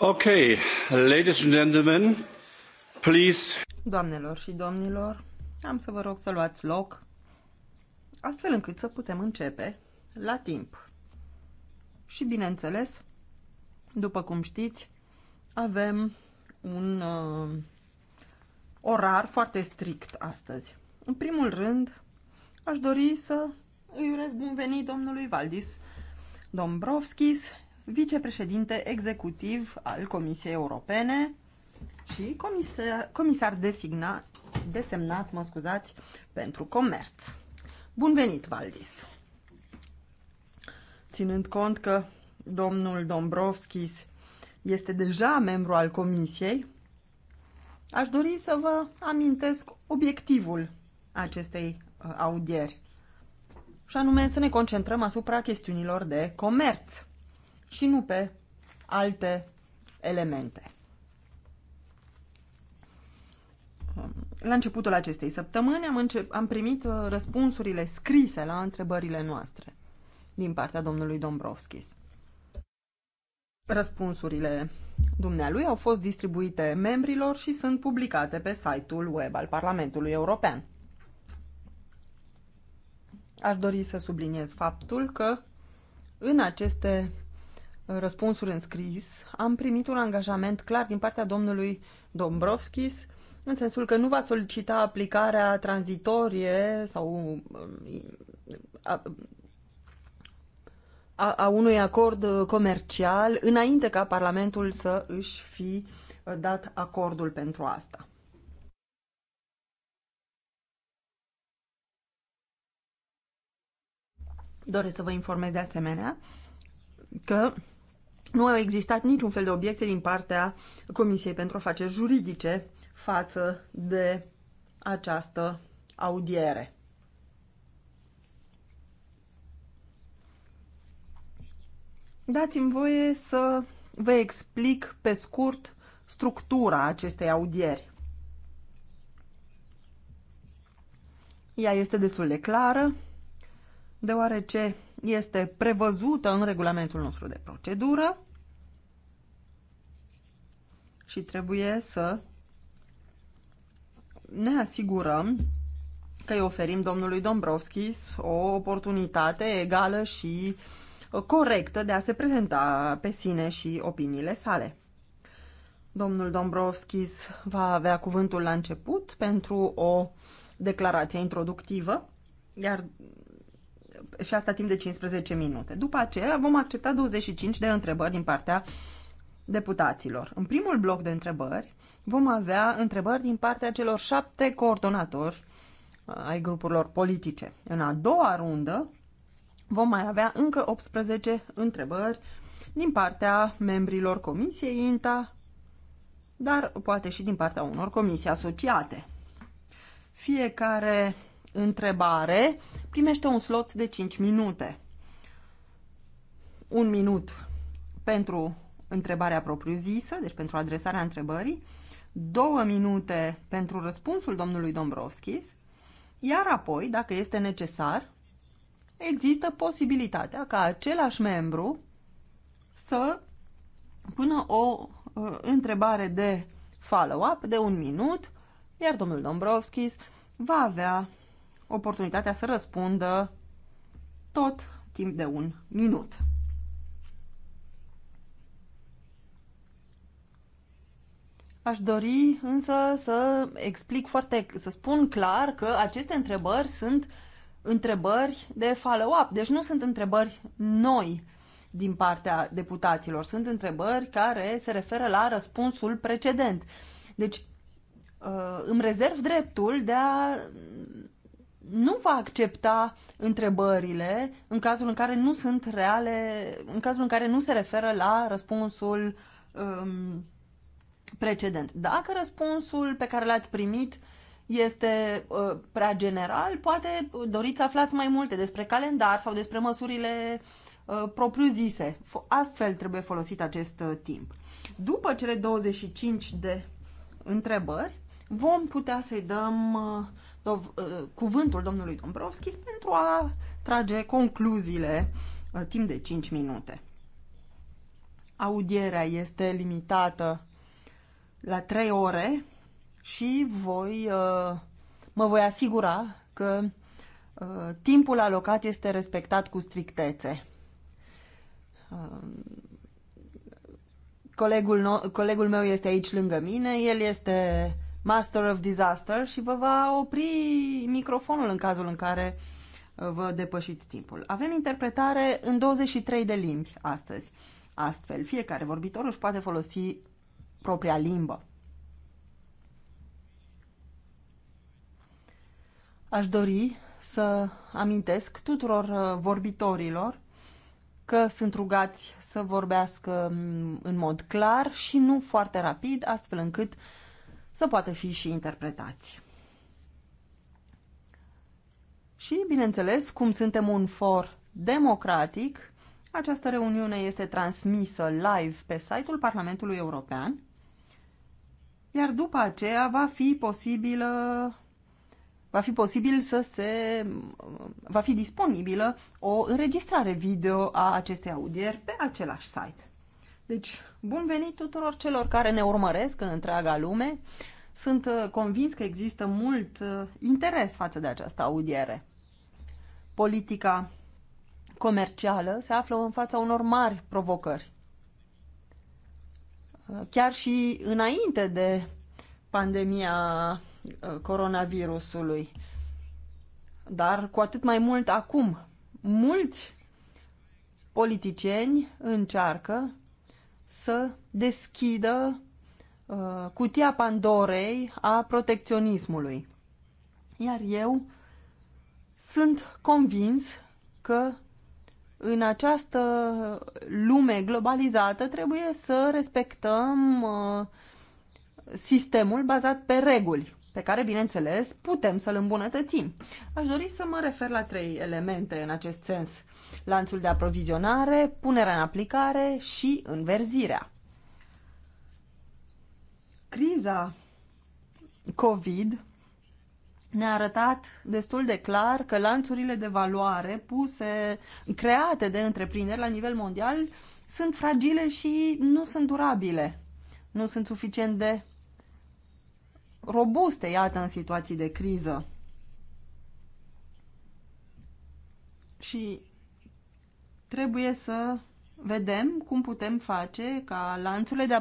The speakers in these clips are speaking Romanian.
Okay, ladies and gentlemen, please. Doamnelor și domnilor, am să vă rog să luați loc, astfel încât să putem începe la timp. Și bineînțeles, după cum știți, avem un uh, orar foarte strict astăzi. În primul rând, aș dori să îi urez bun venit domnului Valdis Dombrovskis, vicepreședinte executiv al Comisiei Europene și comisar, comisar designa, desemnat, mă scuzați, pentru comerț. Bun venit, Valdis! Ținând cont că domnul Dombrovskis este deja membru al comisiei, aș dori să vă amintesc obiectivul acestei uh, audieri, și anume să ne concentrăm asupra chestiunilor de comerț și nu pe alte elemente. La începutul acestei săptămâni am, încep, am primit uh, răspunsurile scrise la întrebările noastre din partea domnului Dombrovskis. Răspunsurile dumnealui au fost distribuite membrilor și sunt publicate pe site-ul web al Parlamentului European. Aș dori să subliniez faptul că în aceste răspunsul în scris, am primit un angajament clar din partea domnului Dombrovskis în sensul că nu va solicita aplicarea tranzitorie sau um, a, a, a unui acord comercial înainte ca Parlamentul să își fi dat acordul pentru asta. Doresc să vă informez de asemenea că nu au existat niciun fel de obiecte din partea Comisiei pentru Afaceri Juridice față de această audiere. Dați-mi voie să vă explic pe scurt structura acestei audieri. Ea este destul de clară, deoarece este prevăzută în regulamentul nostru de procedură și trebuie să ne asigurăm că îi oferim domnului Dombrovskis o oportunitate egală și corectă de a se prezenta pe sine și opiniile sale. Domnul Dombrovskis va avea cuvântul la început pentru o declarație introductivă, iar și asta timp de 15 minute. După aceea vom accepta 25 de întrebări din partea uh, deputaților. În primul bloc de întrebări vom avea întrebări din partea celor șapte coordonatori uh, ai grupurilor politice. În a doua rundă vom mai avea încă 18 întrebări din partea membrilor Comisiei INTA, dar poate și din partea unor comisii asociate. Fiecare întrebare primește un slot de 5 minute. Un minut pentru întrebarea propriu-zisă, deci pentru adresarea întrebării, două minute pentru răspunsul domnului Dombrovskis, iar apoi, dacă este necesar, există posibilitatea ca același membru să pună o uh, întrebare de follow-up de un minut, iar domnul Dombrovskis va avea oportunitatea să răspundă tot timp de un minut. Aș dori însă să explic foarte, să spun clar că aceste întrebări sunt întrebări de follow-up, deci nu sunt întrebări noi din partea deputaților, sunt întrebări care se referă la răspunsul precedent. Deci uh, îmi rezerv dreptul de a nu va accepta întrebările în cazul în care nu sunt reale, în cazul în care nu se referă la răspunsul um, precedent. Dacă răspunsul pe care l-ați primit este uh, prea general, poate doriți să aflați mai multe despre calendar sau despre măsurile uh, propriu-zise. Astfel trebuie folosit acest uh, timp. După cele 25 de întrebări, vom putea să-i dăm uh, dov- uh, cuvântul domnului Dombrovskis pentru a trage concluziile uh, timp de 5 minute. Audierea este limitată la 3 ore și voi, uh, mă voi asigura că uh, timpul alocat este respectat cu strictețe. Uh, colegul, no colegul meu este aici lângă mine, el este Master of Disaster și vă va opri microfonul în cazul în care vă depășiți timpul. Avem interpretare în 23 de limbi astăzi. Astfel, fiecare vorbitor își poate folosi propria limbă. Aș dori să amintesc tuturor uh, vorbitorilor că sunt rugați să vorbească mm, în mod clar și nu foarte rapid, astfel încât să poată fi și interpretați. Și, bineînțeles, cum suntem un for democratic, această reuniune este transmisă live pe site-ul Parlamentului European iar după aceea va fi posibilă va fi posibil să se va fi disponibilă o înregistrare video a acestei audieri pe același site. Deci, bun venit tuturor celor care ne urmăresc în întreaga lume. Sunt uh, convins că există mult uh, interes față de această audiere. Politica comercială se află în fața unor mari provocări chiar și înainte de pandemia uh, coronavirusului, dar cu atât mai mult acum. Mulți politicieni încearcă să deschidă uh, cutia Pandorei a protecționismului. Iar eu sunt convins că în această lume globalizată trebuie să respectăm uh, sistemul bazat pe reguli, pe care, bineînțeles, putem să-l îmbunătățim. Aș dori să mă refer la trei elemente în acest sens. Lanțul de aprovizionare, punerea în aplicare și înverzirea. Criza COVID ne-a arătat destul de clar că lanțurile de valoare puse, create de întreprinderi la nivel mondial sunt fragile și nu sunt durabile. Nu sunt suficient de robuste, iată, în situații de criză. Și trebuie să vedem cum putem face ca lanțurile de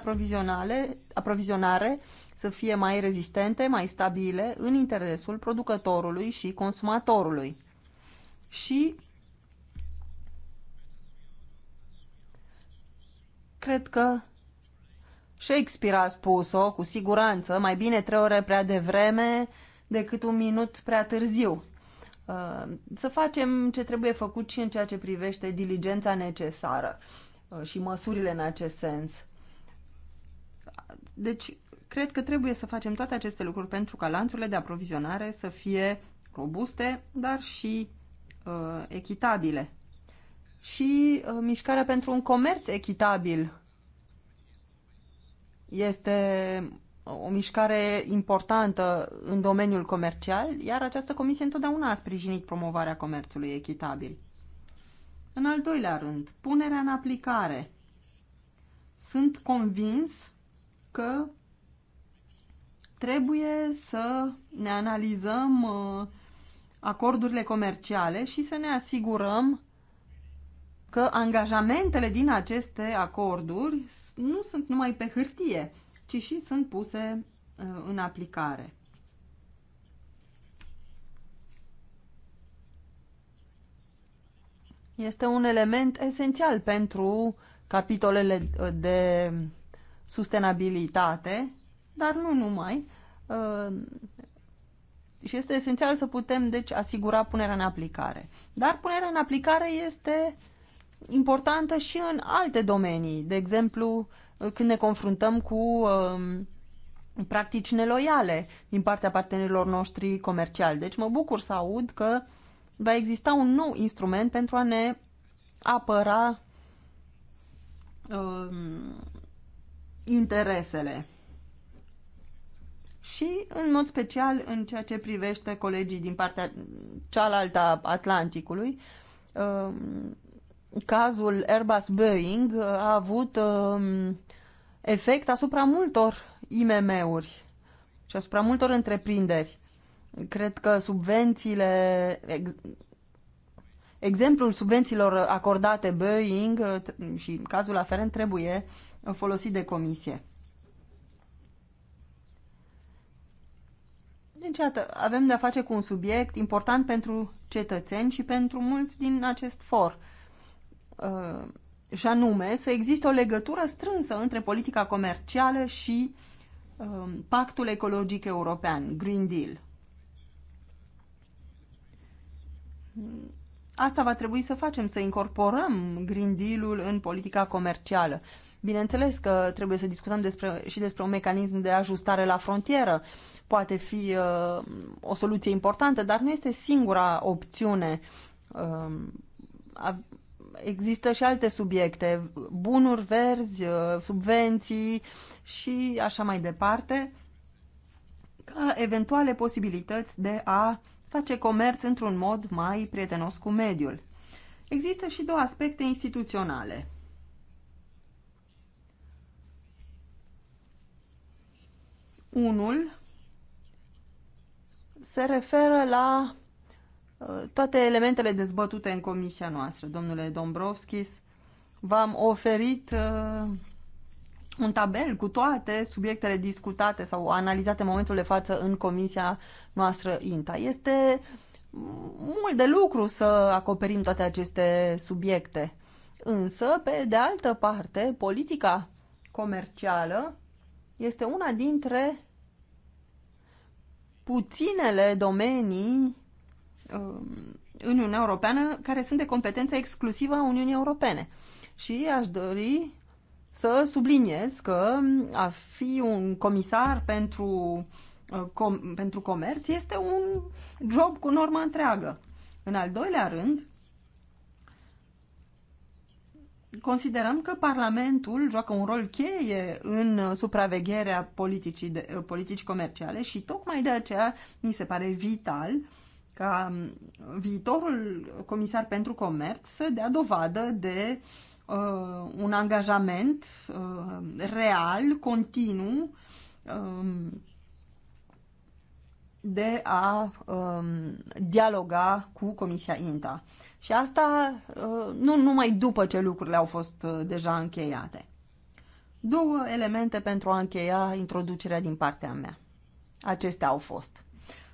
aprovizionare să fie mai rezistente, mai stabile, în interesul producătorului și consumatorului. Și cred că Shakespeare a spus-o, cu siguranță, mai bine trei ore prea devreme decât un minut prea târziu. Uh, să facem ce trebuie făcut și în ceea ce privește diligența necesară uh, și măsurile în acest sens. Deci, Cred că trebuie să facem toate aceste lucruri pentru ca lanțurile de aprovizionare să fie robuste, dar și uh, echitabile. Și uh, mișcarea pentru un comerț echitabil este o mișcare importantă în domeniul comercial, iar această comisie întotdeauna a sprijinit promovarea comerțului echitabil. În al doilea rând, punerea în aplicare. Sunt convins că trebuie să ne analizăm uh, acordurile comerciale și să ne asigurăm că angajamentele din aceste acorduri nu sunt numai pe hârtie, ci și sunt puse uh, în aplicare. Este un element esențial pentru capitolele uh, de sustenabilitate dar nu numai. Uh, și este esențial să putem, deci, asigura punerea în aplicare. Dar punerea în aplicare este importantă și în alte domenii. De exemplu, uh, când ne confruntăm cu um, practici neloiale din partea partenerilor noștri comerciali. Deci mă bucur să aud că va exista un nou instrument pentru a ne apăra uh, interesele și în mod special în ceea ce privește colegii din partea cealaltă a Atlanticului. Um, cazul Airbus Boeing uh, a avut um, efect asupra multor IMM-uri și asupra multor întreprinderi. Cred că subvențiile exemplul subvențiilor acordate Boeing uh, și cazul aferent trebuie folosit de comisie. Deci, iată, avem de-a face cu un subiect important pentru cetățeni și pentru mulți din acest for. Uh, și anume, să existe o legătură strânsă între politica comercială și uh, pactul ecologic european, Green Deal. Asta va trebui să facem, să incorporăm Green Deal-ul în politica comercială. Bineînțeles că trebuie să discutăm despre, și despre un mecanism de ajustare la frontieră poate fi uh, o soluție importantă, dar nu este singura opțiune. Uh, a, există și alte subiecte, bunuri verzi, uh, subvenții și așa mai departe, ca eventuale posibilități de a face comerț într-un mod mai prietenos cu mediul. Există și două aspecte instituționale. Unul se referă la uh, toate elementele dezbătute în comisia noastră. Domnule Dombrovskis, v-am oferit uh, un tabel cu toate subiectele discutate sau analizate în momentul de față în comisia noastră INTA. Este mm, mult de lucru să acoperim toate aceste subiecte. Însă, pe de altă parte, politica comercială este una dintre puținele domenii um, în Uniunea Europeană care sunt de competență exclusivă a Uniunii Europene. Și aș dori să subliniez că a fi un comisar pentru, uh, com, pentru comerț este un job cu normă întreagă. În al doilea rând, considerăm că Parlamentul joacă un rol cheie în supravegherea politicii, de, politici comerciale și tocmai de aceea mi se pare vital ca viitorul comisar pentru comerț să dea dovadă de uh, un angajament uh, real, continuu, um, de a um, dialoga cu Comisia INTA. Și asta uh, nu numai după ce lucrurile au fost uh, deja încheiate. Două elemente pentru a încheia introducerea din partea mea. Acestea au fost.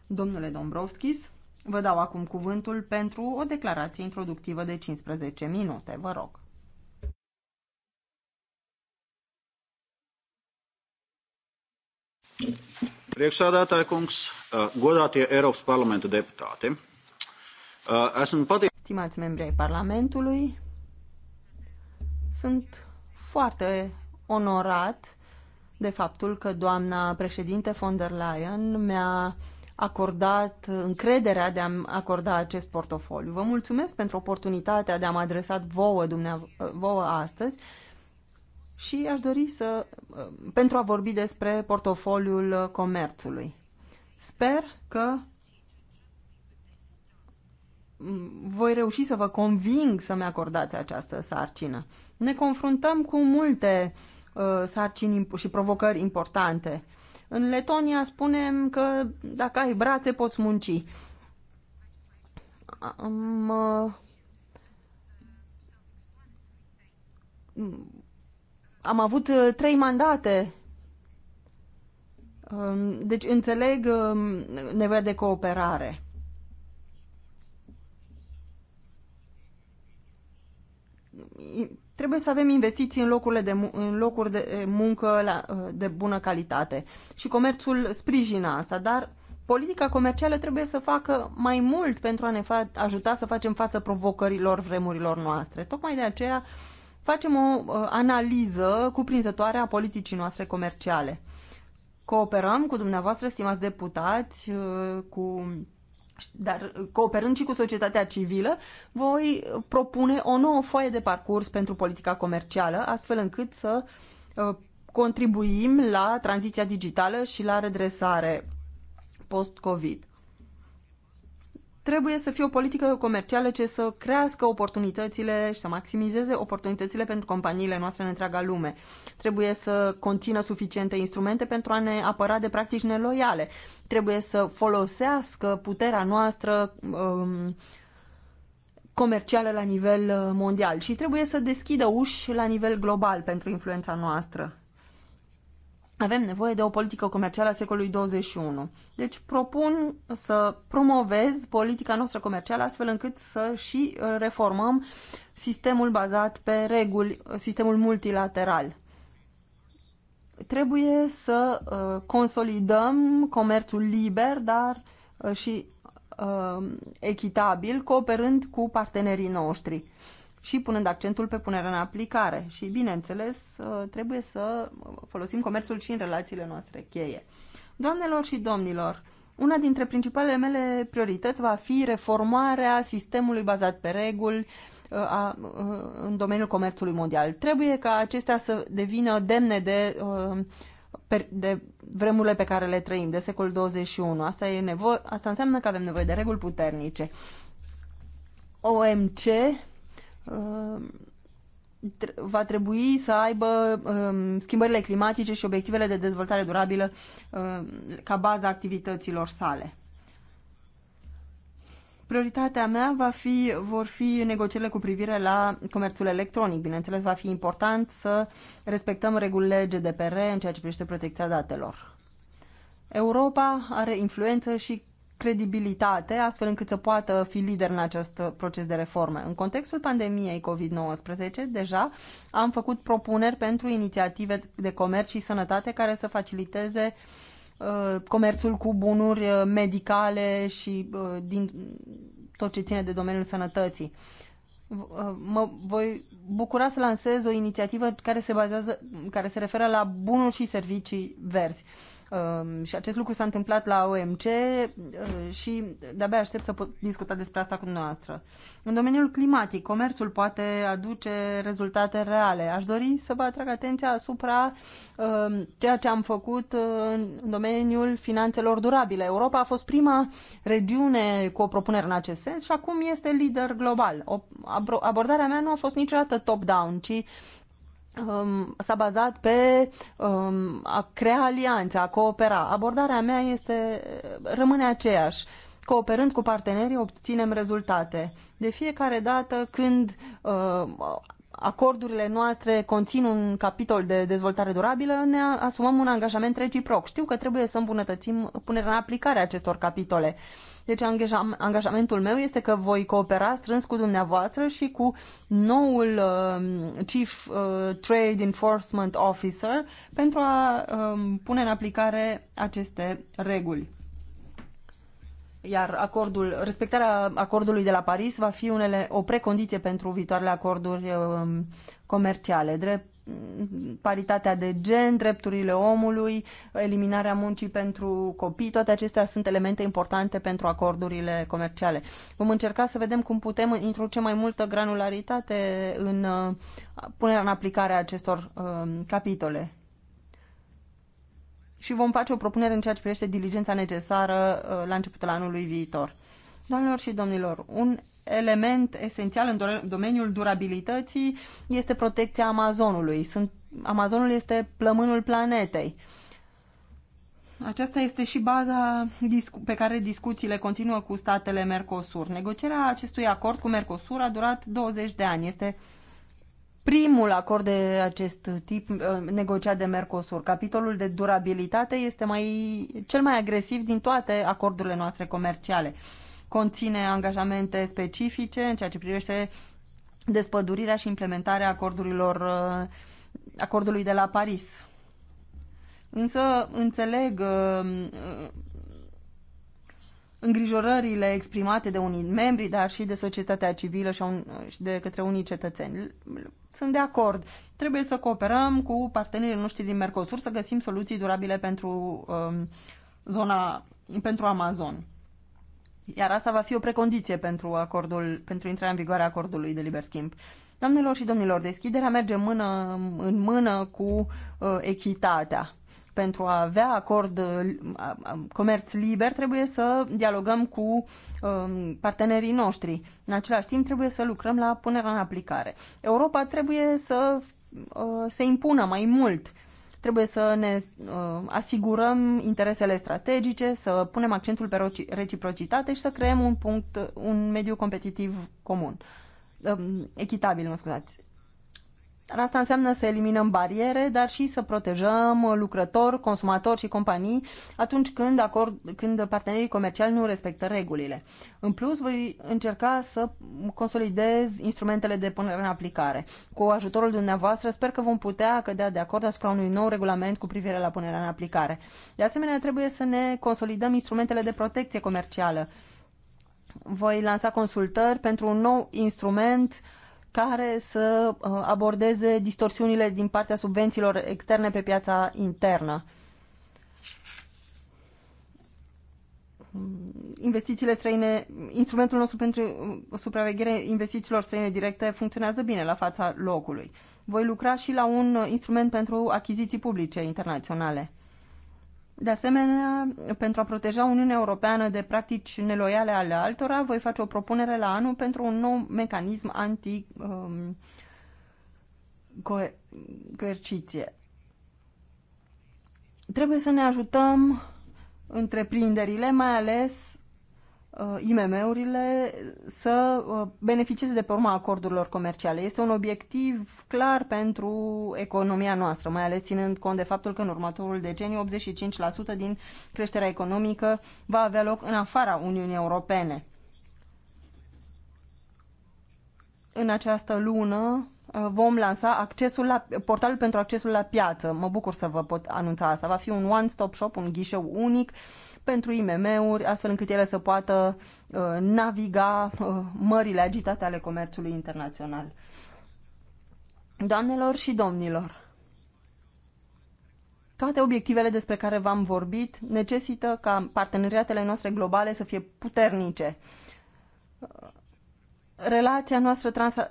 Domnule Dombrovskis, vă dau acum cuvântul pentru o declarație introductivă de 15 minute, vă rog. Thank you. Priekšsādātāja kungs, godātie Eiropas parlamenta deputāti, esmu patīk. Stimați membri ai Parlamentului, sunt foarte onorat de faptul că doamna președinte von der Leyen mi-a acordat încrederea de a acorda acest portofoliu. Vă mulțumesc pentru oportunitatea de a mă adresa vouă, vouă astăzi și aș dori să, pentru a vorbi despre portofoliul comerțului. Sper că voi reuși să vă conving să-mi acordați această sarcină. Ne confruntăm cu multe uh, sarcini și provocări importante. În Letonia spunem că dacă ai brațe poți munci. Am, uh, am avut uh, trei mandate. Um, deci înțeleg um, nevoia de cooperare. Trebuie să avem investiții în, locurile de, în locuri de muncă la, uh, de bună calitate. Și comerțul sprijină asta, dar politica comercială trebuie să facă mai mult pentru a ne ajuta să facem față provocărilor vremurilor noastre. Tocmai de aceea uh, facem o uh, analiză cuprinzătoare a politicii noastre comerciale. Cooperăm cu dumneavoastră, stimați deputați, uh, cu dar cooperând și cu societatea civilă, voi propune o nouă foaie de parcurs pentru politica comercială, astfel încât să uh, contribuim la tranziția digitală și la redresare post-COVID trebuie să fie o politică comercială ce să crească oportunitățile și să maximizeze oportunitățile pentru companiile noastre în întreaga lume. Trebuie să conțină suficiente instrumente pentru a ne apăra de practici neloiale. Trebuie să folosească puterea noastră um, comercială la nivel uh, mondial și trebuie să deschidă uși la nivel global pentru influența noastră avem nevoie de o politică comercială a secolului 21. Deci propun să promovez politica noastră comercială astfel încât să și reformăm sistemul bazat pe reguli, sistemul multilateral. Trebuie să uh, consolidăm comerțul liber, dar uh, și uh, echitabil, cooperând cu partenerii noștri și punând accentul pe punerea în aplicare. Și, bineînțeles, uh, trebuie să folosim comerțul și în relațiile noastre cheie. Doamnelor și domnilor, una dintre principalele mele priorități va fi reformarea sistemului bazat pe reguli uh, a, uh, în domeniul comerțului mondial. Trebuie ca acestea să devină demne de, de vremurile pe care le trăim, de secolul 21. Asta, e nevo- asta înseamnă că avem nevoie de reguli puternice. OMC Ehm, va trebui să aibă ehm, schimbările climatice și obiectivele de dezvoltare durabilă ehm, ca baza activităților sale. Prioritatea mea va fi, vor fi negocierile cu privire la comerțul electronic. Bineînțeles, va fi important să respectăm regulile GDPR în ceea ce privește protecția datelor. Europa are influență și credibilitate, astfel încât să poată fi lider în acest proces de reforme. În contextul pandemiei COVID-19, deja am făcut propuneri pentru inițiative de comerț și sănătate care să faciliteze uh, comerțul cu bunuri uh, medicale și uh, din tot ce ține de domeniul sănătății. Mă voi bucura să lansez o inițiativă care se bazează, care se referă la bunuri și servicii verzi Um, și acest lucru s-a întâmplat la OMC uh, și de-abia aștept să pot discuta despre asta cu noastră. În domeniul climatic, comerțul poate aduce rezultate reale. Aș dori să vă atrag atenția asupra um, ceea ce am făcut uh, în domeniul finanțelor durabile. Europa a fost prima regiune cu o propunere în acest sens și acum este lider global. abordarea mea nu a fost niciodată top-down, ci um, s-a bazat pe um, a crea alianțe, a coopera. Abordarea mea este, rămâne aceeași. Cooperând cu partenerii obținem rezultate. De fiecare dată când uh, acordurile noastre conțin un capitol de dezvoltare durabilă, ne asumăm un angajament reciproc. Știu că trebuie să îmbunătățim punerea în aplicare a acestor capitole. Uh, deci angajamentul meu este că voi coopera strâns cu dumneavoastră și cu noul um, Chief uh, Trade Enforcement Officer pentru a um, pune în aplicare aceste reguli iar acordul, respectarea acordului de la Paris va fi unele, o precondiție pentru viitoarele acorduri um, comerciale. Drept paritatea de gen, drepturile omului, eliminarea muncii pentru copii, toate acestea sunt elemente importante pentru acordurile comerciale. Vom încerca să vedem cum putem introduce mai multă granularitate în uh, punerea în aplicare a acestor um, capitole. Și vom face o propunere în ceea ce privește diligența necesară uh, la începutul anului viitor. Doamnelor și domnilor, un element esențial în domeniul durabilității este protecția Amazonului. Sunt, Amazonul este plămânul planetei. Aceasta este și baza pe care discuțiile continuă cu statele Mercosur. Negocierea acestui acord cu Mercosur a durat 20 de ani. Este primul acord de acest tip uh, negociat de Mercosur. Capitolul de durabilitate este mai, cel mai agresiv din toate acordurile noastre comerciale conține angajamente specifice în ceea ce privește despădurirea și implementarea acordurilor, uh, acordului de la Paris. Însă înțeleg uh, uh, îngrijorările exprimate de unii membri, dar și de societatea civilă și, de către unii cetățeni. Sunt de acord. Trebuie să cooperăm cu partenerii noștri din Mercosur să găsim soluții durabile pentru um, zona, pentru Amazon. Iar asta va fi o precondiție pentru, acordul, pentru intrarea în vigoare a acordului de liber schimb. Doamnelor și domnilor, deschiderea merge mână în mână cu uh, echitatea. Pentru a avea acord uh, comerț liber, trebuie să dialogăm cu uh, partenerii noștri. În același timp, trebuie să lucrăm la punerea în aplicare. Europa trebuie să uh, se impună mai mult Trebuie să ne uh, asigurăm interesele strategice, să punem accentul pe reciprocitate și să creăm un punct, un mediu competitiv comun, echitabil, mă scuzați. Asta înseamnă să eliminăm bariere, dar și să protejăm lucrători, consumatori și companii atunci când, acord, când partenerii comerciali nu respectă regulile. În plus, voi încerca să consolidez instrumentele de punere în aplicare. Cu ajutorul dumneavoastră, sper că vom putea cădea de acord asupra unui nou regulament cu privire la punerea în aplicare. De asemenea, trebuie să ne consolidăm instrumentele de protecție comercială. Voi lansa consultări pentru un nou instrument uh, care să uh, abordeze distorsiunile din partea subvențiilor externe pe piața internă. Investițiile străine, instrumentul nostru pentru supraveghere investițiilor străine directe funcționează bine la fața locului. Voi lucra și la un instrument pentru achiziții publice internaționale. De asemenea, pentru a proteja Uniunea Europeană de practici neloiale ale altora, voi face o propunere la anul pentru un nou mecanism anti um, coerciție. Trebuie să ne ajutăm întreprinderile, mai ales Uh, IMM-urile să uh, beneficieze de pe urma acordurilor comerciale. Este un obiectiv clar pentru economia noastră, mai ales ținând cont de faptul că în următorul deceniu 85% din creșterea economică va avea loc în afara Uniunii Europene. În această lună uh, vom lansa accesul la, portalul pentru accesul la piață. Mă bucur să vă pot anunța asta. Va fi un one-stop shop, un ghișeu unic, pentru IMM-uri, astfel încât ele să poată uh, naviga uh, mările agitate ale comerțului internațional. Doamnelor și domnilor, toate obiectivele despre care v-am vorbit necesită ca parteneriatele noastre globale să fie puternice relația noastră trans, uh,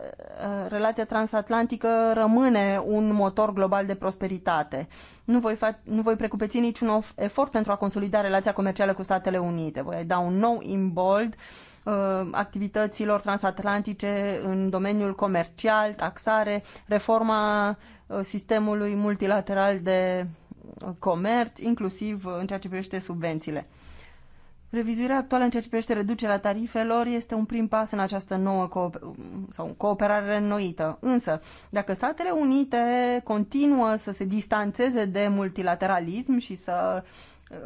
relația transatlantică rămâne un motor global de prosperitate. Nu voi, fa- nu voi precupeți niciun efort pentru a consolida relația comercială cu Statele Unite. Voi da un nou imbold uh, activităților transatlantice în domeniul comercial, taxare, reforma uh, sistemului multilateral de comerț, inclusiv în ceea ce privește subvențiile. Revizuirea actuală în ceea ce privește reducerea tarifelor este un prim pas în această nouă cooper- sau cooperare înnoită. Însă, dacă Statele Unite continuă să se distanțeze de multilateralism și să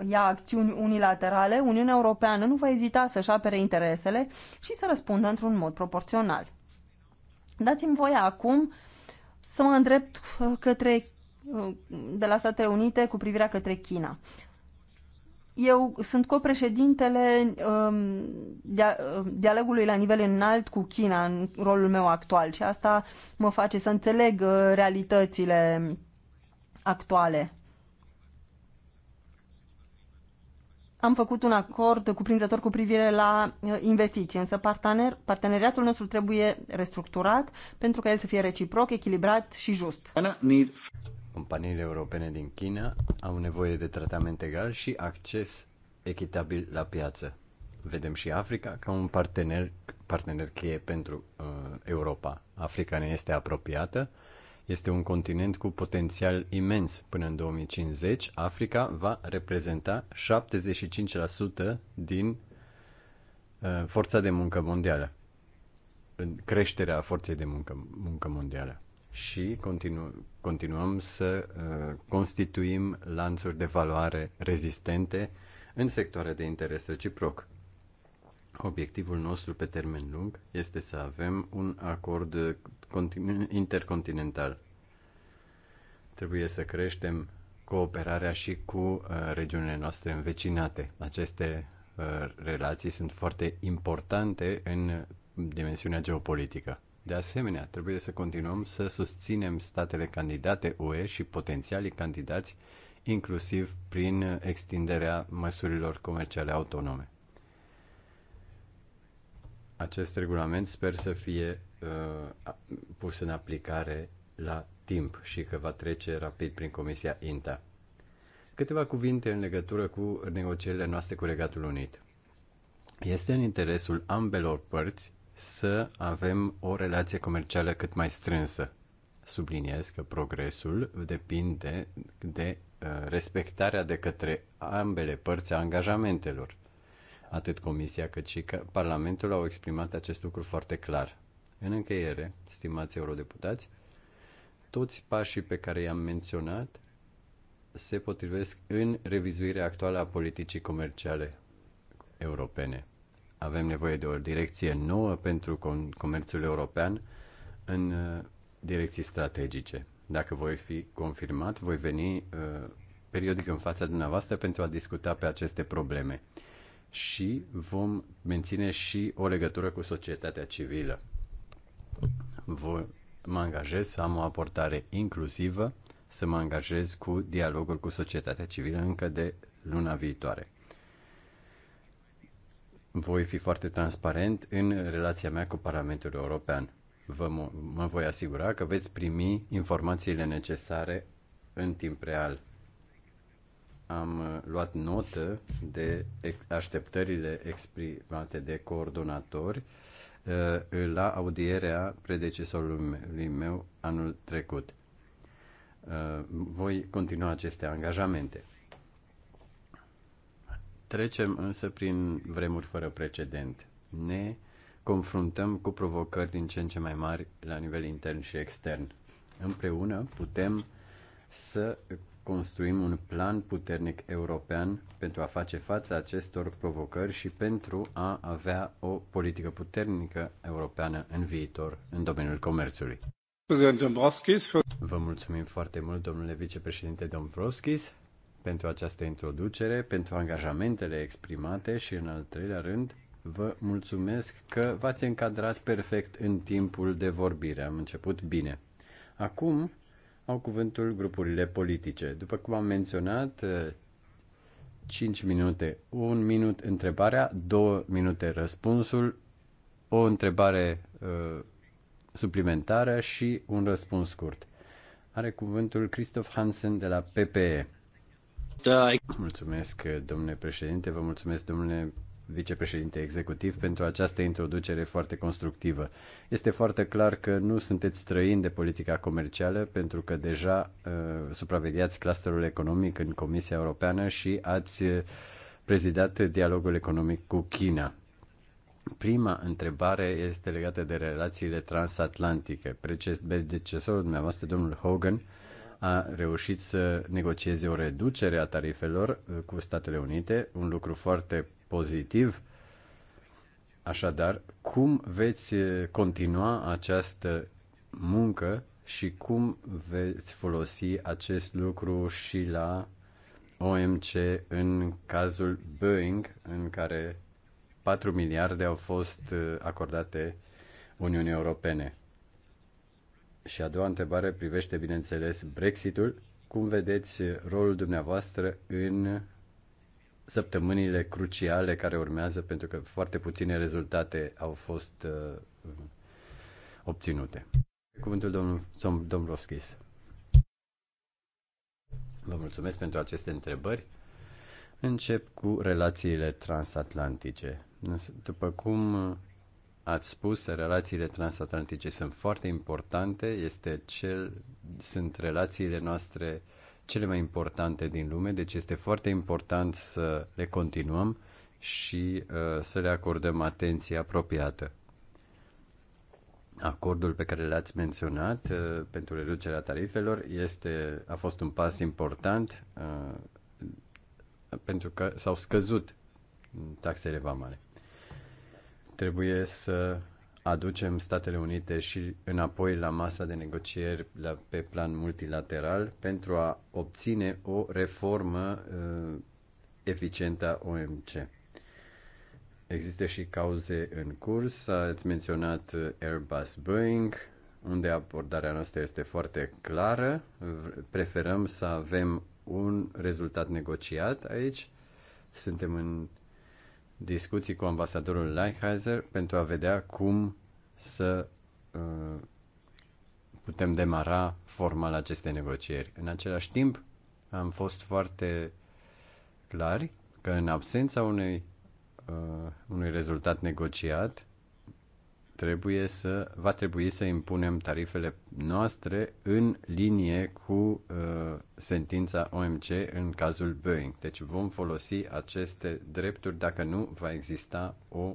ia acțiuni unilaterale, Uniunea Europeană nu va ezita să-și apere interesele și să răspundă într-un mod proporțional. Dați-mi voie acum să mă îndrept uh, către uh, de la Statele Unite cu privirea către China. Eu sunt copreședintele um, dia um, dialogului la nivel înalt cu China în rolul meu actual și asta mă face să înțeleg uh, realitățile actuale. Am făcut un acord cuprinzător cu privire la uh, investiții, însă partener, parteneriatul nostru trebuie restructurat pentru ca el să fie reciproc, echilibrat și just. Companiile europene din China au nevoie de tratament egal și acces echitabil la piață. Vedem și Africa ca un partener, partener cheie pentru uh, Europa. Africa ne este apropiată, este un continent cu potențial imens. Până în 2050, Africa va reprezenta 75% din uh, forța de muncă mondială. Creșterea forței de muncă, muncă mondială și continu- continuăm să uh, constituim lanțuri de valoare rezistente în sectoare de interes reciproc. Obiectivul nostru pe termen lung este să avem un acord intercontinental. Trebuie să creștem cooperarea și cu uh, regiunile noastre învecinate. Aceste uh, relații sunt foarte importante în dimensiunea geopolitică. De asemenea, trebuie să continuăm să susținem statele candidate UE și potențialii candidați, inclusiv prin extinderea măsurilor comerciale autonome. Acest regulament sper să fie uh, pus în aplicare la timp și că va trece rapid prin Comisia INTA. Câteva cuvinte în legătură cu negocierile noastre cu Regatul Unit. Este în interesul ambelor părți să avem o relație comercială cât mai strânsă. Subliniez că progresul depinde de uh, respectarea de către ambele părți a angajamentelor. Atât Comisia cât și Parlamentul au exprimat acest lucru foarte clar. În încheiere, stimați eurodeputați, toți pașii pe care i-am menționat se potrivesc în revizuirea actuală a politicii comerciale europene. Avem nevoie de o direcție nouă pentru comerțul european în uh, direcții strategice. Dacă voi fi confirmat, voi veni uh, periodic în fața dumneavoastră pentru a discuta pe aceste probleme și vom menține și o legătură cu societatea civilă. Voi, mă angajez să am o aportare inclusivă, să mă angajez cu dialogul cu societatea civilă încă de luna viitoare voi fi foarte transparent în relația mea cu Parlamentul European. Vă, mă voi asigura că veți primi informațiile necesare în timp real. Am uh, luat notă de așteptările exprimate de coordonatori uh, la audierea predecesorului meu anul trecut. Uh, voi continua aceste angajamente. Trecem însă prin vremuri fără precedent. Ne confruntăm cu provocări din ce în ce mai mari la nivel intern și extern. Împreună putem să construim un plan puternic european pentru a face față acestor provocări și pentru a avea o politică puternică europeană în viitor în domeniul comerțului. Vă mulțumim foarte mult, domnule vicepreședinte Dombrovskis pentru această introducere, pentru angajamentele exprimate și, în al treilea rând, vă mulțumesc că v-ați încadrat perfect în timpul de vorbire. Am început bine. Acum au cuvântul grupurile politice. După cum am menționat, 5 eh, minute, 1 minut întrebarea, 2 minute răspunsul, o întrebare uh, suplimentară și un răspuns scurt. Are cuvântul Christoph Hansen de la PPE. Mulțumesc, domnule președinte, vă mulțumesc, domnule vicepreședinte executiv, pentru această introducere foarte constructivă. Este foarte clar că nu sunteți străini de politica comercială, pentru că deja uh, supravegheați clusterul economic în Comisia Europeană și ați uh, prezidat dialogul economic cu China. Prima întrebare este legată de relațiile transatlantice. Predecesorul dumneavoastră, domnul Hogan, a reușit să negocieze o reducere a tarifelor uh, cu Statele Unite, un lucru foarte pozitiv. Așadar, cum veți uh, continua această muncă și cum veți folosi acest lucru și la OMC în cazul Boeing, în care 4 miliarde au fost uh, acordate Uniunii Europene? Și a doua întrebare privește, bineînțeles, Brexitul. Cum vedeți rolul dumneavoastră în săptămânile cruciale care urmează, pentru că foarte puține rezultate au fost uh, obținute. Cuvântul domnul Dombrovskis. Vă mulțumesc pentru aceste întrebări. Încep cu relațiile transatlantice. După cum ați spus, relațiile transatlantice sunt foarte importante, este cel, sunt relațiile noastre cele mai importante din lume, deci este foarte important să le continuăm și uh, să le acordăm atenție apropiată. Acordul pe care l-ați menționat uh, pentru reducerea tarifelor este, a fost un pas important uh, pentru că s-au scăzut taxele vamale. Trebuie să aducem Statele Unite și înapoi la masa de negocieri la, pe plan multilateral pentru a obține o reformă uh, eficientă a OMC. Există și cauze în curs, ați menționat uh, Airbus Boeing, unde abordarea noastră este foarte clară. Preferăm să avem un rezultat negociat aici. Suntem în discuții cu ambasadorul Lighthizer pentru a vedea cum să uh, putem demara formal aceste negocieri. În același timp, am fost foarte clari că în absența unei, uh, unui rezultat negociat, trebuie să, va trebui să impunem tarifele noastre în linie cu uh, sentința OMC în cazul Boeing. Deci vom folosi aceste drepturi dacă nu va exista o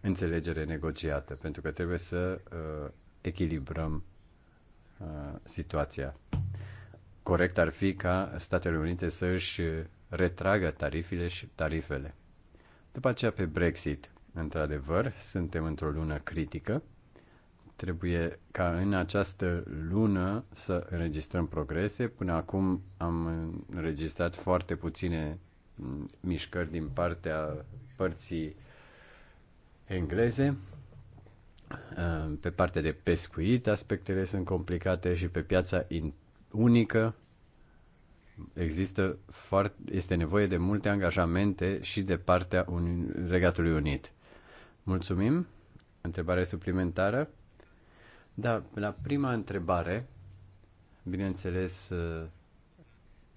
înțelegere negociată, pentru că trebuie să uh, echilibrăm uh, situația. Corect ar fi ca Statele Unite să își retragă tarifele și tarifele. După aceea pe Brexit Într-adevăr, suntem într-o lună critică. Trebuie ca în această lună să înregistrăm progrese. Până acum am înregistrat foarte puține mișcări din partea părții engleze. Pe partea de pescuit, aspectele sunt complicate și pe piața unică există foarte, este nevoie de multe angajamente și de partea Regatului Unit. Mulțumim. Întrebare suplimentară? Da, la prima întrebare, bineînțeles,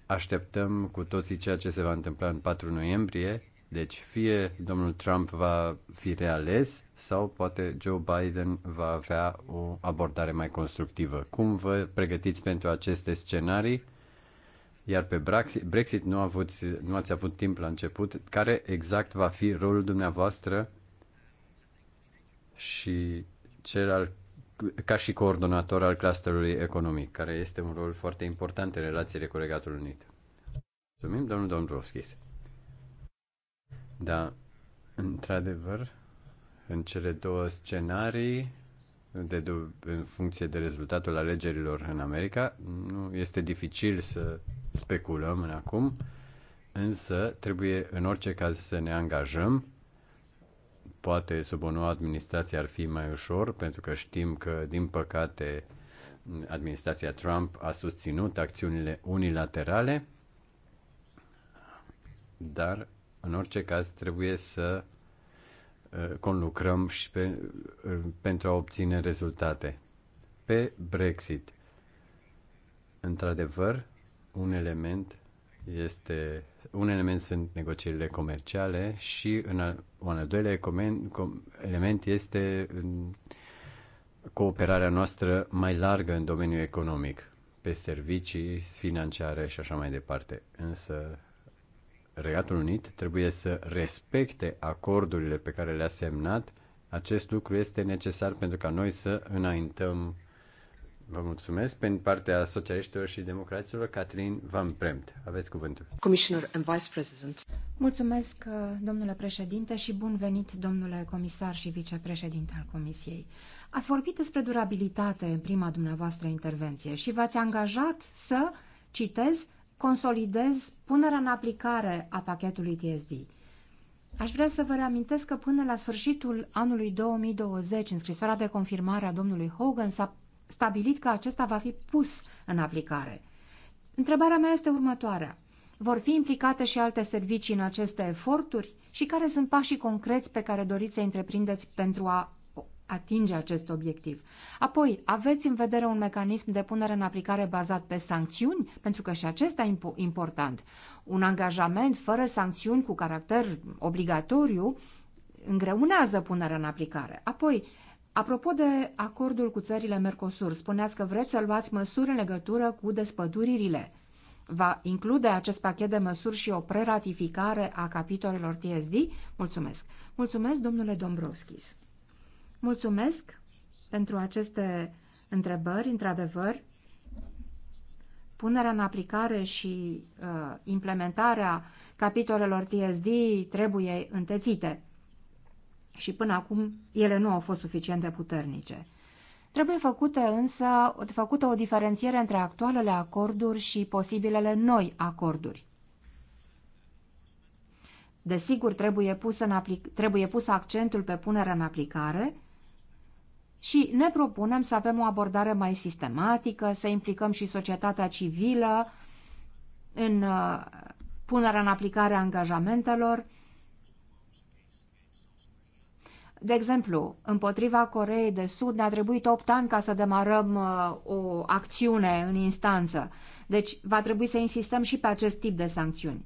așteptăm cu toții ceea ce se va întâmpla în 4 noiembrie, deci fie domnul Trump va fi reales sau poate Joe Biden va avea o abordare mai constructivă. Cum vă pregătiți pentru aceste scenarii? Iar pe Brexit Brexit nu, avut, nu ați avut timp la început. Care exact va fi rolul dumneavoastră și cel al, ca și coordonator al clusterului economic, care este un rol foarte important în relațiile cu Regatul Unit. Mulțumim, domnul Dombrovskis. Da, într-adevăr, în cele două scenarii, de, în funcție de rezultatul alegerilor în America, nu este dificil să speculăm în acum, însă trebuie în orice caz să ne angajăm poate sub o nouă administrație ar fi mai ușor, pentru că știm că, din păcate, administrația Trump a susținut acțiunile unilaterale, dar, în orice caz, trebuie să uh, conlucrăm și pe, uh, pentru a obține rezultate. Pe Brexit, într-adevăr, un element este un element sunt negocierile comerciale și în al, un al doilea element, este cooperarea noastră mai largă în domeniul economic, pe servicii financiare și așa mai departe. Însă Regatul Unit trebuie să respecte acordurile pe care le-a semnat. Acest lucru este necesar pentru ca noi să înaintăm uh, Vă mulțumesc. Pe partea socialiștilor și democraților, Catherine Van Premt. Aveți cuvântul. Commissioner and Vice President. Mulțumesc, uh, domnule președinte, și bun venit, domnule comisar și vicepreședinte al Comisiei. Ați vorbit despre durabilitate în prima dumneavoastră intervenție și v-ați angajat să, citez, consolidez punerea în aplicare a pachetului TSD. Aș vrea să vă reamintesc că până la sfârșitul anului 2020, în scrisoarea de confirmare a domnului Hogan, s-a stabilit că acesta va fi pus în aplicare. Întrebarea mea este următoarea. Vor fi implicate și alte servicii în aceste eforturi? Și care sunt pașii concreți pe care doriți să întreprindeți pentru a atinge acest obiectiv. Apoi, aveți în vedere un mecanism de punere în aplicare bazat pe sancțiuni, pentru că și acesta e important. Un angajament fără sancțiuni cu caracter obligatoriu îngreunează punerea în aplicare. Apoi, Apropo de acordul cu țările Mercosur, spuneați că vreți să luați măsuri în legătură cu despăduririle. Va include acest pachet de măsuri și o preratificare a capitolelor TSD? Mulțumesc! Mulțumesc, domnule Dombrovskis! Mulțumesc pentru aceste întrebări, într-adevăr. Punerea în aplicare și uh, implementarea capitolelor TSD trebuie întețite și până acum ele nu au fost suficient de puternice. Trebuie făcute însă, făcută o diferențiere între actualele acorduri și posibilele noi acorduri. Desigur, trebuie pus, în trebuie pus accentul pe punerea în aplicare și ne propunem să avem o abordare mai sistematică, să implicăm și societatea civilă în uh, punerea în aplicare a angajamentelor, de exemplu, împotriva Coreei de Sud ne-a trebuit 8 ani ca să demarăm uh, o acțiune în instanță. Deci va trebui să insistăm și pe acest tip de sancțiuni.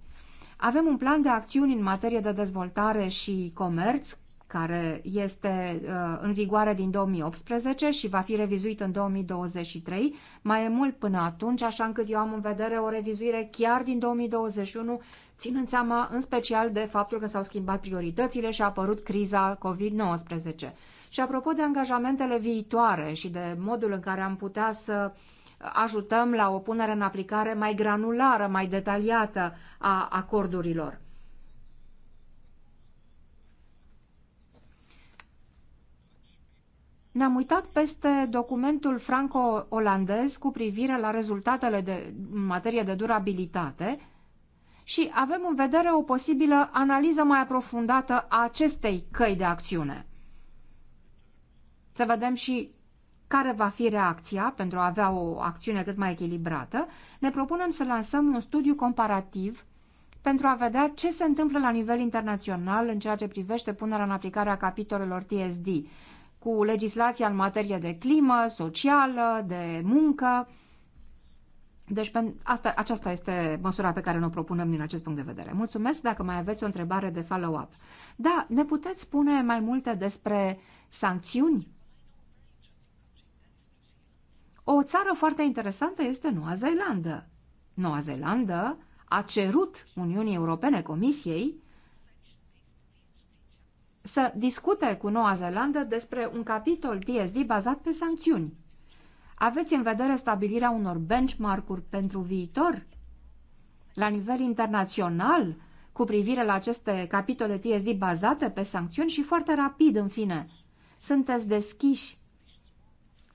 Avem un plan de acțiuni în materie de dezvoltare și comerț care este uh, în vigoare din 2018 și va fi revizuit în 2023. Mai e mult până atunci, așa încât eu am în vedere o revizuire chiar din 2021 ținând seama în special de faptul că s-au schimbat prioritățile și a apărut criza COVID-19. Și apropo de angajamentele viitoare și de modul în care am putea să ajutăm la o punere în aplicare mai granulară, mai detaliată a acordurilor. Ne-am uitat peste documentul franco-olandez cu privire la rezultatele de, în materie de durabilitate și avem în vedere o posibilă analiză mai aprofundată a acestei căi de acțiune. Să vedem și care va fi reacția pentru a avea o acțiune cât mai echilibrată, ne propunem să lansăm un studiu comparativ pentru a vedea ce se întâmplă la nivel internațional în ceea ce privește punerea în aplicare a capitolelor TSD, cu legislația în materie de climă, socială, de muncă, deci asta, aceasta este măsura pe care ne-o propunem din acest punct de vedere. Mulțumesc dacă mai aveți o întrebare de follow-up. Da, ne puteți spune mai multe despre sancțiuni? O țară foarte interesantă este Noua Zeelandă. Noua Zeelandă a cerut Uniunii Europene Comisiei să discute cu Noua Zeelandă despre un capitol TSD bazat pe sancțiuni. Aveți în vedere stabilirea unor benchmark-uri pentru viitor? La nivel internațional, cu privire la aceste capitole TSD bazate pe sancțiuni și foarte rapid, în fine. Sunteți deschiși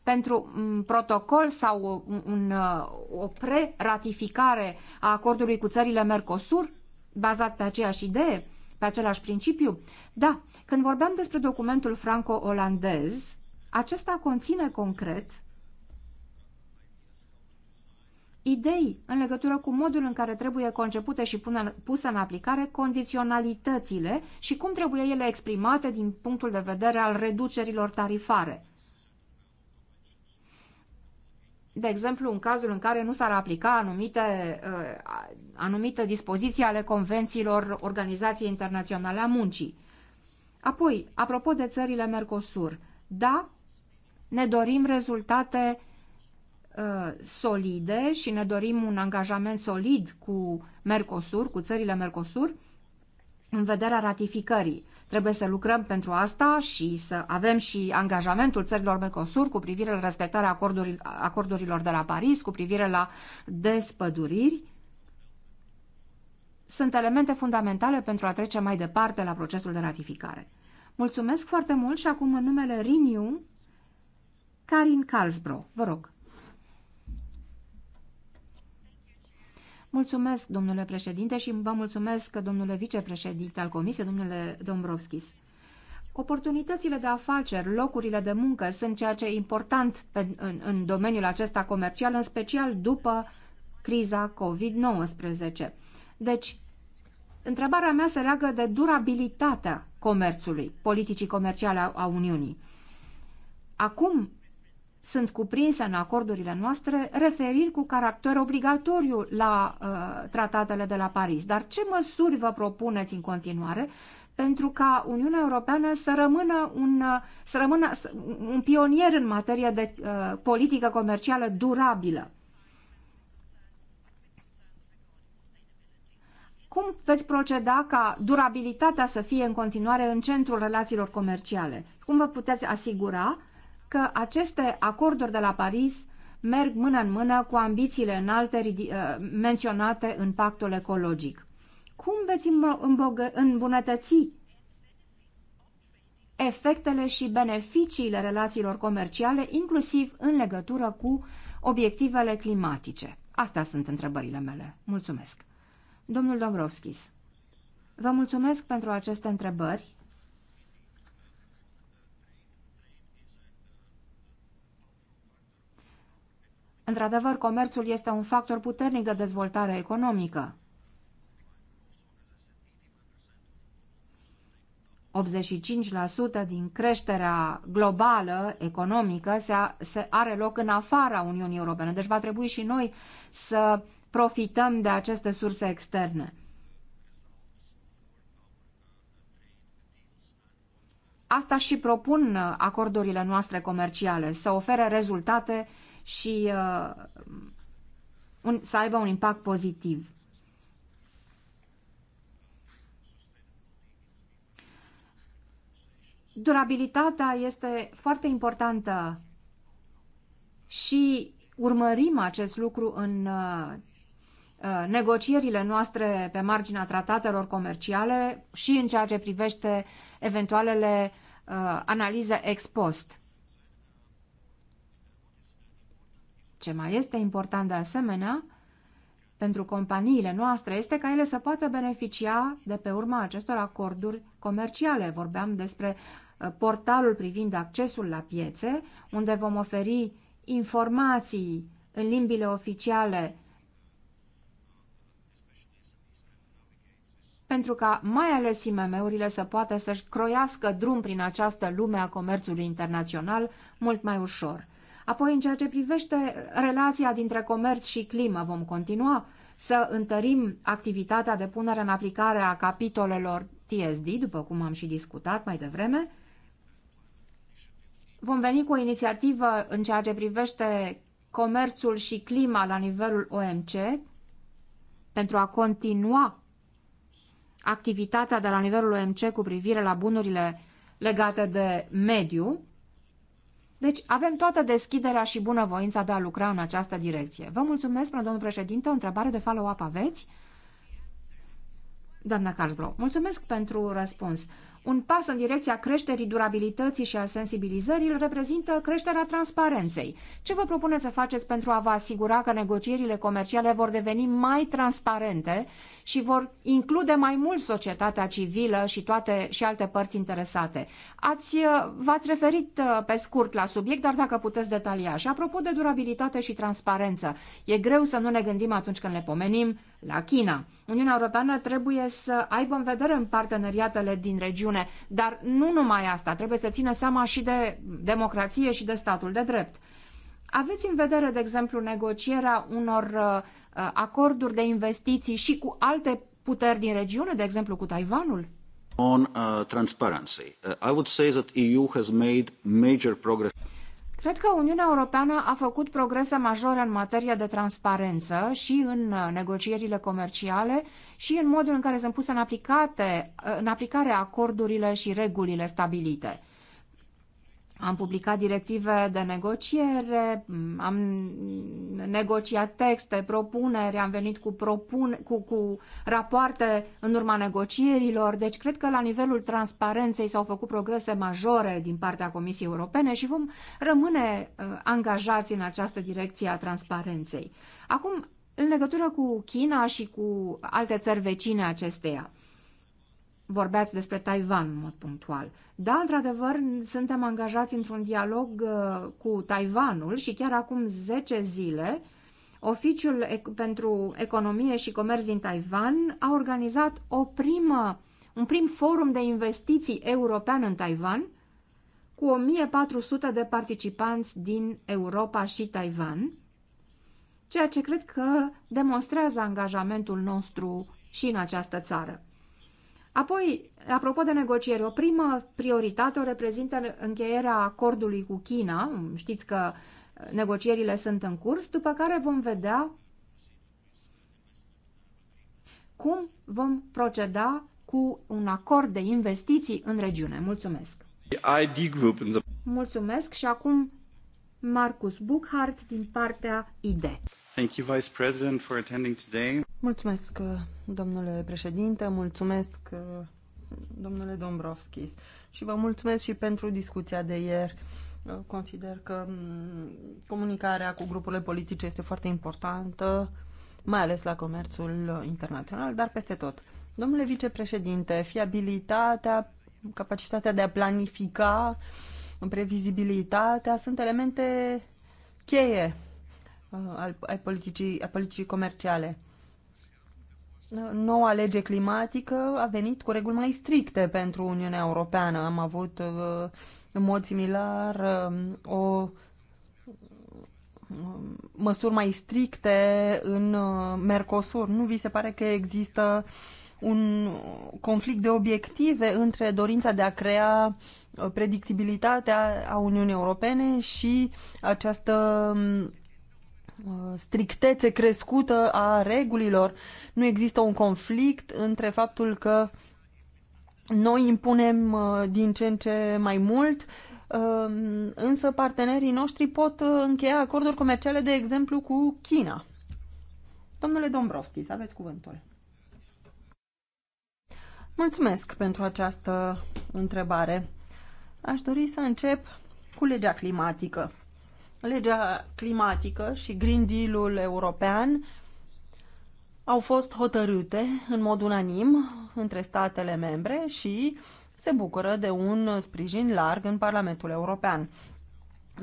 pentru un protocol sau un, un, o pre-ratificare a acordului cu țările Mercosur, bazat pe aceeași idee, pe același principiu? Da, când vorbeam despre documentul franco-olandez, acesta conține concret idei în legătură cu modul în care trebuie concepute și puse în aplicare condiționalitățile și cum trebuie ele exprimate din punctul de vedere al reducerilor tarifare. De exemplu, în cazul în care nu s-ar aplica anumite, uh, anumite dispoziții ale convențiilor Organizației Internaționale a Muncii. Apoi, apropo de țările Mercosur, da, ne dorim rezultate uh, Uh, solide și ne dorim un angajament solid cu Mercosur, cu țările Mercosur, în vederea ratificării. Trebuie să lucrăm pentru asta și să avem și angajamentul țărilor Mercosur cu privire la respectarea acordurilor de la Paris, cu privire la despăduriri. Sunt elemente fundamentale pentru a trece mai departe la procesul de ratificare. Mulțumesc foarte mult și acum în numele Renew, Karin Carlsbro. Vă rog. Mulțumesc, domnule președinte, și vă mulțumesc, domnule vicepreședinte al Comisiei, domnule Dombrovskis. Oportunitățile de afaceri, locurile de muncă sunt ceea ce e important pe, în, în domeniul acesta comercial, în special după criza COVID-19. Deci, întrebarea mea se leagă de durabilitatea comerțului, politicii comerciale a, a Uniunii. Acum sunt cuprinse în acordurile noastre referiri cu caracter obligatoriu la uh, tratatele de la Paris. Dar ce măsuri vă propuneți în continuare pentru ca Uniunea Europeană să rămână un, uh, să rămână un pionier în materie de uh, politică comercială durabilă? Cum veți proceda ca durabilitatea să fie în continuare în centrul relațiilor comerciale? Cum vă puteți asigura că aceste acorduri de la Paris merg mână în mână cu ambițiile înalte uh, menționate în pactul ecologic. Cum veți îmbunătăți efectele și beneficiile relațiilor comerciale, inclusiv în legătură cu obiectivele climatice? Astea sunt întrebările mele. Mulțumesc. Domnul Dombrovskis, vă mulțumesc pentru aceste întrebări Într-adevăr, comerțul este un factor puternic de dezvoltare economică. 85% din creșterea globală economică se, a, se are loc în afara Uniunii Europene. Deci va trebui și noi să profităm de aceste surse externe. Asta și propun acordurile noastre comerciale, să ofere rezultate uh, și uh, un, să aibă un impact pozitiv. Durabilitatea este foarte importantă și urmărim acest lucru în uh, uh negocierile noastre pe marginea tratatelor comerciale și în ceea ce privește eventualele uh, analize ex post. Ce mai este important de asemenea pentru companiile noastre este ca ele să poată beneficia de pe urma acestor acorduri comerciale. Vorbeam despre uh, portalul privind accesul la piețe, unde vom oferi informații în limbile oficiale pentru ca mai ales IMM-urile să poată să-și croiască drum prin această lume a comerțului internațional mult mai ușor. Apoi, în ceea ce privește relația dintre comerț și climă, vom continua să întărim activitatea de punere în aplicare a capitolelor TSD, după cum am și discutat mai devreme. Vom veni cu o inițiativă în ceea ce privește comerțul și clima la nivelul OMC pentru a continua activitatea de la nivelul OMC cu privire la bunurile legate de mediu deci avem toată deschiderea și bunăvoința de a lucra în această direcție. Vă mulțumesc, până, domnul președinte. O întrebare de follow-up aveți? Doamna Carlsbro, mulțumesc pentru răspuns. Un pas în direcția creșterii durabilității și a sensibilizării reprezintă creșterea transparenței. Ce vă propuneți să faceți pentru a vă asigura că negocierile comerciale vor deveni mai transparente și vor include mai mult societatea civilă și toate și alte părți interesate? Ați, uh, v-ați referit uh, pe scurt la subiect, dar dacă puteți detalia. Și apropo de durabilitate și transparență, e greu să nu ne gândim atunci când le pomenim la China. Uniunea Europeană trebuie să aibă în vedere în parteneriatele din regiune, dar nu numai asta, trebuie să țină seama și de democrație și de statul de drept. Aveți în vedere, de exemplu, negocierea unor uh, uh, acorduri de investiții și cu alte puteri din regiune, de exemplu cu Taiwanul? On uh, transparency, uh, I would say that EU has made major progress. Cred că Uniunea Europeană a făcut progrese majore în materie de transparență și în uh, negocierile comerciale și în modul în care sunt puse în, aplicate, uh, în aplicare acordurile și regulile stabilite. Am publicat directive de negociere, am negociat texte, propuneri, am venit cu, propun, cu, cu rapoarte în urma negocierilor. Deci cred că la nivelul transparenței s-au făcut progrese majore din partea Comisiei Europene și vom rămâne uh, angajați în această direcție a transparenței. Acum, în legătură cu China și cu alte țări vecine acesteia vorbeați despre Taiwan în mod punctual. Da, într-adevăr, suntem angajați într-un dialog uh, cu Taiwanul și chiar acum 10 zile Oficiul pentru Economie și Comerț din Taiwan a organizat o primă, un prim forum de investiții european în Taiwan cu 1400 de participanți din Europa și Taiwan, ceea ce cred că demonstrează angajamentul nostru și în această țară. Apoi, apropo de negocieri, o primă prioritate o reprezintă încheierea acordului cu China. Știți că uh, negocierile sunt în curs, după care vom vedea cum vom proceda cu un acord de investiții în regiune. Mulțumesc! ID Group Mulțumesc și acum Marcus Buchhardt din partea ID. Thank you, Vice President, for attending today. Mulțumesc, domnule președinte, mulțumesc, domnule Dombrovskis și vă mulțumesc și pentru discuția de ieri. Consider că comunicarea cu grupurile politice este foarte importantă, mai ales la comerțul internațional, dar peste tot. Domnule vicepreședinte, fiabilitatea, capacitatea de a planifica, previzibilitatea sunt elemente cheie Uh, al, ai politicii, a politicii comerciale. Uh, noua lege climatică a venit cu reguli mai stricte pentru Uniunea Europeană. Am avut uh, în mod similar o măsuri mai stricte în Mercosur. Nu vi se pare că există un conflict de obiective între dorința de a crea predictibilitatea a Uniunii Europene și această um, Uh, strictețe crescută a regulilor. Nu există un conflict între faptul că noi impunem uh, din ce în ce mai mult, uh, însă partenerii noștri pot încheia acorduri comerciale, de exemplu, cu China. Domnule Dombrovski, să aveți cuvântul. Mulțumesc pentru această întrebare. Aș dori să încep cu legea climatică legea climatică și Green Deal-ul european au fost hotărâte în mod unanim între statele membre și se bucură de un sprijin larg în Parlamentul European.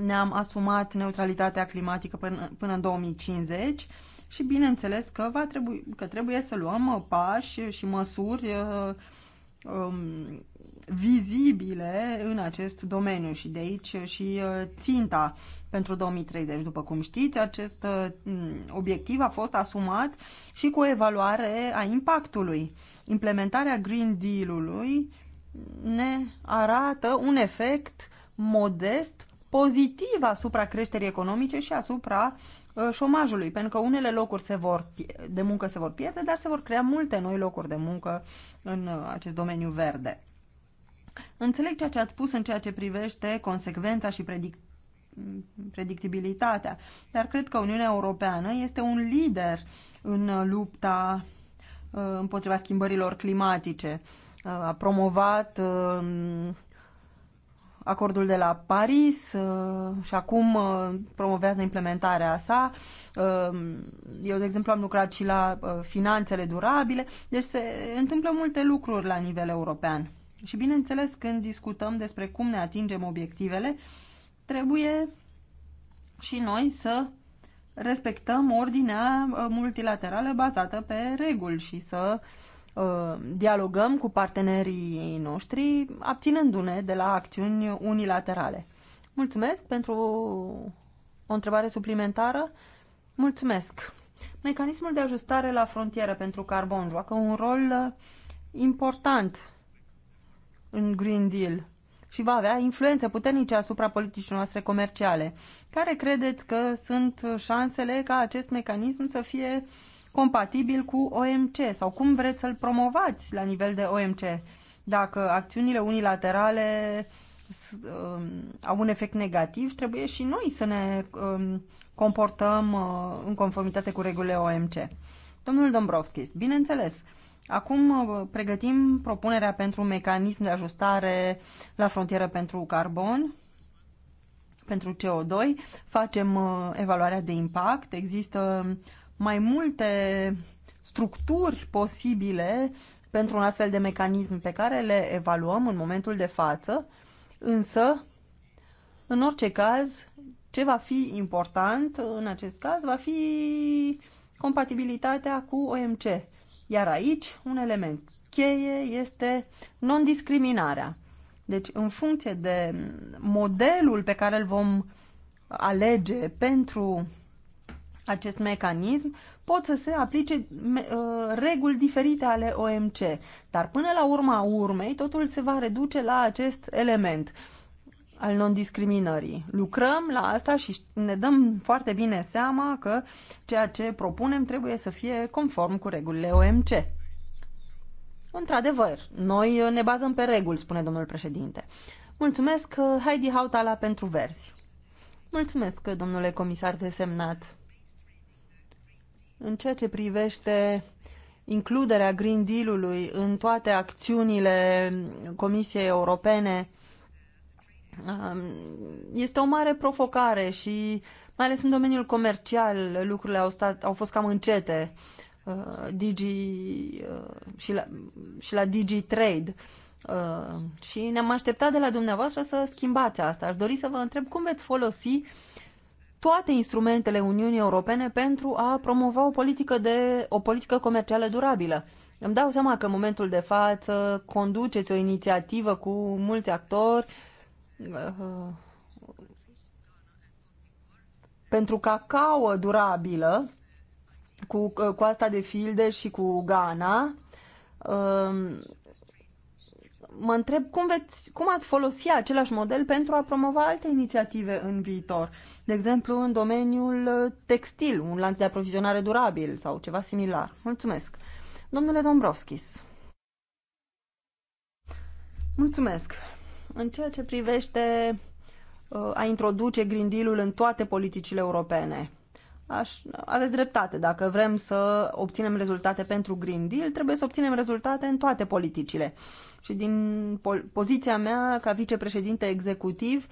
Ne-am asumat neutralitatea climatică până, până în 2050 și bineînțeles că, va trebui, că trebuie să luăm pași și măsuri uh, um, vizibile în acest domeniu și de aici și uh, ținta pentru 2030. După cum știți, acest mm, obiectiv a fost asumat și cu o evaluare a impactului. Implementarea Green Deal-ului ne arată un efect modest pozitiv asupra creșterii economice și asupra uh, șomajului, pentru că unele locuri se vor, de muncă se vor pierde, dar se vor crea multe noi locuri de muncă în uh, acest domeniu verde. Înțeleg ceea ce ați spus în ceea ce privește consecvența și predict predictibilitatea. Dar cred că Uniunea Europeană este un lider în lupta uh, împotriva schimbărilor climatice. Uh, a promovat uh, acordul de la Paris și acum promovează implementarea sa. Eu, de exemplu, am lucrat și la finanțele durabile, deci se întâmplă multe lucruri la nivel european. Și, bineînțeles, când discutăm despre cum ne atingem obiectivele, trebuie și noi să respectăm ordinea uh, multilaterală bazată pe reguli și să uh, dialogăm cu partenerii noștri, abținându-ne de la acțiuni unilaterale. Mulțumesc pentru o întrebare suplimentară. Mulțumesc. Mecanismul de ajustare la frontieră pentru carbon joacă un rol uh, important în Green Deal și va avea influențe puternice asupra politicii noastre comerciale. Care credeți că sunt șansele ca acest mecanism să fie compatibil cu OMC sau cum vreți să-l promovați la nivel de OMC? Dacă acțiunile unilaterale um, au un efect negativ, trebuie și noi să ne um, comportăm uh, în conformitate cu regulile OMC. Domnul Dombrovskis, bineînțeles, Acum uh, pregătim propunerea pentru un mecanism de ajustare la frontieră pentru carbon, pentru CO2. Facem uh, evaluarea de impact. Există mai multe structuri posibile pentru un astfel de mecanism pe care le evaluăm în momentul de față, însă, în orice caz, ce va fi important în acest caz va fi compatibilitatea cu OMC iar aici, un element cheie este non-discriminarea. Deci, în funcție de modelul pe care îl vom alege pentru acest mecanism, pot să se aplice uh, reguli diferite ale OMC. Dar până la urma urmei, totul se va reduce la acest element al non-discriminării. Lucrăm la asta și ne dăm foarte bine seama că ceea ce propunem trebuie să fie conform cu regulile OMC. Într-adevăr, noi uh, ne bazăm pe reguli, spune domnul președinte. Mulțumesc, uh, Heidi Hautala, pentru versi. Mulțumesc, uh, domnule comisar desemnat. În ceea ce privește includerea Green Deal-ului în toate acțiunile Comisiei Europene Um, este o mare provocare și mai ales în domeniul comercial lucrurile au, stat, au fost cam încete uh, Digi, uh, și, la, și la Digi Trade. Uh, și ne-am așteptat de la dumneavoastră să schimbați asta. Aș dori să vă întreb cum veți folosi toate instrumentele Uniunii Europene pentru a promova o politică, de, o politică comercială durabilă. Îmi dau seama că în momentul de față conduceți o inițiativă cu mulți actori uh, Uh, pentru cacao durabilă cu uh, coasta de filde și cu Ghana. Um, mă întreb cum, veți, cum ați folosi același model pentru a promova alte inițiative în viitor, de exemplu în domeniul uh, textil, un lanț de aprovizionare durabil sau ceva similar. Mulțumesc. Domnule Dombrovskis. Mulțumesc. În ceea ce privește uh, a introduce Grindilul în toate politicile europene, Aș, aveți dreptate. Dacă vrem să obținem rezultate pentru Green Deal, trebuie să obținem rezultate în toate politicile. Și din po- poziția mea ca vicepreședinte executiv,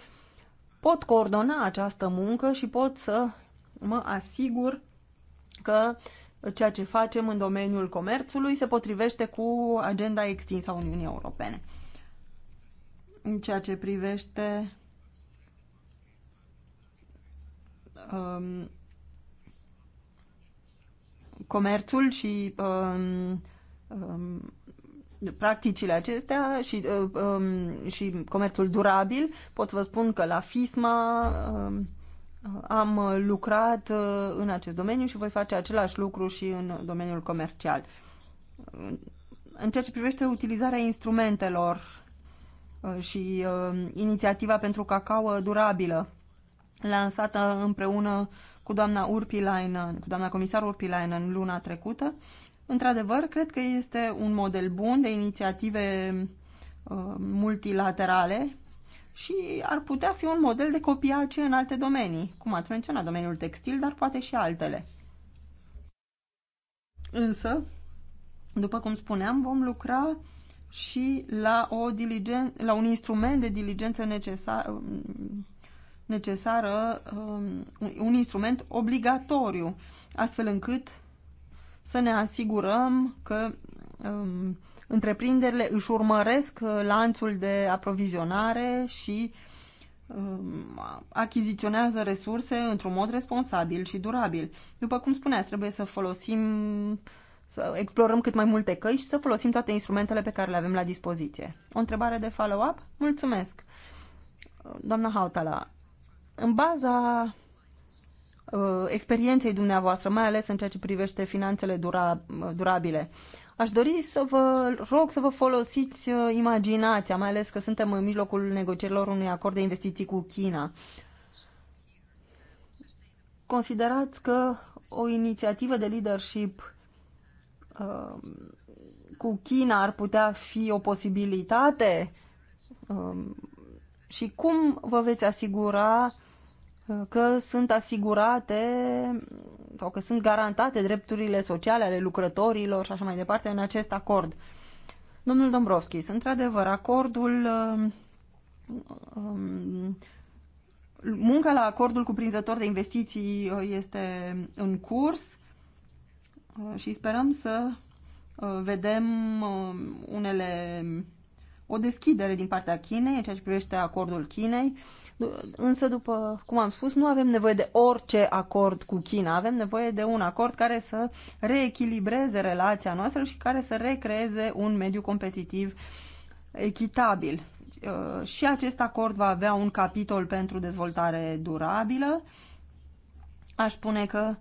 pot coordona această muncă și pot să mă asigur că ceea ce facem în domeniul comerțului se potrivește cu agenda extinsă a Uniunii Europene în ceea ce privește um, comerțul și um, um, practicile acestea și, uh, um, și comerțul durabil, pot să vă spun că la FISMA um, am lucrat uh, în acest domeniu și voi face același lucru și în domeniul comercial. În ceea ce privește utilizarea instrumentelor Uh, și uh, inițiativa pentru cacao uh, durabilă, lansată împreună cu doamna Urpilainen, cu doamna comisar Urpilainen luna trecută. Într-adevăr, cred că este un model bun de inițiative multilaterale și ar putea fi un model de copiace în alte domenii, cum ați menționat, domeniul textil, dar poate și altele. Însă, după cum spuneam, vom lucra și la, o diligen, la un instrument de diligență necesar, necesară, um, un instrument obligatoriu, astfel încât să ne asigurăm că um, întreprinderile își urmăresc uh, lanțul de aprovizionare și um, achiziționează resurse într-un mod responsabil și durabil. După cum spuneați, trebuie să folosim uh, să explorăm cât mai multe căi și să folosim toate instrumentele pe care le avem la dispoziție. O întrebare de follow-up? Mulțumesc! Doamna Hautala, în baza uh, experienței dumneavoastră, mai ales în ceea ce privește finanțele dura, uh, durabile. Aș dori să vă rog să vă folosiți uh, imaginația, mai ales că suntem în mijlocul negocierilor unui acord de investiții cu China. Considerați că o inițiativă de leadership Uh, cu China ar putea fi o posibilitate? Um, și cum vă veți asigura uh, că sunt asigurate sau că sunt garantate drepturile sociale ale lucrătorilor și așa mai departe în acest acord? Domnul Sunt într-adevăr, acordul um, um, munca la acordul cuprinzător de investiții uh, este în curs Uh, și sperăm să uh, vedem uh, unele o deschidere din partea Chinei în ceea ce privește acordul Chinei, însă, după cum am spus, nu avem nevoie de orice acord cu China, avem nevoie de un acord care să reechilibreze relația noastră și care să recreeze un mediu competitiv echitabil. Și acest acord va avea un capitol pentru dezvoltare durabilă. Aș spune că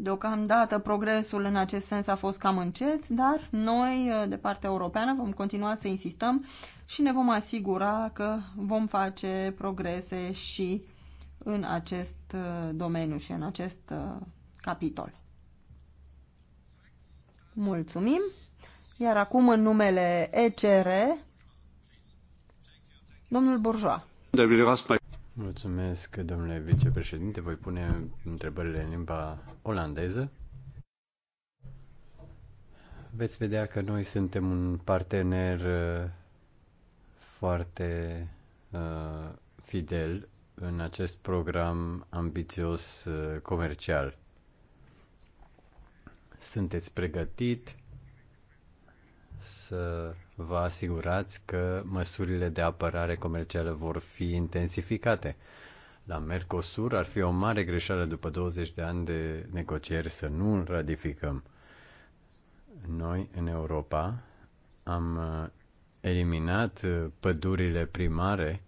Deocamdată progresul în acest sens a fost cam încet, dar noi, de partea europeană, vom continua să insistăm și ne vom asigura că vom face progrese și în acest uh, domeniu și în acest uh, capitol. Mulțumim! Iar acum, în numele ECR, domnul Bourgeois. Mulțumesc, domnule vicepreședinte. Voi pune întrebările în limba olandeză. Veți vedea că noi suntem un partener uh, foarte uh, fidel în acest program ambițios uh, comercial. Sunteți pregătit să vă asigurați că măsurile de apărare comercială vor fi intensificate. La Mercosur ar fi o mare greșeală după 20 de ani de negocieri să nu ratificăm. Noi, în Europa, am uh, eliminat uh, pădurile primare,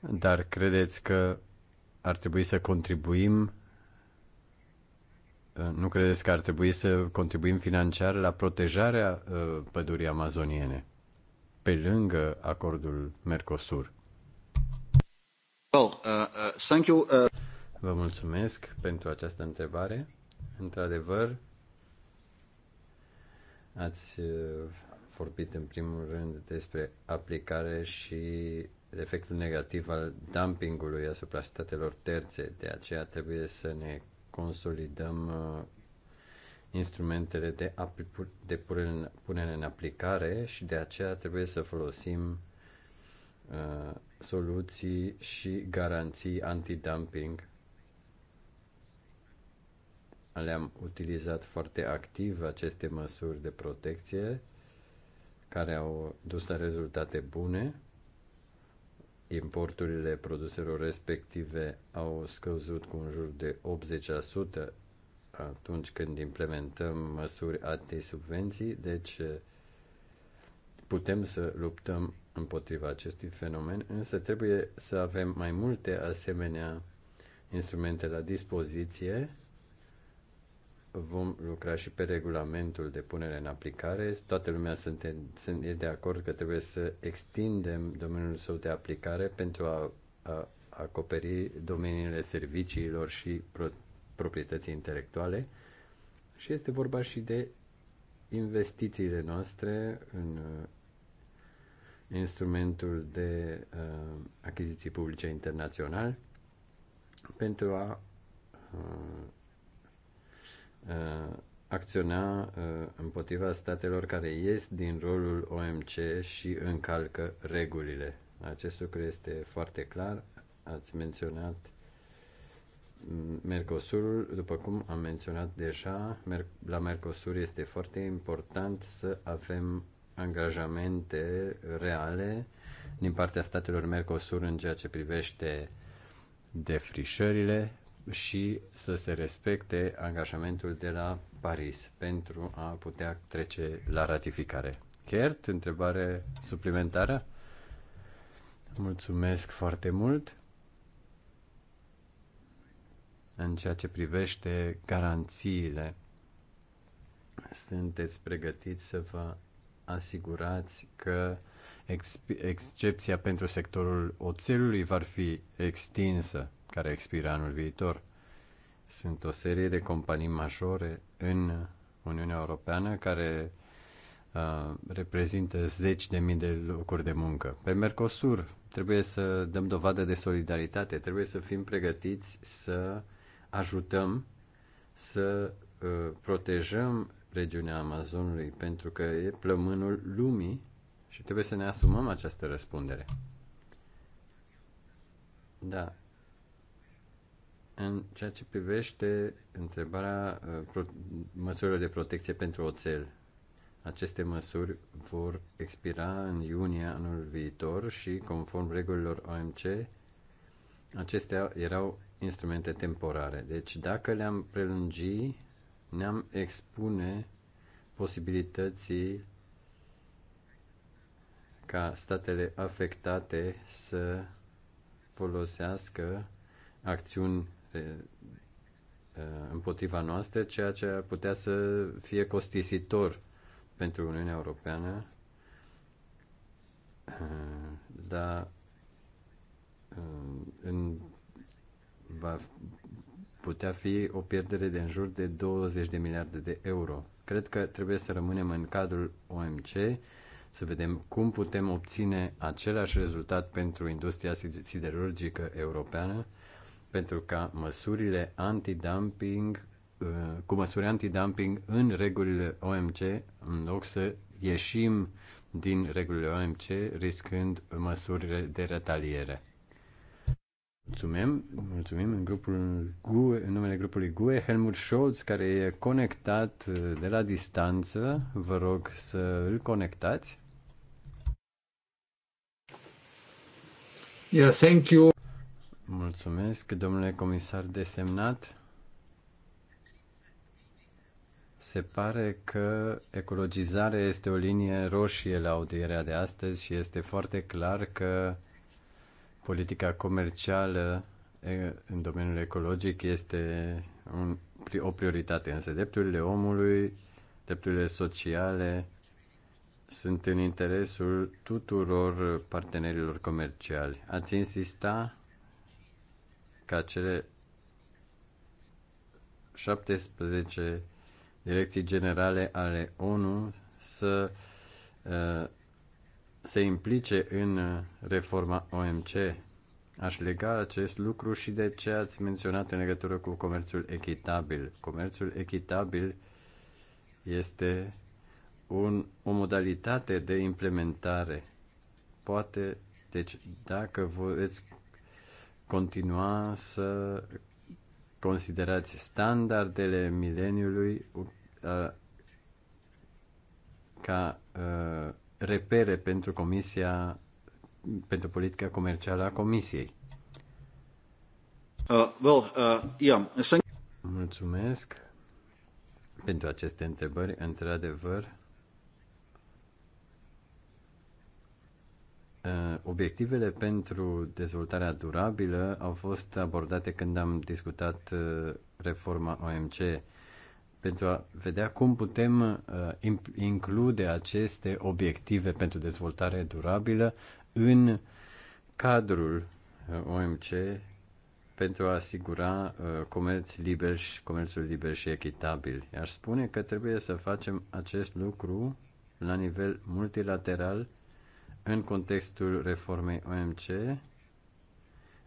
dar credeți că ar trebui să contribuim Uh, nu credeți că ar trebui să contribuim financiar la protejarea uh, pădurii amazoniene pe lângă acordul Mercosur? Well, uh, uh, thank you, uh... Vă mulțumesc pentru această întrebare. Într-adevăr, ați uh, vorbit în primul rând despre aplicare și efectul negativ al dumpingului asupra statelor terțe. De aceea trebuie să ne consolidăm uh, instrumentele de, de punere în, aplicare și de aceea trebuie să folosim uh, soluții și garanții anti-dumping. Le-am utilizat foarte activ aceste măsuri de protecție care au dus la rezultate bune Importurile produselor respective au scăzut cu în jur de 80% atunci când implementăm măsuri anti-subvenții, deci eh, putem să luptăm împotriva acestui fenomen, însă trebuie să avem mai multe asemenea instrumente la dispoziție vom lucra și pe regulamentul de punere în aplicare. Toată lumea sunt, sunt, de acord că trebuie să extindem domeniul său de aplicare pentru a, a acoperi domeniile serviciilor și pro, proprietății intelectuale. Și este vorba și de investițiile noastre în uh, instrumentul de uh, achiziții publice internațional pentru a uh, Uh, acționa uh, împotriva statelor care ies din rolul OMC și încalcă regulile. Acest lucru este foarte clar. Ați menționat Mercosurul, după cum am menționat deja, la Mercosur este foarte important să avem angajamente reale din partea statelor Mercosur în ceea ce privește defrișările, și să se respecte angajamentul de la Paris pentru a putea trece la ratificare. Kert, întrebare suplimentară? Mulțumesc foarte mult. În ceea ce privește garanțiile, sunteți pregătiți să vă asigurați că excepția pentru sectorul oțelului va fi extinsă care expiră anul viitor. Sunt o serie de companii majore în Uniunea Europeană care uh, reprezintă zeci de mii de locuri de muncă. Pe Mercosur trebuie să dăm dovadă de solidaritate, trebuie să fim pregătiți să ajutăm să uh, protejăm regiunea Amazonului pentru că e plămânul lumii și trebuie să ne asumăm această răspundere. Da, în ceea ce privește întrebarea uh, măsurilor de protecție pentru oțel, aceste măsuri vor expira în iunie anul viitor și, conform regulilor OMC, acestea erau instrumente temporare. Deci, dacă le-am prelungi, ne-am expune posibilității ca statele afectate să folosească acțiuni împotriva noastră, ceea ce ar putea să fie costisitor pentru Uniunea Europeană, dar în, va putea fi o pierdere de în jur de 20 de miliarde de euro. Cred că trebuie să rămânem în cadrul OMC, să vedem cum putem obține același rezultat pentru industria siderurgică europeană, pentru ca măsurile antidumping uh, cu măsuri antidumping în regulile OMC, în loc să ieșim din regulile OMC, riscând măsurile de retaliere. Mulțumim, mulțumim în, grupul GUE, în numele grupului GUE, Helmut Scholz, care e conectat uh, de la distanță. Vă rog să îl conectați. Yeah, thank you. Mulțumesc, domnule comisar desemnat. Se pare că ecologizarea este o linie roșie la audierea de astăzi și este foarte clar că politica comercială în domeniul ecologic este un, o prioritate, însă drepturile omului, drepturile sociale sunt în interesul tuturor partenerilor comerciali. Ați insista ca cele 17 direcții generale ale ONU să uh, se implice în reforma OMC. Aș lega acest lucru și de ce ați menționat în legătură cu comerțul echitabil. Comerțul echitabil este un, o modalitate de implementare. Poate, deci, dacă veți continua să considerați standardele mileniului uh, ca uh, repere pentru comisia pentru politica comercială a comisiei. Uh, well, uh, yeah. Mulțumesc pentru aceste întrebări. Într-adevăr, Uh, obiectivele pentru dezvoltarea durabilă au fost abordate când am discutat uh, reforma OMC pentru a vedea cum putem uh, include aceste obiective pentru dezvoltare durabilă în cadrul OMC pentru a asigura comerț liber și comerțul liber și echitabil. Aș spune că trebuie să facem acest lucru la nivel multilateral în contextul reformei OMC,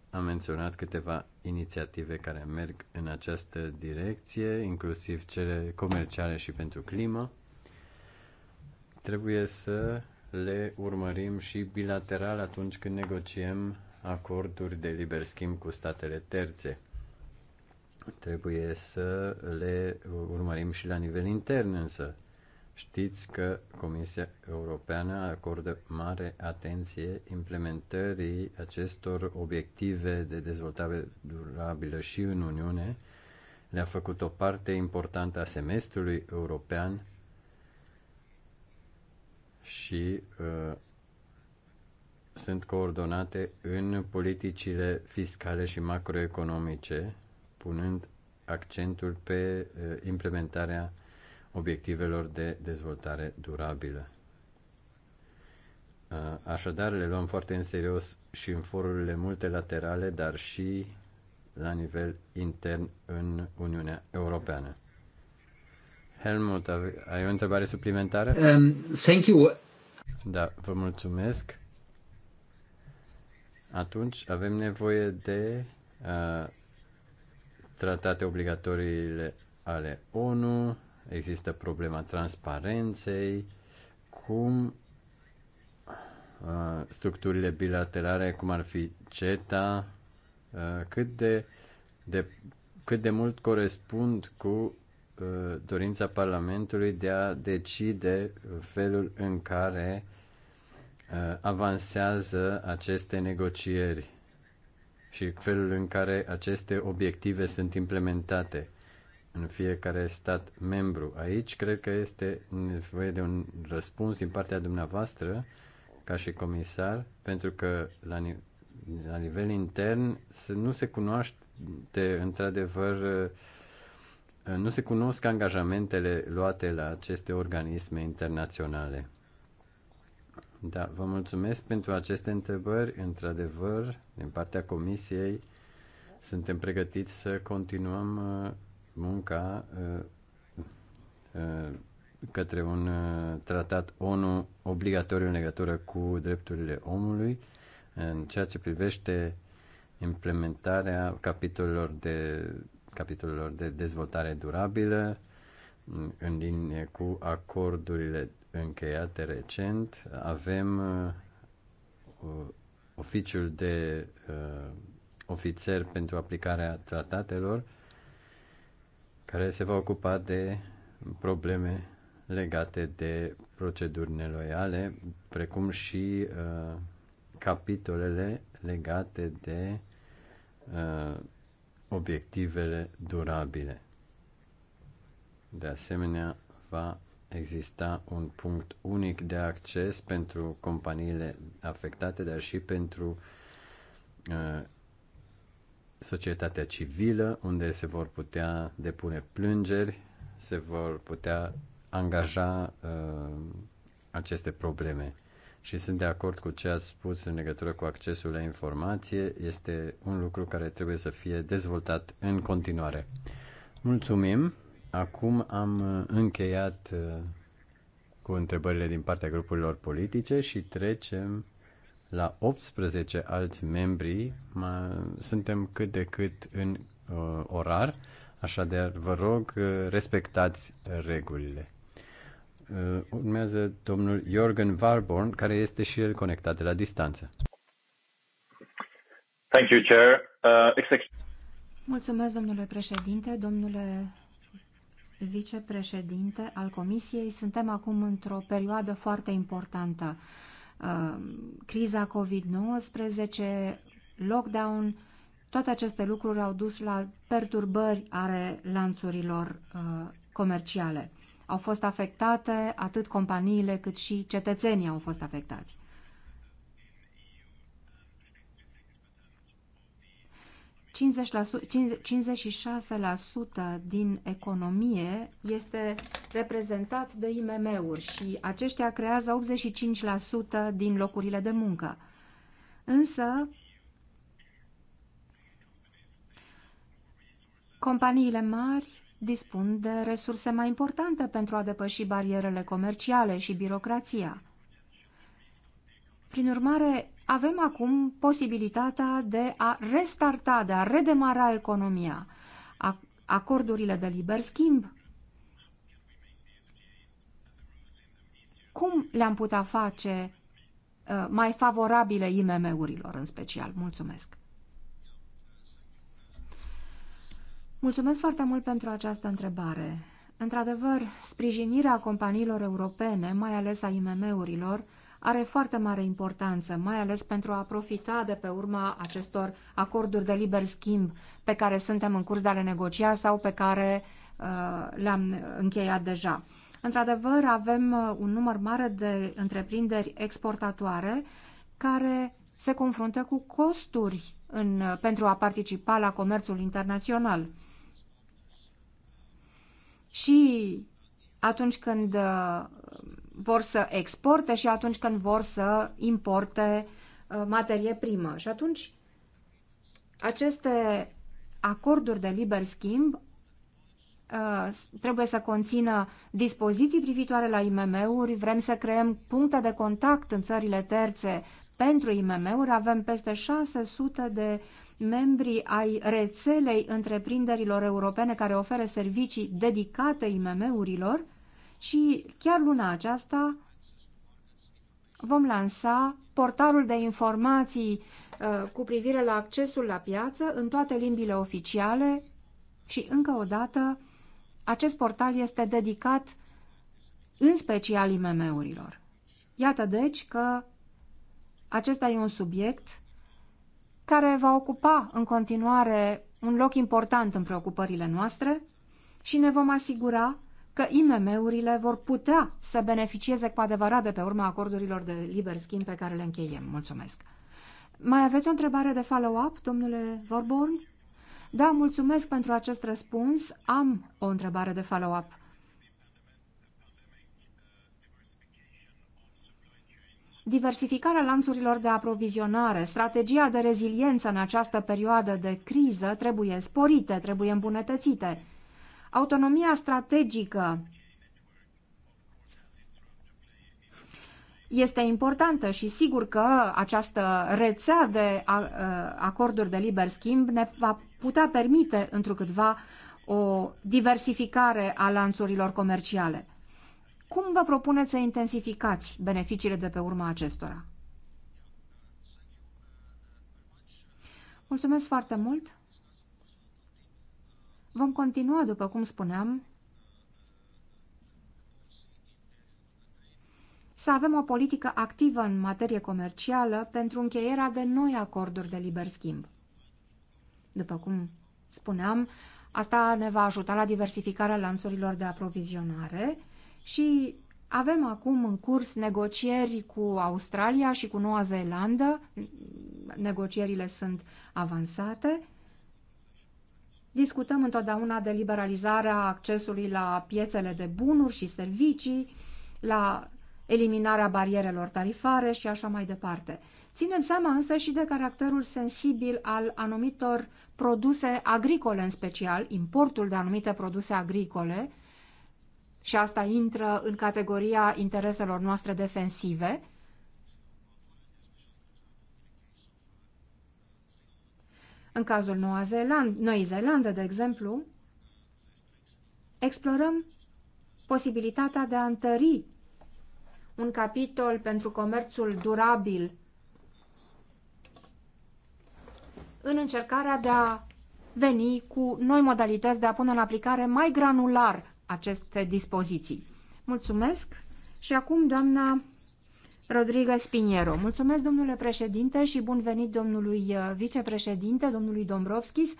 am menționat câteva inițiative care merg în această direcție, inclusiv cele comerciale și pentru climă. Trebuie să le urmărim și bilateral atunci când negociem acorduri de liber schimb cu statele terțe. Trebuie să le urmărim și la nivel intern, însă Știți că Comisia Europeană acordă mare atenție implementării acestor obiective de dezvoltare durabilă și în Uniune. Le-a făcut o parte importantă a semestrului european și uh, sunt coordonate în politicile fiscale și macroeconomice, punând accentul pe uh, implementarea obiectivelor de dezvoltare durabilă. Așadar, le luăm foarte în serios și în forurile multilaterale, dar și la nivel intern în Uniunea Europeană. Helmut, ai o întrebare suplimentară? Um, thank you. Da, vă mulțumesc. Atunci avem nevoie de uh, tratate obligatoriile ale ONU, Există problema transparenței, cum uh, structurile bilaterale, cum ar fi CETA, uh, cât de, de, cât de mult corespund cu uh, dorința Parlamentului de a decide felul în care avansează aceste negocieri și felul în care aceste obiective sunt implementate în fiecare stat membru. Aici cred că este nevoie de un răspuns din partea dumneavoastră ca și comisar, pentru că la, la nivel intern nu se cunoaște într-adevăr uh, nu se cunosc angajamentele luate la aceste organisme internaționale. Da, vă mulțumesc pentru aceste întrebări. Într-adevăr, din partea Comisiei, suntem pregătiți să continuăm uh, munca uh, uh, către un uh, tratat ONU obligatoriu în legătură cu drepturile omului în ceea ce privește implementarea capitolelor de, capitolelor de dezvoltare durabilă în linie cu acordurile încheiate recent. Avem oficiul de uh, ofițer pentru aplicarea tratatelor care se va ocupa de probleme legate de proceduri neloiale, precum și uh, capitolele legate de uh, obiectivele durabile. De asemenea, va exista un punct unic de acces pentru companiile afectate, dar și pentru uh, societatea civilă, unde se vor putea depune plângeri, se vor putea angaja uh, aceste probleme. Și sunt de acord cu ce ați spus în legătură cu accesul la informație. Este un lucru care trebuie să fie dezvoltat în continuare. Mulțumim! Acum am uh, încheiat uh, cu întrebările din partea grupurilor politice și trecem la 18 alți membri suntem cât de cât în uh, orar, așadar vă rog uh, respectați regulile. Uh, urmează domnul Jorgen Warborn, care este și el conectat de la distanță. Thank you, Chair. Uh, Mulțumesc, domnule președinte, domnule vicepreședinte al Comisiei. Suntem acum într-o perioadă foarte importantă. Uh, Um, criza COVID-19, lockdown, toate aceste lucruri au dus la perturbări ale lanțurilor uh, comerciale. Au fost afectate atât companiile cât și cetățenii au fost afectați. 56% din economie este reprezentat de IMM-uri și aceștia creează 85% din locurile de muncă. Însă, companiile mari dispun de resurse mai importante pentru a depăși barierele comerciale și birocrația. Prin urmare, avem acum posibilitatea de a restarta, de a redemara economia. Acordurile de liber schimb. Cum le-am putea face uh, mai favorabile IMM-urilor în special? Mulțumesc! Mulțumesc foarte mult pentru această întrebare. Într-adevăr, sprijinirea companiilor europene, mai ales a IMM-urilor, are foarte mare importanță, mai ales pentru a profita de pe urma acestor acorduri de liber schimb pe care suntem în curs de a le negocia sau pe care uh, le-am încheiat deja. Într-adevăr, avem uh, un număr mare de întreprinderi exportatoare care se confruntă cu costuri în, uh, pentru a participa la comerțul internațional. Și atunci când uh, vor să exporte și atunci când vor să importe uh, materie primă. Și atunci aceste acorduri de liber schimb uh, trebuie să conțină dispoziții privitoare la IMM-uri, vrem să creăm puncte de contact în țările terțe pentru IMM-uri, avem peste 600 de membri ai rețelei întreprinderilor europene care oferă servicii dedicate IMM-urilor și chiar luna aceasta vom lansa portalul de informații uh, cu privire la accesul la piață în toate limbile oficiale și încă o dată acest portal este dedicat în special IMM-urilor. Iată deci că acesta e un subiect care va ocupa în continuare un loc important în preocupările noastre și ne vom asigura că IMM-urile vor putea să beneficieze cu adevărat de pe urma acordurilor de liber schimb pe care le încheiem. Mulțumesc! Mai aveți o întrebare de follow-up, domnule Vorborn? Da, mulțumesc pentru acest răspuns. Am o întrebare de follow-up. Diversificarea lanțurilor de aprovizionare, strategia de reziliență în această perioadă de criză trebuie sporite, trebuie îmbunătățite. Autonomia strategică este importantă și sigur că această rețea de acorduri de liber schimb ne va putea permite întrucâtva o diversificare a lanțurilor comerciale. Cum vă propuneți să intensificați beneficiile de pe urma acestora? Mulțumesc foarte mult! Vom continua, după cum spuneam, să avem o politică activă în materie comercială pentru încheierea de noi acorduri de liber schimb. După cum spuneam, asta ne va ajuta la diversificarea lanțurilor de aprovizionare și avem acum în curs negocieri cu Australia și cu Noua Zeelandă, negocierile sunt avansate Discutăm întotdeauna de liberalizarea accesului la piețele de bunuri și servicii, la eliminarea barierelor tarifare și așa mai departe. Ținem seama însă și de caracterul sensibil al anumitor produse agricole, în special importul de anumite produse agricole, și asta intră în categoria intereselor noastre defensive, În cazul Noii Zeeland, Noi Zeelande, de exemplu, explorăm posibilitatea de a întări un capitol pentru comerțul durabil în încercarea de a veni cu noi modalități de a pune în aplicare mai granular aceste dispoziții. Mulțumesc și acum doamna Rodriguez Piniero. Mulțumesc, domnule președinte, și bun venit domnului uh, vicepreședinte, domnului Dombrovskis,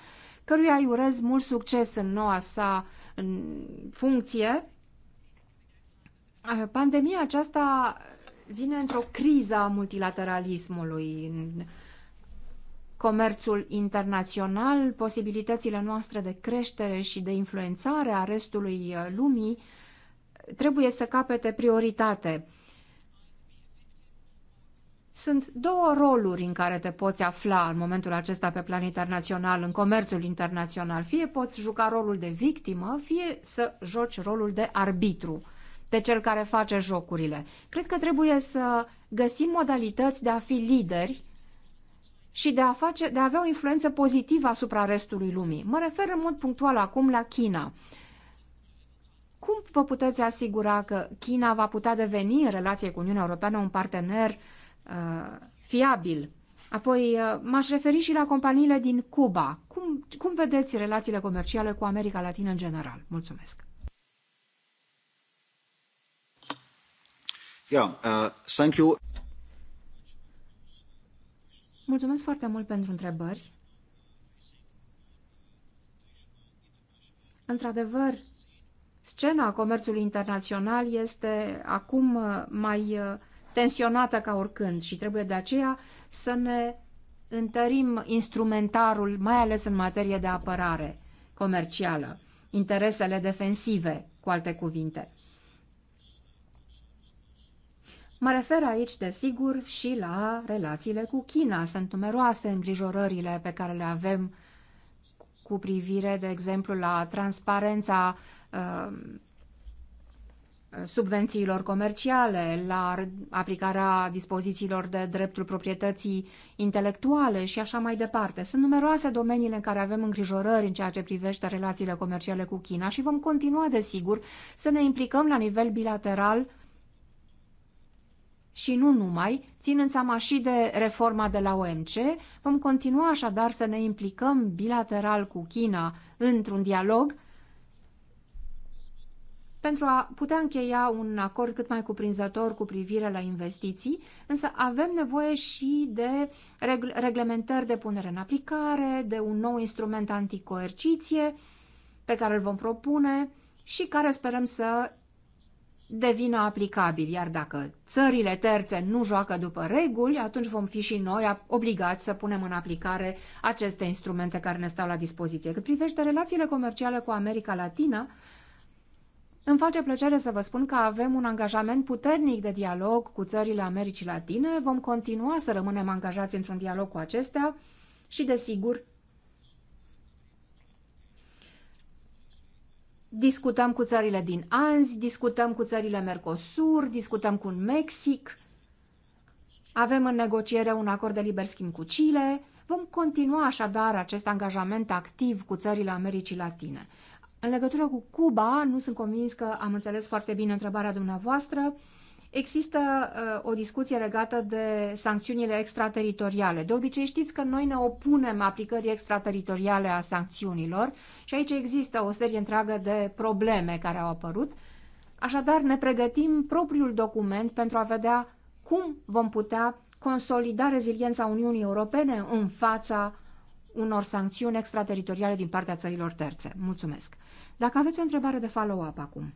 căruia îi urez mult succes în noua sa în funcție. Uh, pandemia aceasta vine într-o criză a multilateralismului în comerțul internațional, posibilitățile noastre de creștere și de influențare a restului uh, lumii trebuie să capete prioritate. Sunt două roluri în care te poți afla în momentul acesta pe plan internațional, în comerțul internațional. Fie poți juca rolul de victimă, fie să joci rolul de arbitru, de cel care face jocurile. Cred că trebuie să găsim modalități de a fi lideri și de a, face, de a avea o influență pozitivă asupra restului lumii. Mă refer în mod punctual acum la China. Cum vă puteți asigura că China va putea deveni în relație cu Uniunea Europeană un partener uh, uh, fiabil. Apoi uh, m-aș referi și la companiile din Cuba. Cum, cum vedeți relațiile comerciale cu America Latină în general? Mulțumesc! Yeah, uh, thank you. Mulțumesc foarte mult pentru întrebări. Într-adevăr, scena comerțului internațional este acum uh, mai uh, tensionată ca oricând și trebuie de aceea să ne întărim instrumentarul, mai ales în materie de apărare comercială, interesele defensive, cu alte cuvinte. Mă refer aici, desigur, și la relațiile cu China. Sunt numeroase îngrijorările pe care le avem cu privire, de exemplu, la transparența uh, subvențiilor comerciale, la aplicarea dispozițiilor de dreptul proprietății intelectuale și așa mai departe. Sunt numeroase domeniile în care avem îngrijorări în ceea ce privește relațiile comerciale cu China și vom continua, desigur, să ne implicăm la nivel bilateral și nu numai, ținând seama și de reforma de la OMC, vom continua așadar să ne implicăm bilateral cu China într-un dialog pentru a putea încheia un acord cât mai cuprinzător cu privire la investiții, însă avem nevoie și de regl- reglementări de punere în aplicare, de un nou instrument anticoerciție pe care îl vom propune și care sperăm să devină aplicabil, iar dacă țările terțe nu joacă după reguli, atunci vom fi și noi obligați să punem în aplicare aceste instrumente care ne stau la dispoziție. Cât privește relațiile comerciale cu America Latina, îmi face plăcere să vă spun că avem un angajament puternic de dialog cu țările Americii Latine, vom continua să rămânem angajați într-un dialog cu acestea și, desigur, discutăm cu țările din Anzi, discutăm cu țările Mercosur, discutăm cu Mexic, avem în negociere un acord de liber schimb cu Chile, Vom continua așadar acest angajament activ cu țările Americii Latine. În legătură cu Cuba, nu sunt convins că am înțeles foarte bine întrebarea dumneavoastră. Există uh, o discuție legată de sancțiunile extrateritoriale. De obicei știți că noi ne opunem aplicării extrateritoriale a sancțiunilor și aici există o serie întreagă de probleme care au apărut. Așadar, ne pregătim propriul document pentru a vedea cum vom putea consolida reziliența Uniunii Europene în fața unor sancțiuni extrateritoriale din partea țărilor terțe. Mulțumesc! Dacă aveți o întrebare de follow-up acum.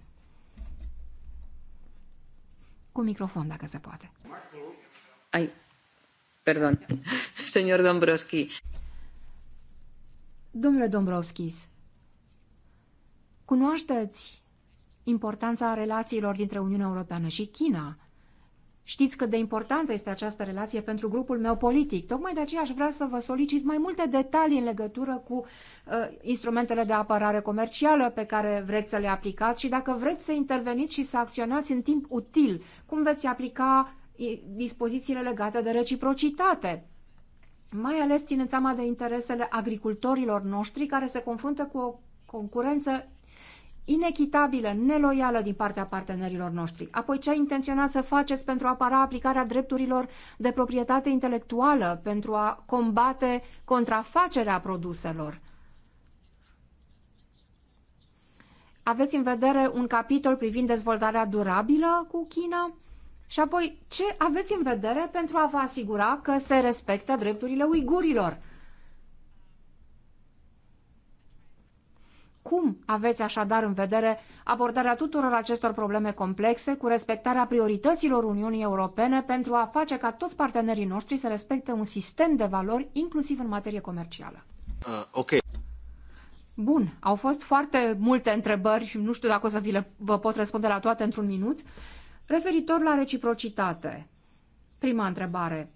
Cu microfon, dacă se poate. Ai, perdon, senior Dombrovski. Domnule Dombrovskis, cunoașteți importanța relațiilor dintre Uniunea Europeană și China – Știți cât de importantă este această relație pentru grupul meu politic. Tocmai de aceea aș vrea să vă solicit mai multe detalii în legătură cu uh, instrumentele de apărare comercială pe care vreți să le aplicați și dacă vreți să interveniți și să acționați în timp util, cum veți aplica dispozițiile legate de reciprocitate. Mai ales ținând seama de interesele agricultorilor noștri care se confruntă cu o concurență inechitabilă, neloială din partea partenerilor noștri. Apoi ce intenționat să faceți pentru a apara aplicarea drepturilor de proprietate intelectuală, pentru a combate contrafacerea produselor? Aveți în vedere un capitol privind dezvoltarea durabilă cu China? Și apoi, ce aveți în vedere pentru a vă asigura că se respectă drepturile uigurilor? Cum aveți așadar în vedere abordarea tuturor acestor probleme complexe cu respectarea priorităților Uniunii Europene pentru a face ca toți partenerii noștri să respecte un sistem de valori, inclusiv în materie comercială? Uh, ok. Bun, au fost foarte multe întrebări, nu știu dacă o să vi le, vă pot răspunde la toate într-un minut. Referitor la reciprocitate, prima întrebare.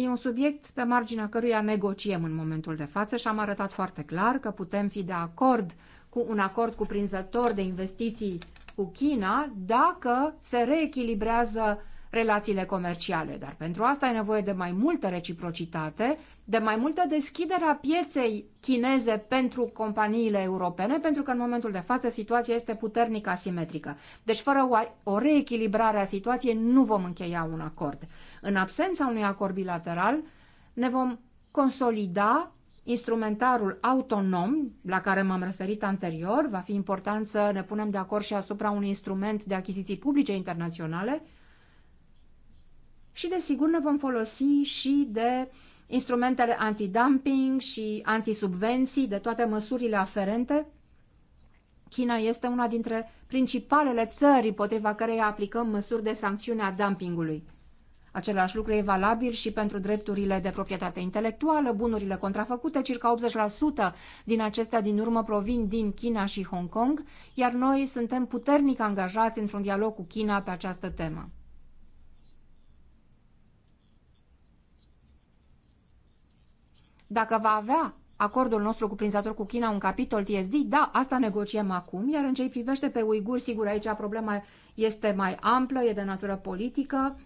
E un subiect pe marginea căruia negociem în momentul de față și am arătat foarte clar că putem fi de acord cu un acord cuprinzător de investiții cu China dacă se reechilibrează relațiile comerciale, dar pentru asta e nevoie de mai multă reciprocitate, de mai multă deschidere a pieței chineze pentru companiile europene, pentru că în momentul de față situația este puternic asimetrică. Deci fără o reechilibrare a situației nu vom încheia un acord. În absența unui acord bilateral ne vom consolida Instrumentarul autonom, la care m-am referit anterior, va fi important să ne punem de acord și asupra unui instrument de achiziții publice internaționale, și desigur ne vom folosi și de instrumentele antidumping și antisubvenții, de toate măsurile aferente. China este una dintre principalele țări împotriva căreia aplicăm măsuri de sancțiune a dumpingului. Același lucru e valabil și pentru drepturile de proprietate intelectuală, bunurile contrafăcute, circa 80% din acestea din urmă provin din China și Hong Kong, iar noi suntem puternic angajați într-un dialog cu China pe această temă. Dacă va avea acordul nostru cuprinzător cu China un capitol TSD, da, asta negociem acum, iar în ce privește pe uiguri, sigur, aici problema este mai amplă, e de natură politică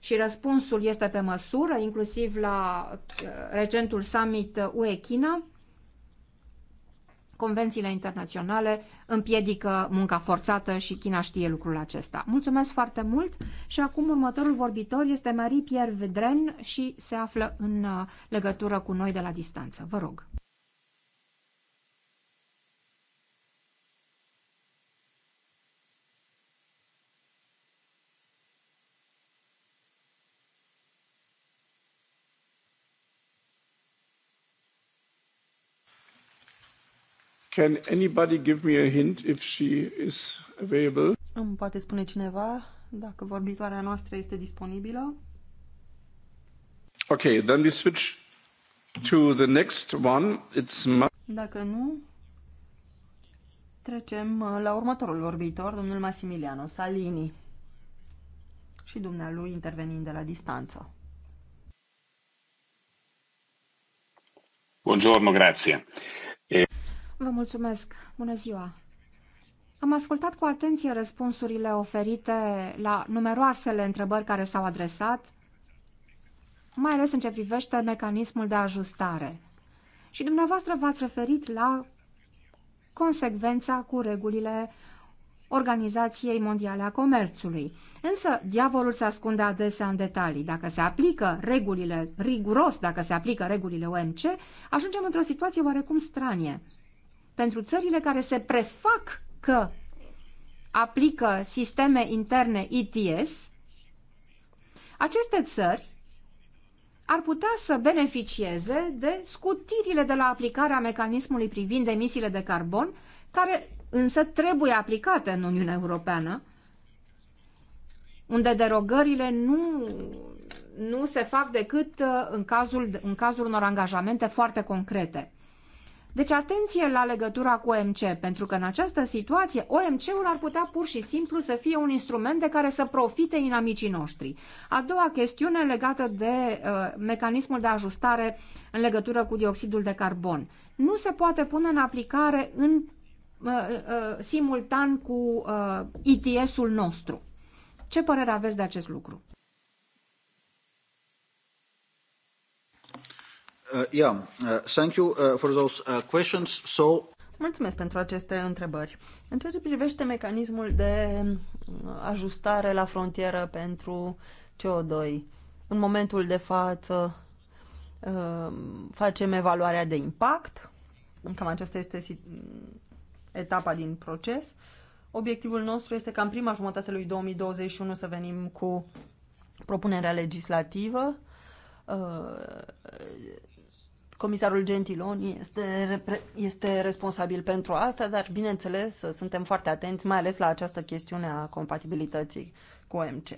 și răspunsul este pe măsură, inclusiv la uh, recentul summit uh, UE-China convențiile internaționale împiedică munca forțată și China știe lucrul acesta. Mulțumesc foarte mult și acum următorul vorbitor este Marie-Pierre Vedren și se află în uh, legătură cu noi de la distanță. Vă rog. Can anybody give me a hint if she is available? Îmi poate spune cineva dacă vorbitoarea noastră este disponibilă? Okay, then we switch to the next one. It's Dacă nu, trecem uh, la următorul vorbitor, domnul Massimiliano Salini și dumnealui intervenind de la distanță. Buongiorno, grazie. Vă mulțumesc. Bună ziua. Am ascultat cu atenție răspunsurile oferite la numeroasele întrebări care s-au adresat, mai ales în ce privește mecanismul de ajustare. Și dumneavoastră v-ați referit la consecvența cu regulile Organizației Mondiale a Comerțului. Însă, diavolul se ascunde adesea în detalii. Dacă se aplică regulile riguros, dacă se aplică regulile OMC, ajungem într-o situație oarecum stranie pentru țările care se prefac că aplică sisteme interne ETS, aceste țări ar putea să beneficieze de scutirile de la aplicarea mecanismului privind emisiile de carbon, care însă trebuie aplicate în Uniunea Europeană, unde derogările nu, nu se fac decât uh, în cazul, în cazul unor angajamente foarte concrete. Deci atenție la legătura cu OMC, pentru că în această situație OMC-ul ar putea pur și simplu să fie un instrument de care să profite inamicii noștri. A doua chestiune legată de uh, mecanismul de ajustare în legătură cu dioxidul de carbon. Nu se poate pune în aplicare în, uh, uh, simultan cu uh, ETS-ul nostru. Ce părere aveți de acest lucru? Uh, yeah, uh, thank you uh, for those questions. So... Mulțumesc pentru aceste întrebări. În ceea ce privește mecanismul de ajustare la frontieră pentru CO2, în momentul de față facem evaluarea de impact, cam aceasta este etapa din proces. Obiectivul nostru este ca în prima jumătate lui 2021 să venim cu propunerea legislativă Comisarul Gentiloni este, este responsabil pentru asta, dar, bineînțeles, suntem foarte atenți, mai ales la această chestiune a compatibilității cu OMC.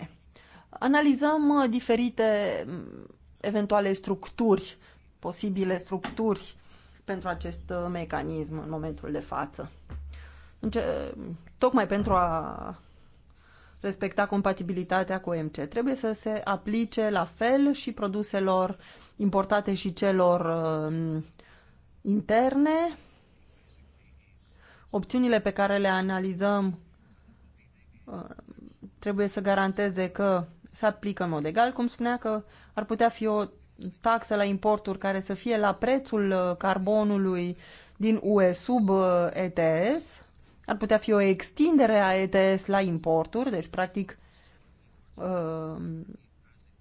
Analizăm uh, diferite mm, eventuale structuri, posibile structuri pentru acest uh, mecanism în momentul de față. Tocmai pentru a respecta compatibilitatea cu OMC. Trebuie să se aplice la fel și produselor importate și celor uh, interne. Opțiunile pe care le analizăm uh, trebuie să garanteze că se aplică în mod egal, cum spunea că ar putea fi o taxă la importuri care să fie la prețul uh, carbonului din UE sub uh, ETS ar putea fi o extindere a ETS la importuri, deci practic uh,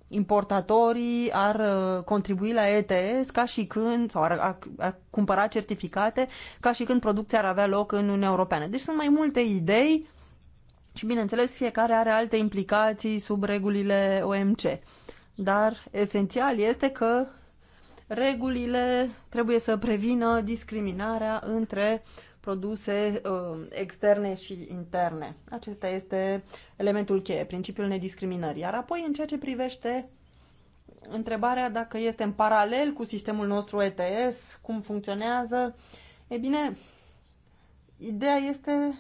importatorii ar uh, contribui la ETS ca și când, sau ar, ar, ar cumpăra certificate ca și când producția ar avea loc în Uniunea Europeană. Deci sunt mai multe idei și, bineînțeles, fiecare are alte implicații sub regulile OMC. Dar esențial este că regulile trebuie să prevină discriminarea între produse uh, externe și interne. Acesta este elementul cheie, principiul nediscriminării. Iar apoi, în ceea ce privește întrebarea dacă este în paralel cu sistemul nostru ETS, cum funcționează, e bine, ideea este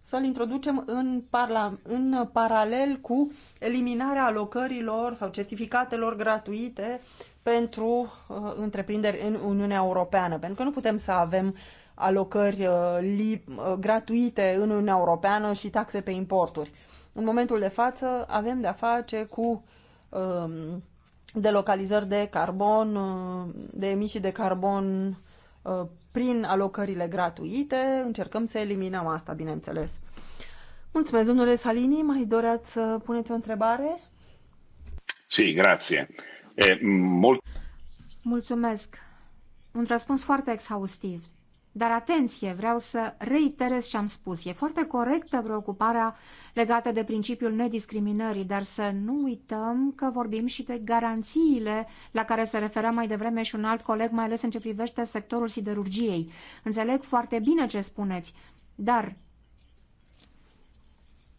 să-l introducem în, parla, în paralel cu eliminarea alocărilor sau certificatelor gratuite pentru uh, întreprinderi în Uniunea Europeană, pentru că nu putem să avem alocări uh, uh, gratuite în Uniunea Europeană și taxe pe importuri. În momentul de față avem de-a face cu um, delocalizări de carbon, uh, de emisii de carbon prin alocările gratuite. Încercăm să eliminăm asta, bineînțeles. Mulțumesc, domnule Salini. Mai doreați să puneți o întrebare? Sì, grazie. E, eh, mult... Mulțumesc. Un răspuns foarte exhaustiv. Dar atenție, vreau să reiterez ce am spus. E foarte corectă preocuparea legată de principiul nediscriminării, dar să nu uităm că vorbim și de garanțiile la care se referea mai devreme și un alt coleg, mai ales în ce privește sectorul siderurgiei. Înțeleg foarte bine ce spuneți, dar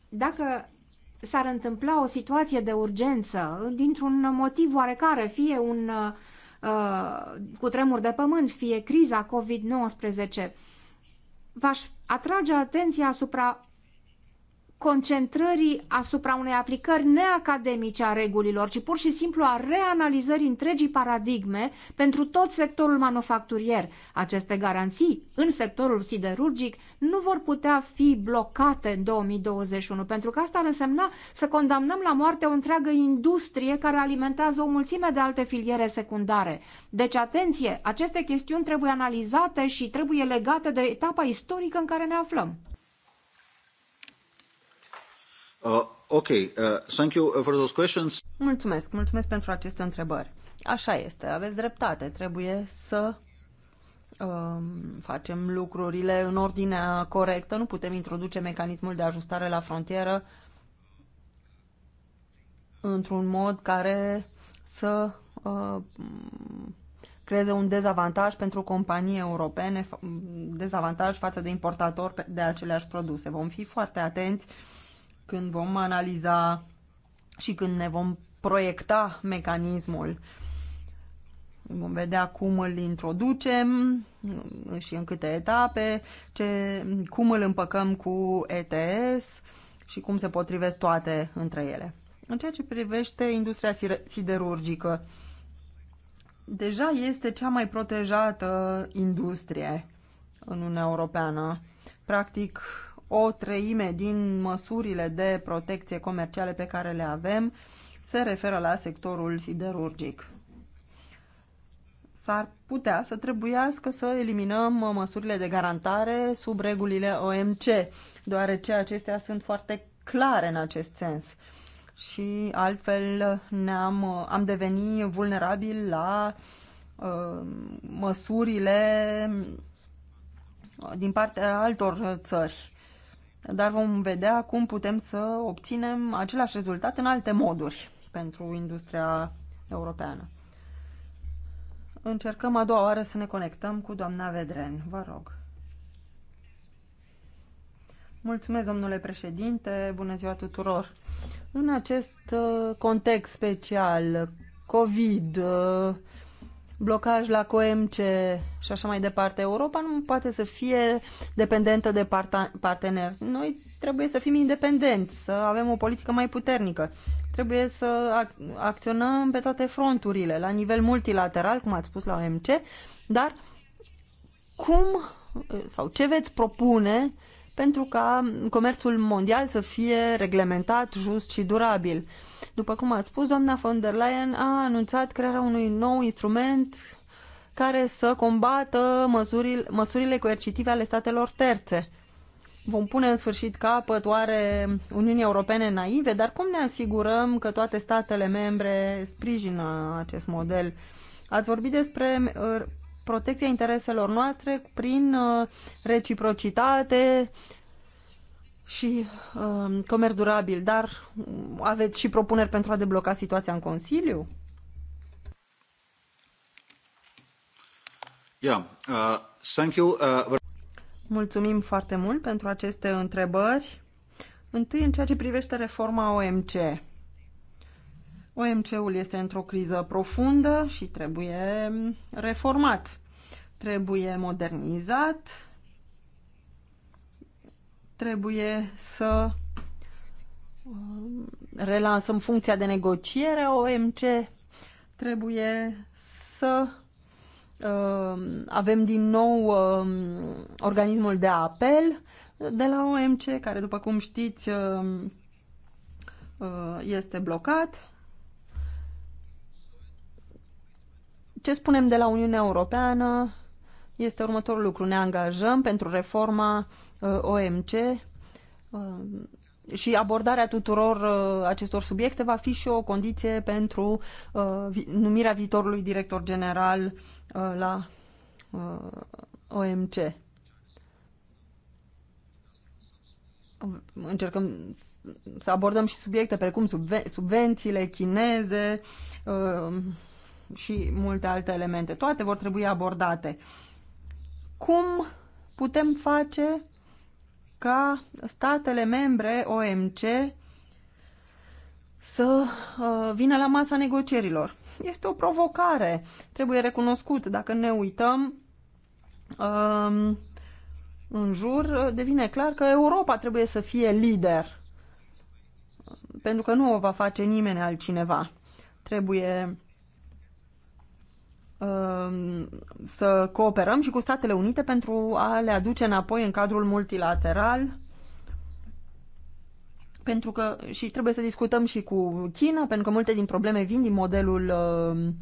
dacă s-ar întâmpla o situație de urgență, dintr-un motiv oarecare, fie un Uh, cu tremur de pământ, fie criza COVID-19. V-aș atrage atenția asupra concentrării asupra unei aplicări neacademice a regulilor, ci pur și simplu a reanalizării întregii paradigme pentru tot sectorul manufacturier. Aceste garanții în sectorul siderurgic nu vor putea fi blocate în 2021, pentru că asta ar însemna să condamnăm la moarte o întreagă industrie care alimentează o mulțime de alte filiere secundare. Deci, atenție, aceste chestiuni trebuie analizate și trebuie legate de etapa istorică în care ne aflăm. Uh, uh, thank you uh, for those questions. Mulțumesc, mulțumesc pentru aceste întrebări. Așa este, aveți dreptate, trebuie să um, facem lucrurile în ordinea corectă, nu putem introduce mecanismul de ajustare la frontieră într-un mod care să uh, creeze un dezavantaj pentru companii europene, dezavantaj față de importatori de aceleași produse. Vom fi foarte atenți uh, când vom analiza și când ne vom proiecta mecanismul. Vom vedea cum îl introducem și în câte etape, ce, cum îl împăcăm cu ETS și cum se potrivesc toate între ele. În ceea ce privește industria siderurgică, deja este cea mai protejată industrie în Uniunea Europeană. Practic, o treime din măsurile de protecție comerciale pe care le avem se referă la sectorul siderurgic. S-ar putea să trebuiască să eliminăm măsurile de garantare sub regulile OMC, deoarece acestea sunt foarte clare în acest sens. Și altfel ne-am am devenit vulnerabili la uh, măsurile din partea altor țări dar vom vedea cum putem să obținem același rezultat în alte moduri pentru industria europeană. Încercăm a doua oară să ne conectăm cu doamna Vedren. Vă rog. Mulțumesc, domnule președinte, bună ziua tuturor. În acest uh, context special, COVID, uh, blocaj la COMC și așa mai departe. Europa nu poate să fie dependentă de parteneri. Noi trebuie să fim independenți, să avem o politică mai puternică. Trebuie să acționăm pe toate fronturile, la nivel multilateral, cum ați spus la OMC, dar cum sau ce veți propune pentru ca comerțul mondial să fie reglementat, just și durabil? După cum ați spus, doamna von der Leyen a anunțat crearea unui nou instrument care să combată măsurile, măsurile coercitive ale statelor terțe. Vom pune în sfârșit capăt oare Uniunii Europene naive, dar cum ne asigurăm că toate statele membre sprijină acest model? Ați vorbit despre uh, protecția intereselor noastre prin uh, reciprocitate, și uh, comerț durabil, dar aveți și propuneri pentru a debloca situația în Consiliu? Yeah, uh, thank you. Uh... Mulțumim foarte mult pentru aceste întrebări. Întâi, în ceea ce privește reforma OMC. OMC-ul este într-o criză profundă și trebuie reformat. Trebuie modernizat, trebuie să um, relansăm funcția de negociere OMC, trebuie să uh, avem din nou uh, organismul de apel de la OMC, care, după cum știți, uh, uh, este blocat. Ce spunem de la Uniunea Europeană? este următorul lucru. Ne angajăm pentru reforma uh, OMC uh, și abordarea tuturor uh, acestor subiecte va fi și o condiție pentru numirea viitorului director general la OMC. Încercăm să abordăm și subiecte precum subvențiile chineze și multe alte elemente. Toate vor trebui abordate cum putem face ca statele membre OMC să uh, vină la masa negocierilor. Este o provocare, trebuie recunoscut. Dacă ne uităm um, în jur, devine clar că Europa trebuie să fie lider, pentru că nu o va face nimeni altcineva. Trebuie Um, să cooperăm și cu Statele Unite pentru a le aduce înapoi în cadrul multilateral pentru că și trebuie să discutăm și cu China, pentru că multe din probleme vin din modelul uh,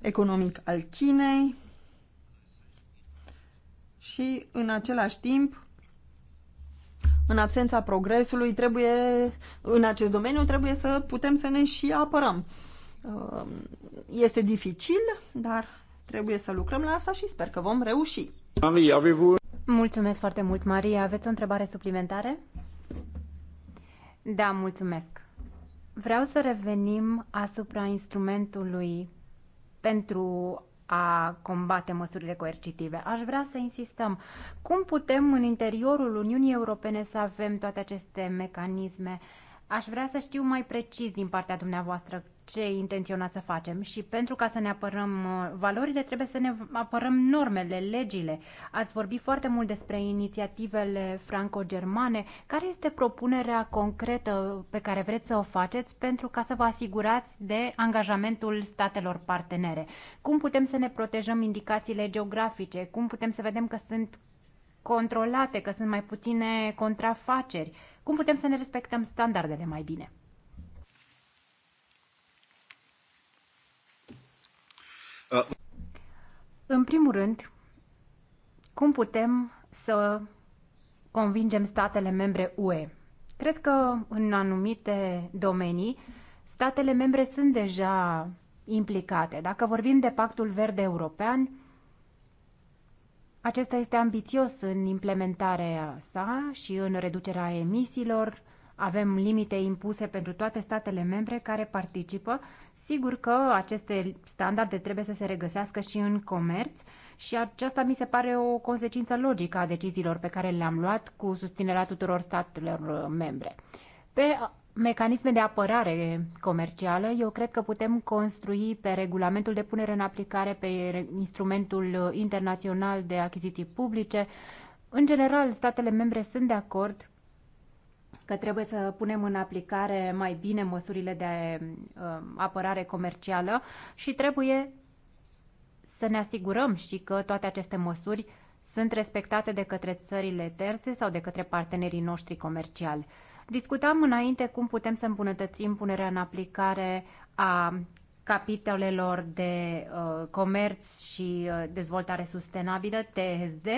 economic al Chinei și în același timp în absența progresului trebuie în acest domeniu trebuie să putem să ne și apărăm. Uh, Uh, este dificil, dar trebuie să lucrăm la asta și sper că vom reuși. Maria, Mulțumesc foarte mult, Maria. Aveți o întrebare suplimentare? Da, mulțumesc. Vreau să revenim asupra instrumentului pentru a combate măsurile coercitive. Aș vrea să insistăm. Cum putem în interiorul Uniunii Europene să avem toate aceste mecanisme? Aș vrea să știu mai precis din partea dumneavoastră ce intenționați să facem și pentru ca să ne apărăm uh, valorile trebuie să ne apărăm normele, legile. Ați vorbit foarte mult despre inițiativele franco-germane. Care este propunerea concretă pe care vreți să o faceți pentru ca să vă asigurați de angajamentul statelor partenere? Cum putem să ne protejăm indicațiile geografice? Cum putem să vedem că sunt controlate, că sunt mai puține contrafaceri? Cum putem să ne respectăm standardele mai bine? În primul rând, cum putem să convingem statele membre UE? Cred că în anumite domenii statele membre sunt deja implicate. Dacă vorbim de Pactul Verde European, acesta este ambițios în implementarea sa și în reducerea emisiilor avem limite impuse pentru toate statele membre care participă. Sigur că aceste standarde trebuie să se regăsească și în comerț și aceasta mi se pare o consecință logică a deciziilor pe care le-am luat cu susținerea tuturor statelor uh, membre. Pe uh, mecanisme de apărare comercială, eu cred că putem construi pe regulamentul de punere în aplicare, pe instrumentul uh, internațional de achiziții publice. În general, statele membre sunt de acord că trebuie să punem în aplicare mai bine măsurile de um, apărare comercială și trebuie să ne asigurăm și că toate aceste măsuri sunt respectate de către țările terțe sau de către partenerii noștri comerciali. Discutam înainte cum putem să îmbunătățim punerea în aplicare a capitolelor de uh, comerț și uh, dezvoltare sustenabilă, TSD,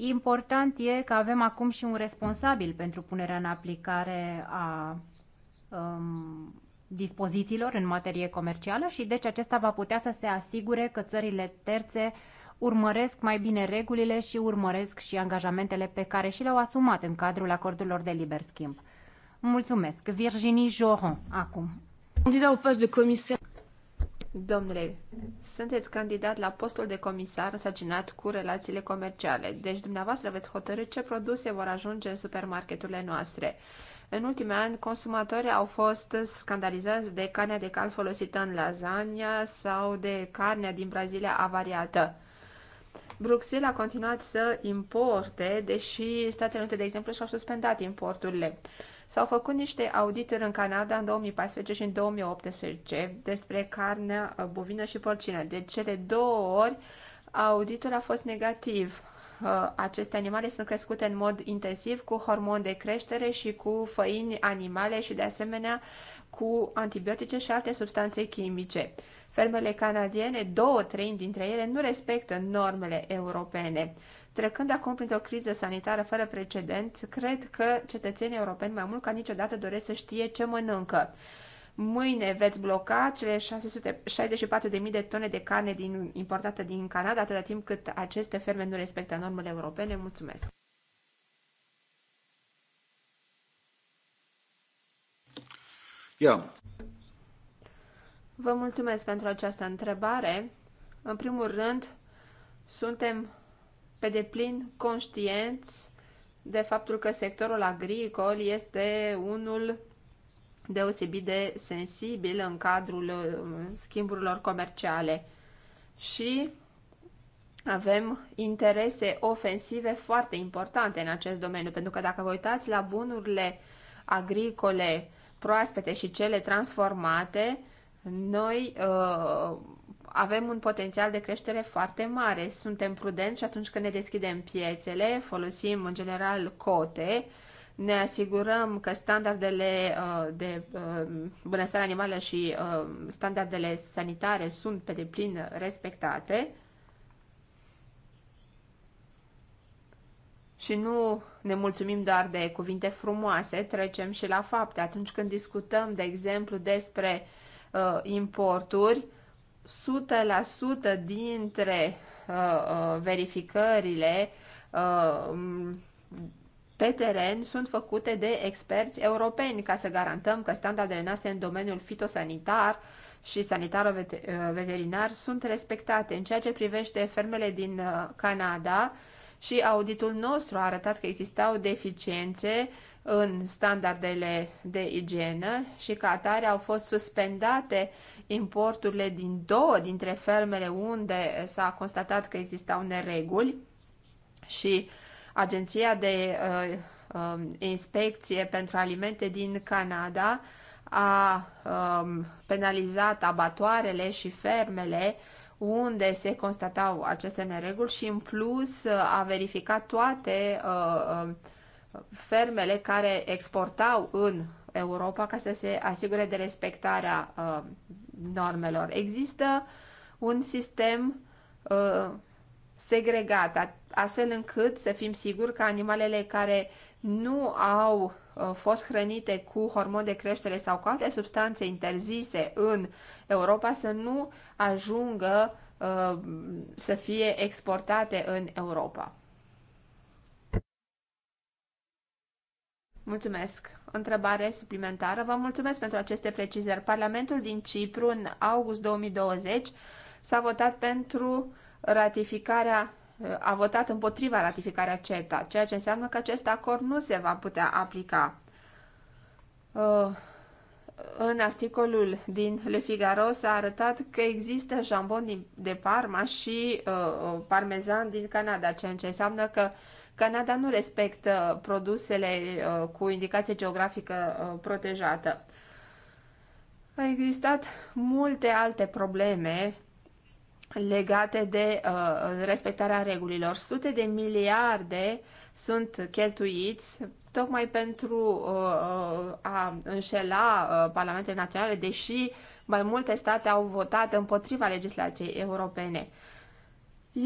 Important e că avem acum și un responsabil pentru punerea în aplicare a um, dispozițiilor în materie comercială și deci acesta va putea să se asigure că țările terțe urmăresc mai bine regulile și urmăresc și angajamentele pe care și le-au asumat în cadrul acordurilor de liber schimb. Mulțumesc. Virginie Joron, acum. de comisar. Domnule, sunteți candidat la postul de comisar însăcinat cu relațiile comerciale, deci dumneavoastră veți hotărâ ce produse vor ajunge în supermarketurile noastre. În ultimii ani, consumatorii au fost scandalizați de carnea de cal folosită în lasagna sau de carnea din Brazilia avariată. Bruxelles a continuat să importe, deși Statele Unite, de exemplu, și-au suspendat importurile. S-au făcut niște audituri în Canada în 2014 și în 2018 despre carnea uh, bovină și porcină. De cele două ori auditul a fost negativ. Uh, aceste animale sunt crescute în mod intensiv cu hormon de creștere și cu făini animale și de asemenea cu antibiotice și alte substanțe chimice. Fermele canadiene, două treimi dintre ele, nu respectă normele europene. Trecând acum printr-o criză sanitară fără precedent, cred că cetățenii europeni mai mult ca niciodată doresc să știe ce mănâncă. Mâine veți bloca cele 664.000 de tone de carne din, importată din Canada, atâta timp cât aceste ferme nu respectă normele europene. Mulțumesc! Yeah. Vă mulțumesc pentru această întrebare. În primul rând, suntem pe deplin conștienți de faptul că sectorul agricol este unul deosebit de sensibil în cadrul uh, schimburilor comerciale și avem interese ofensive foarte importante în acest domeniu, pentru că dacă vă uitați la bunurile agricole proaspete și cele transformate, noi uh, avem un potențial de creștere foarte mare. Suntem prudenți și atunci când ne deschidem piețele, folosim în general cote, ne asigurăm că standardele uh, de uh, bunăstare animală și uh, standardele sanitare sunt pe deplin respectate și nu ne mulțumim doar de cuvinte frumoase, trecem și la fapte. Atunci când discutăm, de exemplu, despre importuri, 100% dintre uh, uh, verificările uh, pe teren sunt făcute de experți europeni ca să garantăm că standardele noastre în domeniul fitosanitar și sanitaro-veterinar uh, sunt respectate. În ceea ce privește fermele din uh, Canada și auditul nostru a arătat că existau deficiențe în standardele de igienă și că atare au fost suspendate importurile din două dintre fermele unde s-a constatat că existau nereguli și agenția de uh, uh, inspecție pentru alimente din Canada a uh, penalizat abatoarele și fermele unde se constatau aceste nereguli și în plus a verificat toate uh, um, fermele care exportau în Europa ca să se asigure de respectarea uh, normelor. Există un sistem uh, segregat, astfel încât să fim siguri că animalele care nu au uh, fost hrănite cu hormon de creștere sau cu alte substanțe interzise în Europa să nu ajungă uh, să fie exportate în Europa. Mulțumesc! întrebare suplimentară. Vă mulțumesc pentru aceste precizări. Parlamentul din Cipru, în august 2020, s-a votat pentru ratificarea a votat împotriva ratificarea CETA, ceea ce înseamnă că acest acord nu se va putea aplica. Uh, în articolul din Le Figaro s-a arătat că există jambon de Parma și uh, uh, parmezan din Canada, ceea ce înseamnă că Canada nu respectă produsele uh, cu indicație geografică uh, protejată. A existat multe alte probleme legate de uh, respectarea regulilor. Sute de miliarde sunt cheltuiți tocmai pentru a înșela parlamentele naționale, deși mai multe state au votat împotriva legislației europene.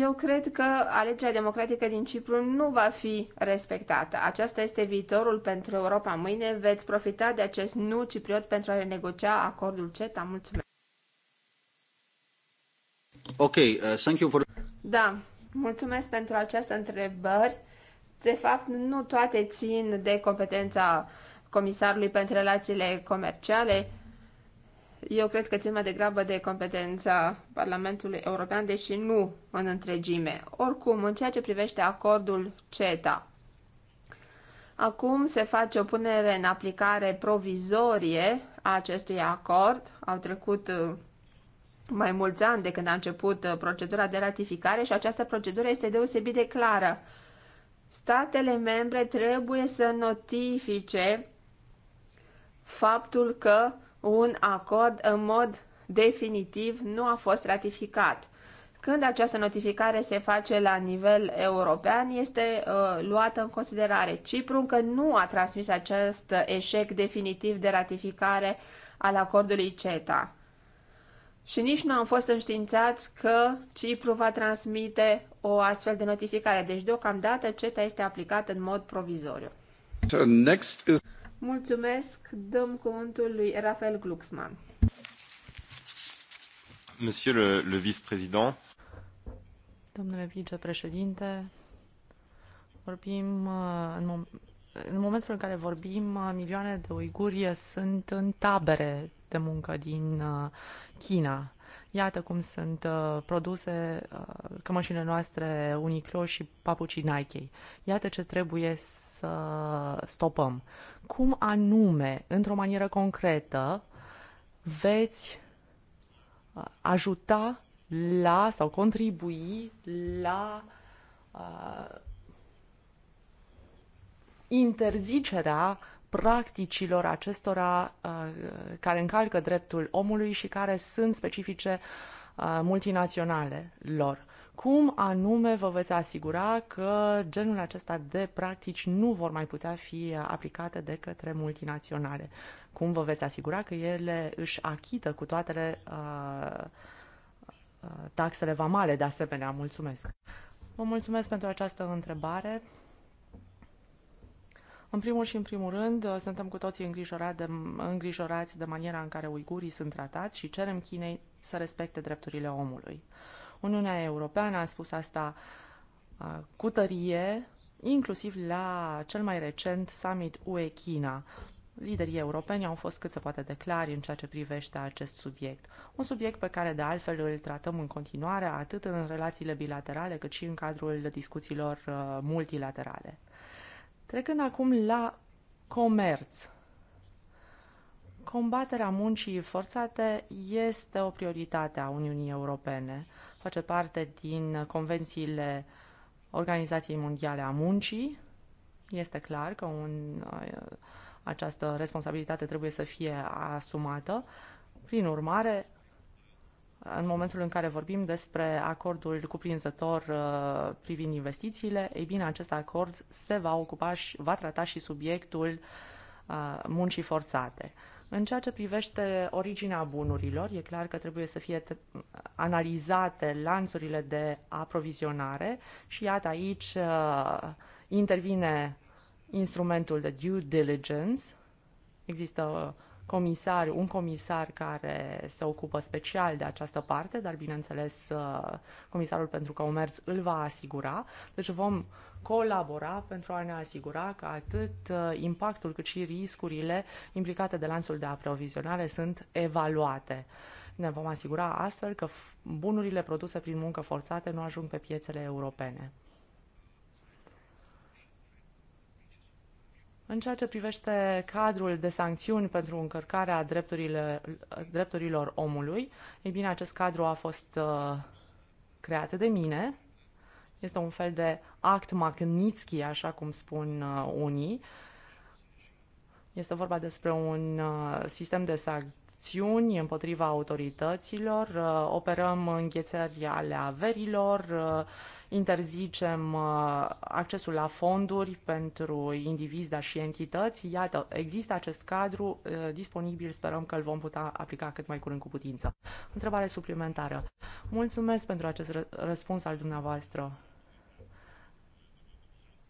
Eu cred că alegerea democratică din Cipru nu va fi respectată. Aceasta este viitorul pentru Europa mâine. Veți profita de acest nu cipriot pentru a renegocia acordul CETA. Mulțumesc. Ok, uh, thank you for... Da, mulțumesc pentru această întrebări. De fapt, nu toate țin de competența Comisarului pentru Relațiile Comerciale. Eu cred că țin mai degrabă de competența Parlamentului European, deși nu în întregime. Oricum, în ceea ce privește acordul CETA, acum se face o punere în aplicare provizorie a acestui acord. Au trecut uh, mai mulți ani de când a început uh, procedura de ratificare și această procedură este deosebit de clară. Statele membre trebuie să notifice faptul că un acord în mod definitiv nu a fost ratificat. Când această notificare se face la nivel european, este uh, luată în considerare. Cipru încă nu a transmis acest eșec definitiv de ratificare al acordului CETA. Și nici nu am fost înștiințați că Cipru va transmite o astfel de notificare. Deci, deocamdată, CETA este aplicat în mod provizoriu. Next is... Mulțumesc, dăm cuvântul lui Rafael Glucksmann. Monsieur le, le vice-président. Domnule vicepreședinte, vorbim uh, în, în momentul în care vorbim, uh, milioane de uiguri sunt în tabere de muncă din uh, China. Iată cum sunt produse cămășile noastre Uniqlo și papucii Nike. Iată ce trebuie să stopăm cum anume, într-o manieră concretă, veți uh, ajuta la sau contribui la uh, interzicerea practicilor acestora uh, care încalcă dreptul omului și care sunt specifice uh, multinaționale lor. Cum anume vă veți asigura că genul acesta de practici nu vor mai putea fi aplicate de către multinaționale? Cum vă veți asigura că ele își achită cu toate uh, uh, taxele vamale de asemenea? Mulțumesc! Vă mulțumesc pentru această întrebare. În primul și în primul rând, suntem cu toții îngrijorați de, îngrijorați de maniera în care uigurii sunt tratați și cerem Chinei să respecte drepturile omului. Uh, Uniunea Europeană a spus asta cu tărie, inclusiv la cel mai recent summit UE-China. Liderii europeni au fost cât se poate de clari în ceea ce privește acest subiect. Un subiect pe care de altfel îl tratăm în continuare, atât în relațiile bilaterale, cât și în cadrul discuțiilor multilaterale. Trecând acum la comerț. Combaterea muncii forțate este o prioritate a Uniunii Europene face parte din convențiile Organizației Mondiale a Muncii. Este clar că un, uh, această responsabilitate trebuie să fie asumată. Prin urmare, în momentul în care vorbim despre acordul cuprinzător uh, privind investițiile, ei bine, acest acord se va ocupa și va trata și subiectul uh, muncii forțate. În ceea ce privește originea bunurilor, e clar că trebuie să fie analizate lanțurile de aprovizionare și iată aici uh, intervine instrumentul de due diligence. Există comisar, un comisar care se ocupă special de această parte, dar bineînțeles uh, comisarul pentru comerț îl va asigura. Deci vom colabora pentru a ne asigura că atât uh, impactul cât și riscurile implicate de lanțul de aprovizionare sunt evaluate. Ne vom asigura astfel că bunurile produse prin muncă forțată nu ajung pe piețele europene. În ceea ce privește cadrul de sancțiuni pentru încărcarea drepturilor omului, e bine, acest cadru a fost uh, creat de mine. Este un fel de act Magnitsky, așa cum spun uh, unii. Este vorba despre un uh, sistem de sancțiuni sancțiuni împotriva autorităților, uh, operăm înghețări ale averilor, uh, interzicem uh, accesul la fonduri pentru indivizi, dar și entități. Iată, există acest cadru disponibil, sperăm că îl vom putea aplica cât mai curând cu putință. Întrebare suplimentară. Mulțumesc pentru acest răspuns al dumneavoastră.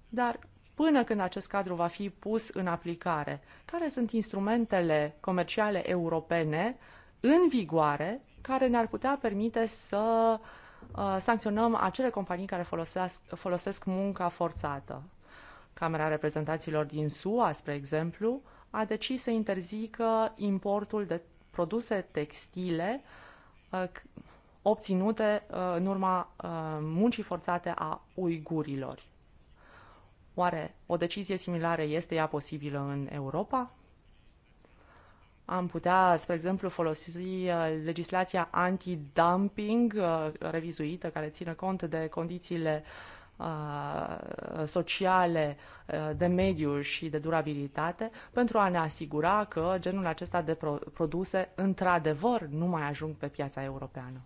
Dar până când acest cadru va fi pus în aplicare? Care sunt instrumentele comerciale europene în vigoare care ne-ar putea permite să uh, sancționăm acele companii care folosesc, folosesc munca forțată? Camera Reprezentanților din SUA, spre exemplu, a decis să interzică importul de produse textile uh, obținute uh, în urma uh, muncii forțate a uigurilor. Oare o decizie similară este ea posibilă în Europa? Am putea, spre exemplu, folosi uh, legislația anti-dumping uh, revizuită, care ține cont de condițiile uh, sociale, de mediu și de durabilitate, pentru a ne asigura că genul acesta de produse, într-adevăr, nu mai ajung pe piața europeană.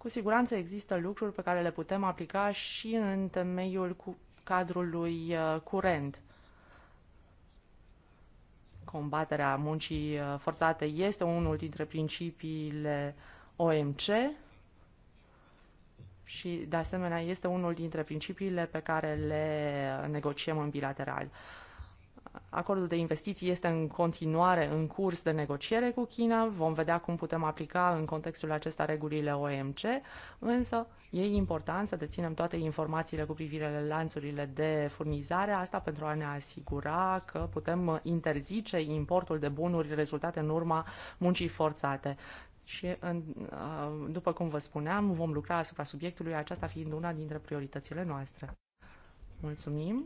Cu siguranță există lucruri pe care le putem aplica și în temeiul cu cadrului uh, curent. Combaterea muncii uh, forțate este unul dintre principiile OMC și, de asemenea, este unul dintre principiile pe care le negociem în bilateral. Acordul de investiții este în continuare în curs de negociere cu China. Vom vedea cum putem aplica în contextul acesta regulile OMC, însă e important să deținem toate informațiile cu privire la lanțurile de furnizare, asta pentru a ne asigura că putem interzice importul de bunuri rezultate în urma muncii forțate. Și, în, uh, după cum vă spuneam, vom lucra asupra subiectului, aceasta fiind una dintre prioritățile noastre. Mulțumim!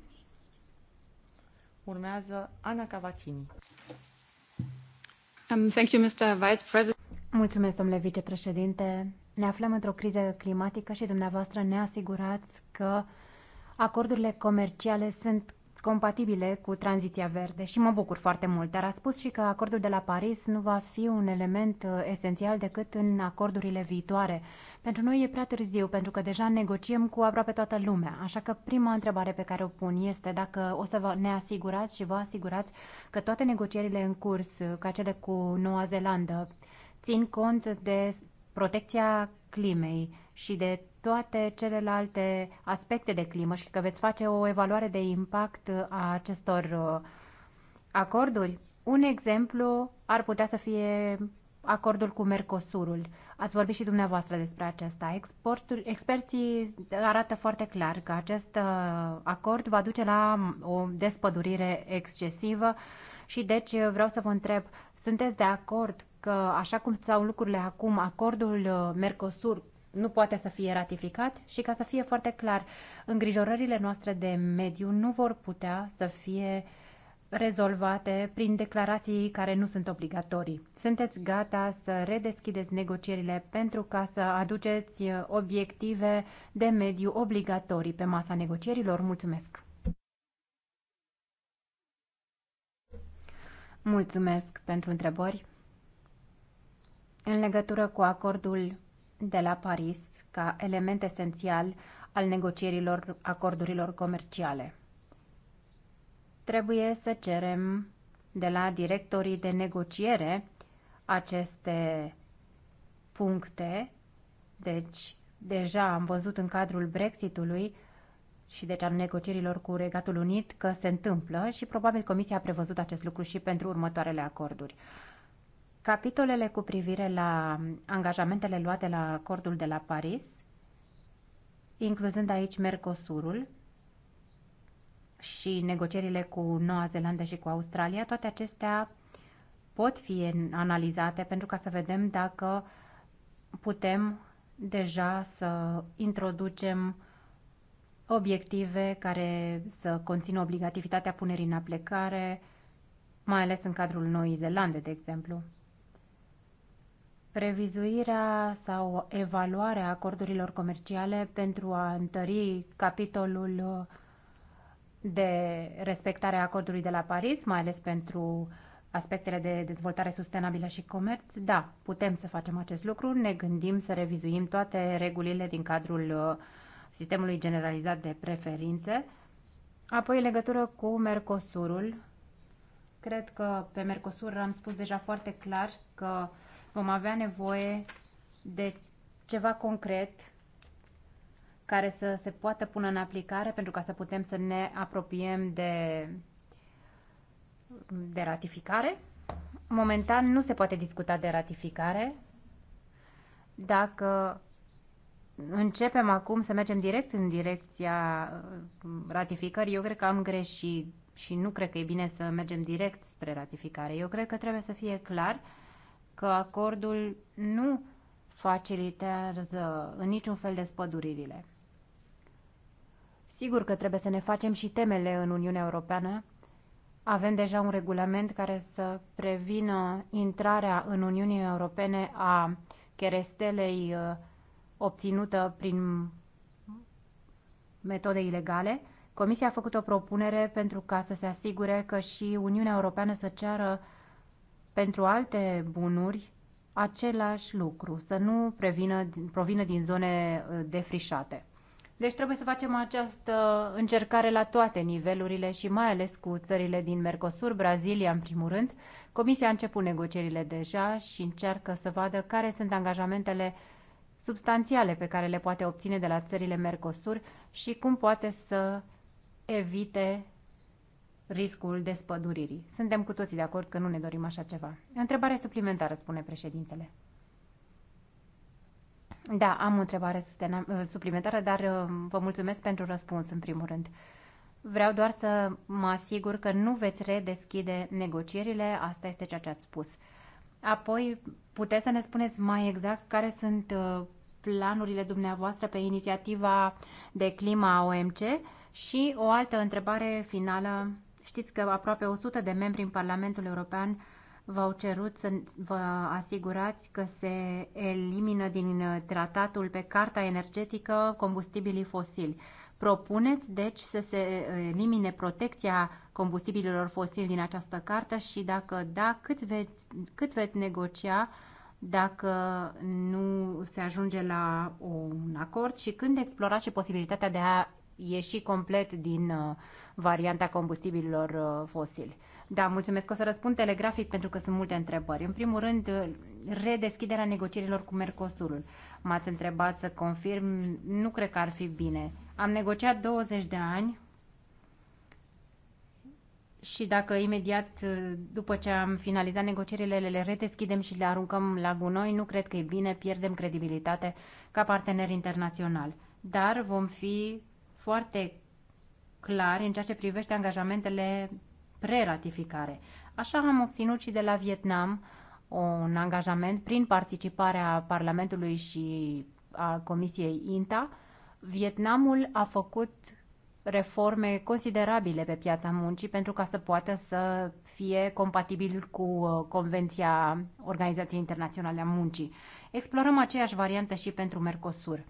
Urmează Ana Cavazzini. Um, thank you, Mr. Vice President. Mulțumesc, domnule vicepreședinte. Ne aflăm într-o criză climatică și dumneavoastră ne asigurați că acordurile comerciale sunt compatibile cu tranziția verde și mă bucur foarte mult, dar a spus și că acordul de la Paris nu va fi un element uh, esențial decât în acordurile viitoare. Pentru noi e prea târziu, pentru că deja negociem cu aproape toată lumea, așa că prima întrebare pe care o pun este dacă o să ne asigurați și vă asigurați că toate negocierile în curs, uh, ca cele cu Noua Zeelandă, țin cont de protecția climei și de toate celelalte aspecte de climă și că veți face o evaluare de impact a acestor uh, acorduri? Un exemplu ar putea să fie acordul cu Mercosurul. Ați vorbit și dumneavoastră despre acesta. Exportul, experții arată foarte clar că acest uh, acord va duce la um, o despădurire excesivă și deci vreau să vă întreb, sunteți de acord că așa cum stau lucrurile acum, acordul uh, Mercosur nu poate să fie ratificat și ca să fie foarte clar, îngrijorările noastre de mediu nu vor putea să fie rezolvate prin declarații care nu sunt obligatorii. Sunteți gata să redeschideți negocierile pentru ca să aduceți obiective de mediu obligatorii pe masa negocierilor? Mulțumesc! Mulțumesc pentru întrebări. În legătură cu acordul de la Paris ca element esențial al negocierilor acordurilor comerciale. Trebuie să cerem de la directorii de negociere aceste puncte, deci deja am văzut în cadrul Brexitului și deci al negocierilor cu Regatul Unit că se întâmplă și probabil Comisia a prevăzut acest lucru și pentru următoarele acorduri. Capitolele cu privire la angajamentele luate la acordul de la Paris, incluzând aici Mercosurul și negocierile cu Noua Zeelandă și cu Australia, toate acestea pot fi analizate pentru ca să vedem dacă putem deja să introducem obiective care să conțină obligativitatea punerii în aplicare, mai ales în cadrul Noii Zeelande, de exemplu revizuirea sau evaluarea acordurilor comerciale pentru a întări capitolul de respectare a acordului de la Paris, mai ales pentru aspectele de dezvoltare sustenabilă și comerț, da, putem să facem acest lucru, ne gândim să revizuim toate regulile din cadrul uh, sistemului generalizat de preferințe. Apoi, în legătură cu Mercosurul, cred că pe Mercosur am spus deja foarte clar că uh, Vom avea nevoie de ceva concret care să se poată pune în aplicare pentru ca să putem să ne apropiem de, de ratificare. Momentan nu se poate discuta de ratificare. Dacă începem acum să mergem direct în direcția uh, ratificării, eu cred că am greșit și nu cred că e bine să mergem direct spre ratificare. Eu cred că trebuie să fie clar uh, că acordul nu facilitează în niciun fel despăduririle. Sigur că trebuie să ne facem și temele în Uniunea Europeană. Avem deja un regulament care să prevină intrarea în Uniunea Europene a cherestelei uh, obținută prin metode ilegale. Comisia a făcut o propunere pentru ca să se asigure că și Uniunea Europeană să ceară pentru alte bunuri același lucru, să nu prevină, provină din zone uh, defrișate. Deci trebuie să facem această încercare la toate nivelurile și mai ales cu țările din Mercosur, Brazilia în primul rând. Comisia a început negocierile deja și încearcă să vadă care sunt angajamentele substanțiale pe care le poate obține de la țările Mercosur și cum poate să evite riscul despăduririi. Suntem cu toții de acord că nu ne dorim așa ceva. Întrebare suplimentară, spune președintele. Da, am o întrebare uh, suplimentară, dar uh, vă mulțumesc pentru răspuns, în primul rând. Vreau doar să mă asigur că nu veți redeschide negocierile, asta este ceea ce ați spus. Apoi, puteți să ne spuneți mai exact care sunt uh, planurile dumneavoastră pe inițiativa de clima OMC? Și o altă întrebare finală Știți că aproape 100 de membri în Parlamentul European v-au cerut să vă asigurați că se elimină din uh, tratatul pe Carta Energetică combustibilii fosili. Propuneți, deci, să se uh, elimine protecția combustibililor fosili din această carte și dacă da, cât veți, cât veți negocia dacă nu se ajunge la un acord și când explorați și posibilitatea de a ieși complet din uh, varianta combustibililor uh, fosili. Da, mulțumesc. O să răspund telegrafic pentru că sunt multe întrebări. În primul rând, uh, redeschiderea negocierilor cu Mercosurul. M-ați întrebat să confirm, nu cred că ar fi bine. Am negociat 20 de ani și dacă imediat după ce am finalizat negocierile le redeschidem și le aruncăm la gunoi, nu cred că e bine, pierdem credibilitate ca partener internațional. Dar vom fi foarte clar în ceea ce privește angajamentele preratificare. Așa am obținut și de la Vietnam un angajament prin participarea Parlamentului și a Comisiei INTA. Vietnamul a făcut reforme considerabile pe piața muncii pentru ca să poată să fie compatibil cu uh, Convenția Organizației Internaționale a Muncii. Explorăm aceeași variantă și pentru Mercosur.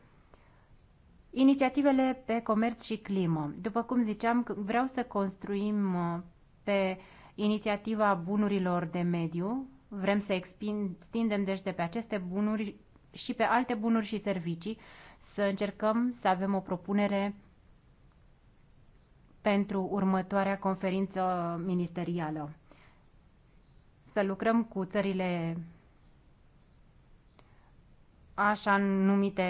Inițiativele pe comerț și climă. După cum ziceam, vreau să construim uh, pe inițiativa bunurilor de mediu. Vrem să extindem deci de pe aceste bunuri și pe alte bunuri și servicii, să încercăm să avem o propunere pentru următoarea conferință ministerială. Să lucrăm cu țările așa numite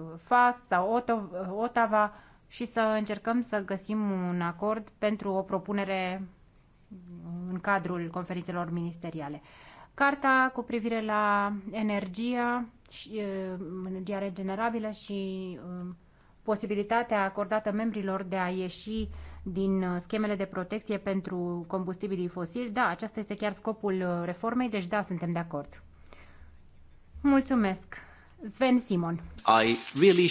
uh, FAST sau uh, OTAVA și să încercăm să găsim un acord pentru o propunere în cadrul conferințelor ministeriale. Carta cu privire la energia, și, uh, energia regenerabilă și posibilitatea acordată membrilor de a ieși din schemele de protecție pentru combustibilii fosili. Da, acesta este chiar scopul reformei, deci da, suntem de acord. Mulțumesc! Sven Simon. I really...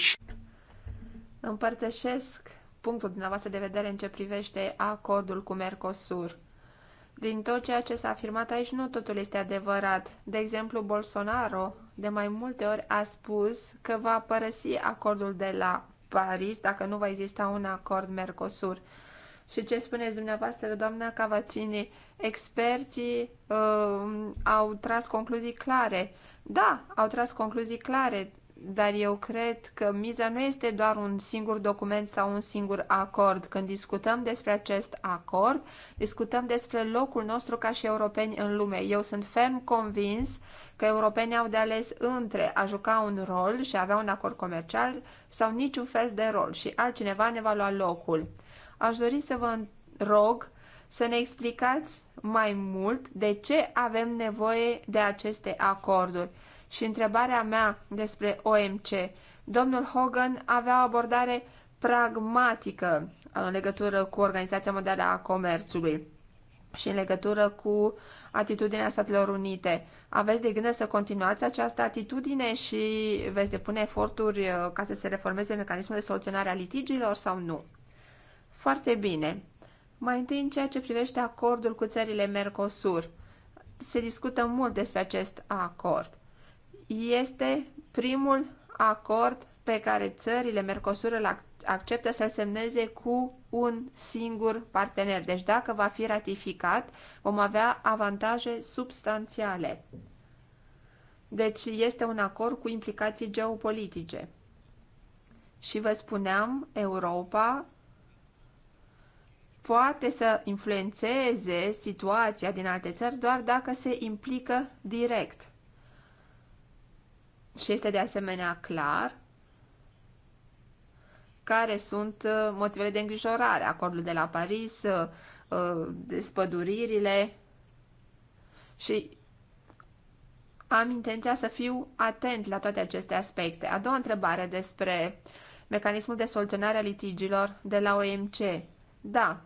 Împărtășesc punctul dumneavoastră de vedere în ce privește acordul cu Mercosur. Din tot ceea ce s-a afirmat aici, nu totul este adevărat. De exemplu, Bolsonaro de mai multe ori a spus că va părăsi acordul de la Paris dacă nu va exista un acord Mercosur. Și ce spuneți dumneavoastră, doamna Cavazzini? Experții uh, au tras concluzii clare da, au tras concluzii clare, dar eu cred că miza nu este doar un singur document sau un singur acord. Când discutăm despre acest acord, discutăm despre locul nostru ca și europeni în lume. Eu sunt ferm convins că europenii au de ales între a juca un rol și a avea un acord comercial sau niciun fel de rol și altcineva ne va lua locul. Aș dori să vă rog să ne explicați mai mult de ce avem nevoie de aceste acorduri. Și întrebarea mea despre OMC. Domnul Hogan avea o abordare pragmatică în legătură cu Organizația Mondială a Comerțului și în legătură cu atitudinea Statelor Unite. Aveți de gând să continuați această atitudine și veți depune eforturi uh, ca să se reformeze mecanismul de soluționare a litigiilor sau nu? Foarte bine. Mai întâi în ceea ce privește acordul cu țările Mercosur. Se discută mult despre acest acord. Este primul acord pe care țările Mercosur îl acceptă să-l semneze cu un singur partener. Deci dacă va fi ratificat, vom avea avantaje substanțiale. Deci este un acord cu implicații geopolitice. Și vă spuneam, Europa poate să influențeze situația din alte țări doar dacă se implică direct. Și este de asemenea clar care sunt uh, motivele de îngrijorare, acordul de la Paris, uh, uh, despăduririle și am intenția să fiu atent la toate aceste aspecte. A doua întrebare despre mecanismul de soluționare a litigiilor de la OMC. Da,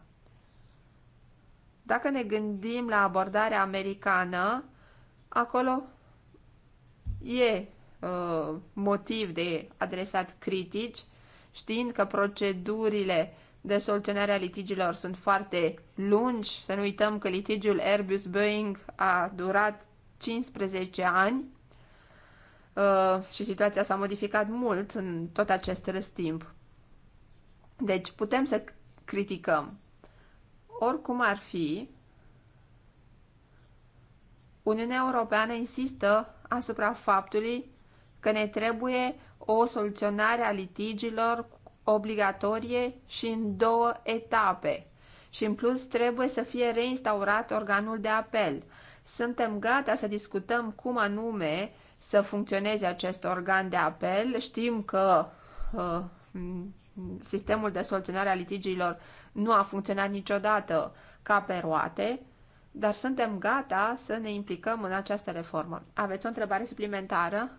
dacă ne gândim la abordarea americană, acolo e uh, motiv de adresat critici, știind că procedurile de soluționare a litigiilor sunt foarte lungi. Să nu uităm că litigiul Airbus-Boeing a durat 15 ani uh, și situația s-a modificat mult în tot acest răstimp. Deci putem să criticăm, oricum ar fi, Uniunea Europeană insistă asupra faptului că ne trebuie o soluționare a litigilor obligatorie și în două etape și în plus trebuie să fie reinstaurat organul de apel. Suntem gata să discutăm cum anume să funcționeze acest organ de apel. Știm că uh, sistemul de soluționare a litigiilor nu a funcționat niciodată ca pe roate, dar suntem gata să ne implicăm în această reformă. Aveți o întrebare suplimentară?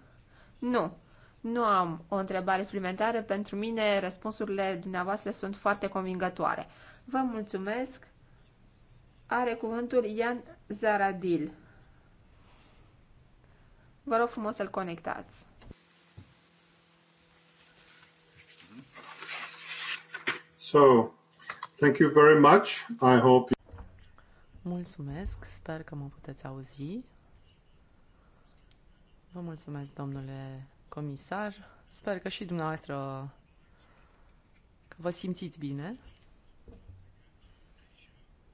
Nu. Nu am o întrebare suplimentară. Pentru mine, răspunsurile dumneavoastră sunt foarte convingătoare. Vă mulțumesc. Are cuvântul Ian Zaradil. Vă rog frumos să-l conectați. So, Thank you very much. I hope Mulțumesc, sper că mă puteți auzi. Vă mulțumesc, domnule comisar. Sper că și dumneavoastră că vă simțiți bine.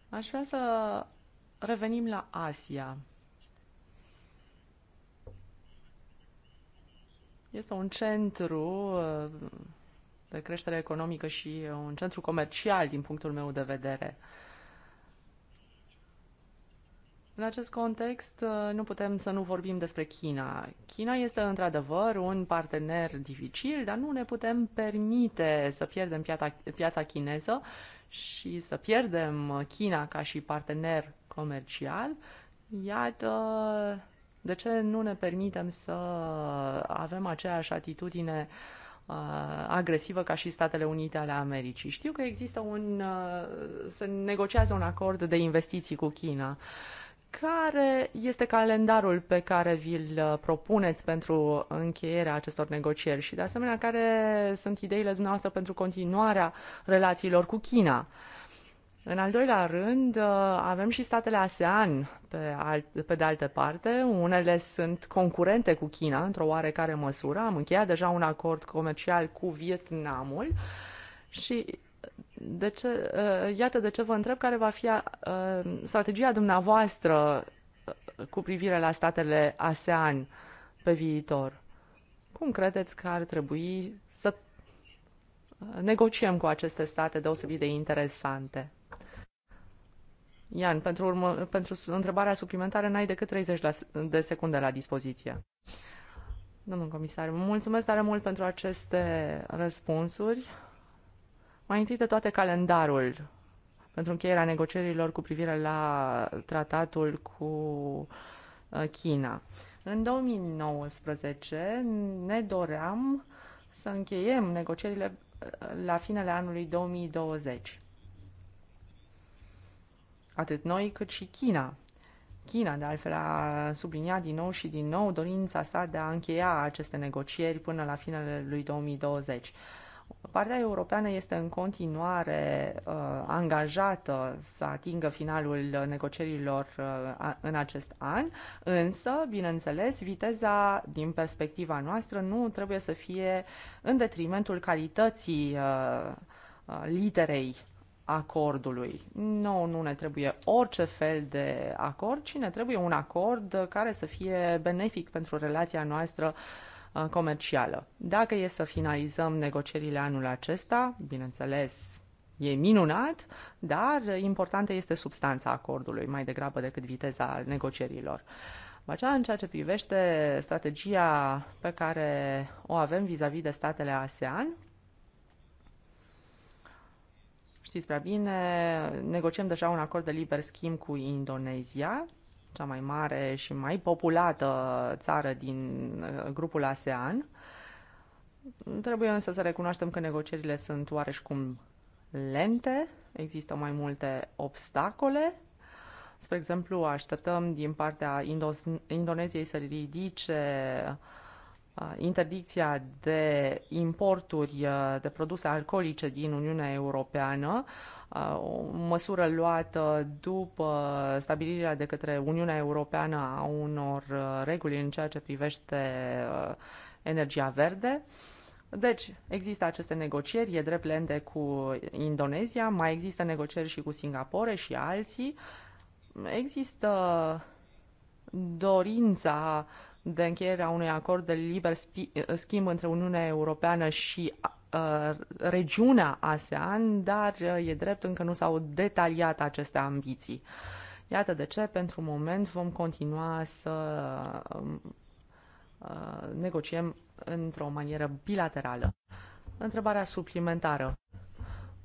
Aș vrea să revenim la Asia. Este un centru uh, de creștere economică și un centru comercial din punctul meu de vedere. În acest context, nu putem să nu vorbim despre China. China este într-adevăr un partener dificil, dar nu ne putem permite să pierdem piața, piața chineză și să pierdem China ca și partener comercial. Iată de ce nu ne permitem să avem aceeași atitudine uh, Uh, agresivă ca și Statele Unite ale Americii. Știu că există un. Uh, se negociază un acord de investiții cu China. Care este calendarul pe care vi-l uh, propuneți pentru încheierea acestor negocieri și, de asemenea, care sunt ideile dumneavoastră pentru continuarea relațiilor cu China? Uh, în al doilea rând, uh, avem și statele ASEAN pe, alt, pe de altă parte. Unele sunt concurente cu China într-o oarecare măsură. Am încheiat deja un acord comercial cu Vietnamul și de ce, uh, iată de ce vă întreb care va fi uh, strategia dumneavoastră cu privire la statele ASEAN pe viitor. Cum credeți că ar trebui să negociem cu aceste state deosebit de interesante? Ian, pentru, urmă, pentru întrebarea suplimentară n-ai decât 30 de secunde la dispoziție. Domnul comisar, mulțumesc tare mult pentru aceste răspunsuri. Mai întâi de toate calendarul pentru încheierea negocierilor cu privire la tratatul cu uh, China. În 2019 ne doream să încheiem negocierile uh, la finele anului 2020 atât noi cât și China. China, de altfel, a subliniat din nou și din nou dorința sa de a încheia aceste negocieri până la finele lui 2020. Partea europeană este în continuare uh, angajată să atingă finalul negocierilor uh, în acest an, însă, bineînțeles, viteza din perspectiva noastră nu trebuie să fie în detrimentul calității uh, uh literei acordului. Nu, nu ne trebuie orice fel de acord, ci ne trebuie un acord care să fie benefic pentru relația noastră uh, comercială. Dacă e să finalizăm negocierile anul acesta, bineînțeles, e minunat, dar importantă este substanța acordului, mai degrabă decât viteza negocierilor. Aceea, în ceea ce privește strategia pe care o avem vis-a-vis -vis de statele ASEAN, Știți prea bine, negociem deja un acord de liber schimb cu Indonezia, cea mai mare și mai populată țară din uh, grupul ASEAN. Trebuie însă să recunoaștem că negocierile sunt oareși cum lente, există mai multe obstacole. Spre exemplu, așteptăm din partea Indo- Indoneziei să ridice interdicția de importuri de produse alcoolice din Uniunea Europeană, o măsură luată după stabilirea de către Uniunea Europeană a unor reguli în ceea ce privește energia verde. Deci, există aceste negocieri, e drept lente cu Indonezia, mai există negocieri și cu Singapore și alții. Există dorința uh, de a unui acord de liber schimb între Uniunea Europeană și uh, regiunea ASEAN, dar uh, e drept încă nu s-au detaliat aceste ambiții. Iată de ce, pentru moment, vom continua să um, uh, negociem într-o manieră bilaterală. Întrebarea suplimentară.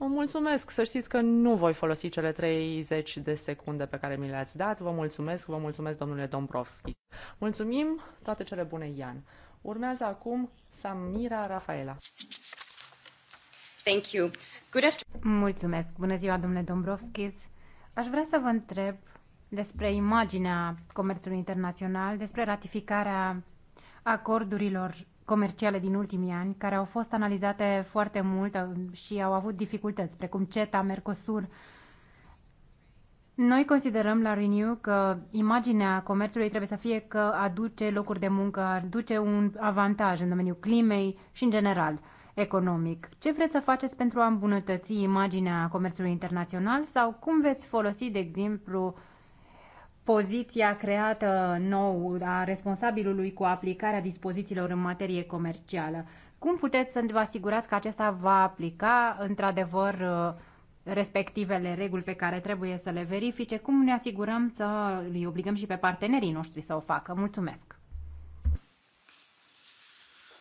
Vă mulțumesc. Să știți că nu voi folosi cele 30 de secunde pe care mi le-ați dat. Vă mulțumesc, vă mulțumesc, domnule Dombrovski. Mulțumim, toate cele bune, Ian. Urmează acum Samira Rafaela. Thank you. Good afternoon. Mulțumesc. Bună ziua, domnule Dombrovski. Aș vrea să vă întreb despre imaginea comerțului internațional, despre ratificarea acordurilor comerciale din ultimii ani, care au fost analizate foarte mult uh, și au avut dificultăți, precum CETA, Mercosur. Noi considerăm la Renew că imaginea comerțului trebuie să fie că aduce locuri de muncă, aduce un avantaj în domeniul climei și în general economic. Ce vreți să faceți pentru a îmbunătăți imaginea comerțului internațional sau cum veți folosi, de exemplu, poziția creată nou a responsabilului cu aplicarea dispozițiilor în materie comercială. Cum puteți să vă asigurați că acesta va aplica într-adevăr uh, respectivele reguli pe care trebuie să le verifice? Cum ne asigurăm să îi obligăm și pe partenerii noștri să o facă? Mulțumesc!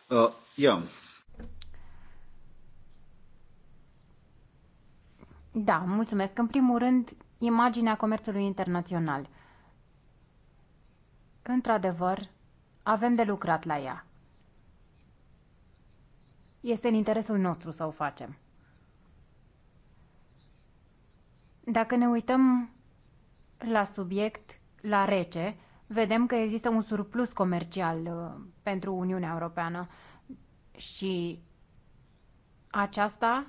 Uh, yeah. Da, mulțumesc. În primul rând, imaginea comerțului internațional – Într-adevăr, avem de lucrat la ea. Este în interesul nostru să o facem. Dacă ne uităm la subiect, la rece, vedem că există un surplus comercial uh, pentru Uniunea Europeană și aceasta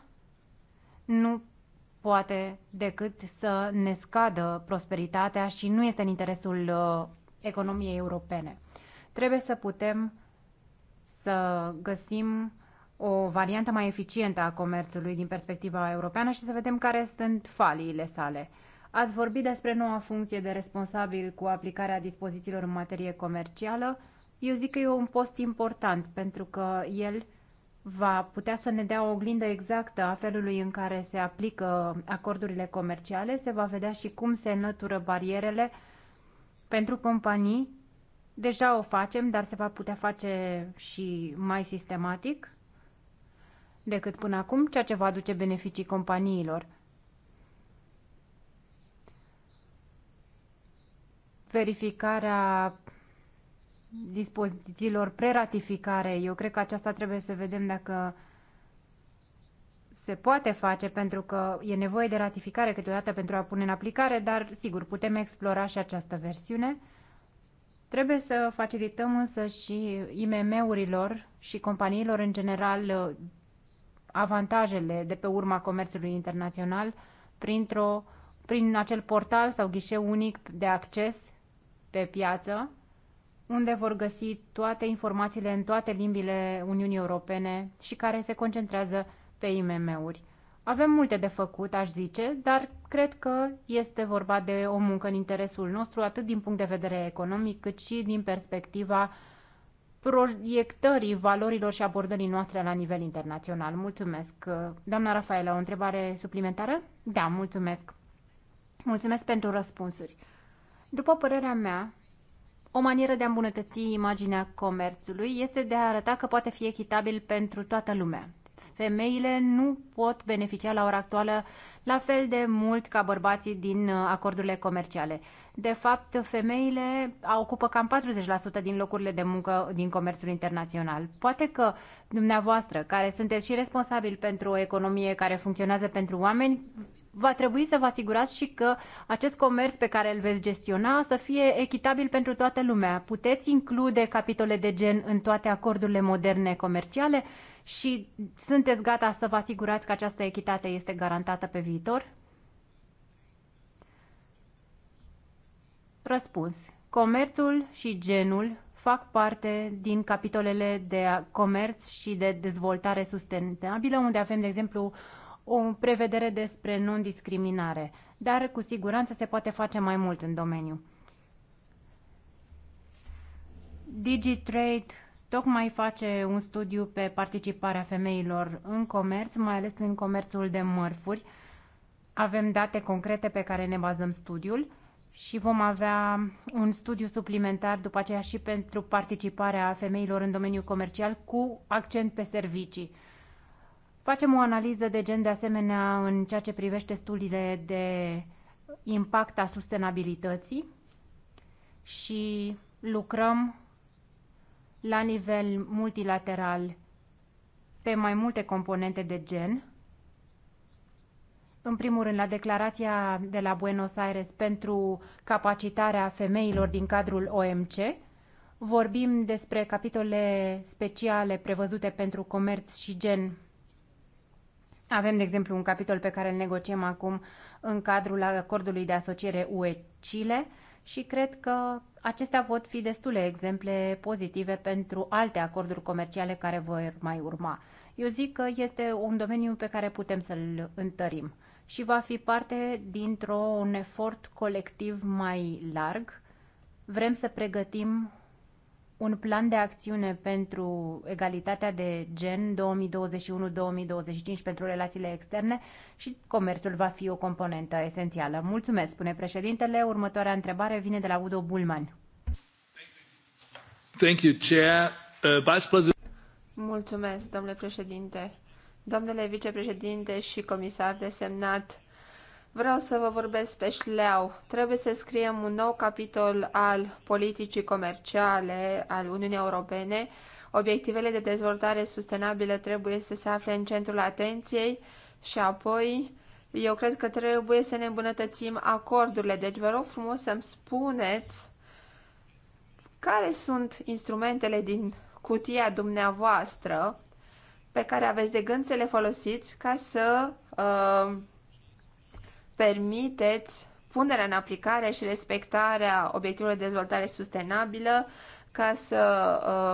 nu poate decât să ne scadă prosperitatea și nu este în interesul uh, economiei europene. Trebuie să putem să găsim o variantă mai eficientă a comerțului din perspectiva europeană și să vedem care sunt faliile sale. Ați vorbit despre noua funcție de responsabil cu aplicarea dispozițiilor în materie comercială. Eu zic că e un post important pentru că el va putea să ne dea o oglindă exactă a felului în care se aplică acordurile comerciale, se va vedea și cum se înlătură barierele pentru companii deja o facem, dar se va putea face și mai sistematic decât până acum, ceea ce va aduce beneficii companiilor. Verificarea dispozițiilor preratificare, eu cred că aceasta trebuie să vedem dacă se poate face pentru că e nevoie de ratificare câteodată pentru a pune în aplicare, dar sigur, putem explora și această versiune. Trebuie să facilităm însă și IMM-urilor și companiilor în general uh, avantajele de pe urma comerțului internațional printr-o, prin acel portal sau ghișeu unic de acces pe piață, unde vor găsi toate informațiile în toate limbile Uniunii Europene și care se concentrează pe IMM-uri. Avem multe de făcut, aș zice, dar cred că este vorba de o muncă în interesul nostru, atât din punct de vedere economic, cât și din perspectiva proiectării valorilor și abordării noastre la nivel internațional. Mulțumesc. Doamna Rafaela, o întrebare suplimentară? Da, mulțumesc. Mulțumesc pentru răspunsuri. După părerea mea, o manieră de a îmbunătăți imaginea comerțului este de a arăta că poate fi echitabil pentru toată lumea femeile nu pot beneficia la ora actuală la fel de mult ca bărbații din uh, acordurile comerciale. De fapt, femeile ocupă cam 40% din locurile de muncă din comerțul internațional. Poate că dumneavoastră, care sunteți și responsabil pentru o economie care funcționează pentru oameni, va trebui să vă asigurați și că acest comerț pe care îl veți gestiona să fie echitabil pentru toată lumea. Puteți include capitole de gen în toate acordurile moderne comerciale și sunteți gata să vă asigurați că această echitate este garantată pe viitor? Răspuns. Comerțul și genul fac parte din capitolele de comerț și de dezvoltare sustenabilă, unde avem, de exemplu, o prevedere despre non-discriminare, dar cu siguranță se poate face mai mult în domeniu. DigiTrade tocmai face un studiu pe participarea femeilor în comerț, mai ales în comerțul de mărfuri. Avem date concrete pe care ne bazăm studiul și vom avea un studiu suplimentar după aceea și pentru participarea femeilor în domeniul comercial cu accent pe servicii. Facem o analiză de gen de asemenea în ceea ce privește studiile de impact a sustenabilității și lucrăm la nivel multilateral pe mai multe componente de gen. În primul rând, la declarația de la Buenos Aires pentru capacitarea femeilor din cadrul OMC, vorbim despre capitole speciale prevăzute pentru comerț și gen avem, de exemplu, un capitol pe care îl negociem acum în cadrul acordului de asociere UE-Chile și cred că acestea pot fi destule exemple pozitive pentru alte acorduri comerciale care vor mai urma. Eu zic că este un domeniu pe care putem să-l întărim și va fi parte dintr-un efort colectiv mai larg. Vrem să pregătim un plan de acțiune pentru egalitatea de gen 2021-2025 pentru relațiile externe și comerțul va fi o componentă esențială. Mulțumesc, spune președintele. Următoarea întrebare vine de la Udo Bulman. Thank you, Chair. Uh, Vice President... Mulțumesc, domnule președinte. Domnule vicepreședinte și comisar desemnat, Vreau să vă vorbesc pe șleau. Trebuie să scriem un nou capitol al politicii comerciale al Uniunii Europene. Obiectivele de dezvoltare sustenabilă trebuie să se afle în centrul atenției și apoi eu cred că trebuie să ne îmbunătățim acordurile. Deci vă rog frumos să-mi spuneți care sunt instrumentele din cutia dumneavoastră pe care aveți de gând să le folosiți ca să uh, permiteți punerea în aplicare și respectarea obiectivelor de dezvoltare sustenabilă ca să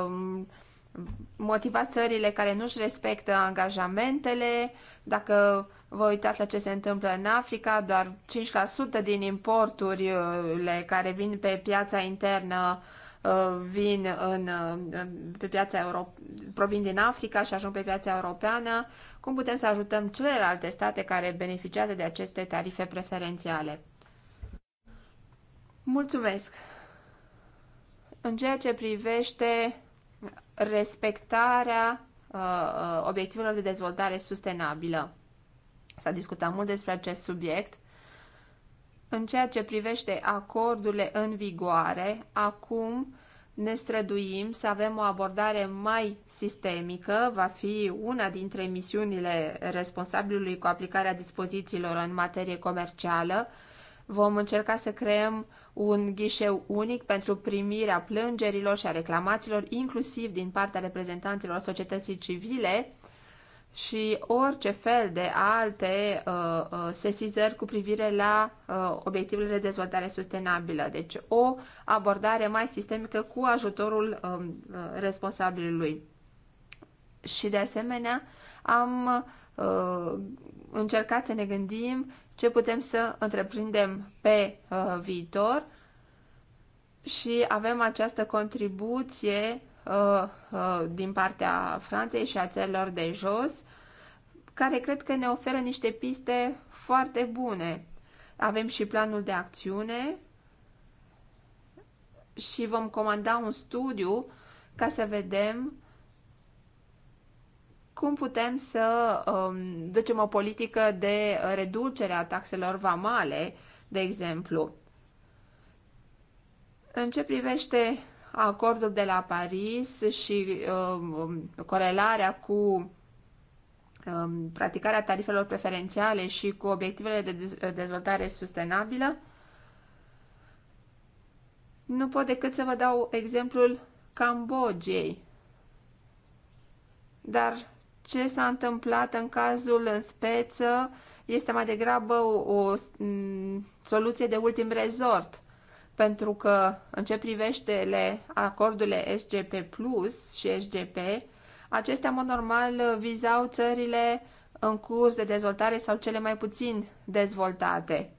um, motiva țările care nu-și respectă angajamentele. Dacă vă uitați la ce se întâmplă în Africa, doar 5% din importurile care vin pe piața internă Uh, vin în, uh, pe piața Euro- provin din Africa și ajung pe piața europeană, cum putem să ajutăm celelalte state care beneficiază de aceste tarife preferențiale? Mulțumesc! În ceea ce privește respectarea uh, uh obiectivelor de dezvoltare sustenabilă, s-a discutat mult despre acest subiect în ceea ce privește acordurile în vigoare, acum ne străduim să avem o abordare mai sistemică, va fi una dintre misiunile responsabilului cu aplicarea dispozițiilor în materie comercială. Vom încerca să creăm un ghișeu unic pentru primirea plângerilor și a reclamațiilor, inclusiv din partea reprezentanților societății civile, și orice fel de alte uh, uh, sesizări cu privire la uh, obiectivele de dezvoltare sustenabilă. Deci o abordare mai sistemică cu ajutorul um, uh, responsabilului. Și de asemenea am uh, încercat să ne gândim ce putem să întreprindem pe uh, viitor și avem această contribuție Uh, uh, din partea Franței și a țărilor de jos, care cred că ne oferă niște piste foarte bune. Avem și planul de acțiune și vom comanda un studiu ca să vedem cum putem să um, ducem o politică de reducere a taxelor vamale, de exemplu. În ce privește acordul de la Paris și uh, corelarea cu um, practicarea tarifelor preferențiale și cu obiectivele de dezvoltare sustenabilă, nu pot decât să vă dau exemplul Cambogiei. Dar ce s-a întâmplat în cazul în speță este mai degrabă o, o soluție de ultim rezort pentru că în ce privește le acordurile SGP Plus și SGP, acestea, mod normal, vizau țările în curs de dezvoltare sau cele mai puțin dezvoltate.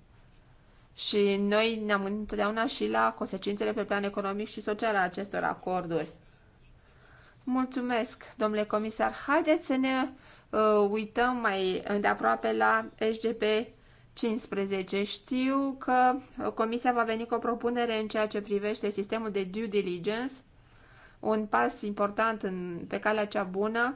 Și noi ne-am gândit întotdeauna și la consecințele pe plan economic și social a acestor acorduri. Mulțumesc, domnule comisar. Haideți să ne uh, uităm mai îndeaproape la SGP 15. Știu că Comisia va veni cu o propunere în ceea ce privește sistemul de due diligence, un pas important în, pe calea cea bună.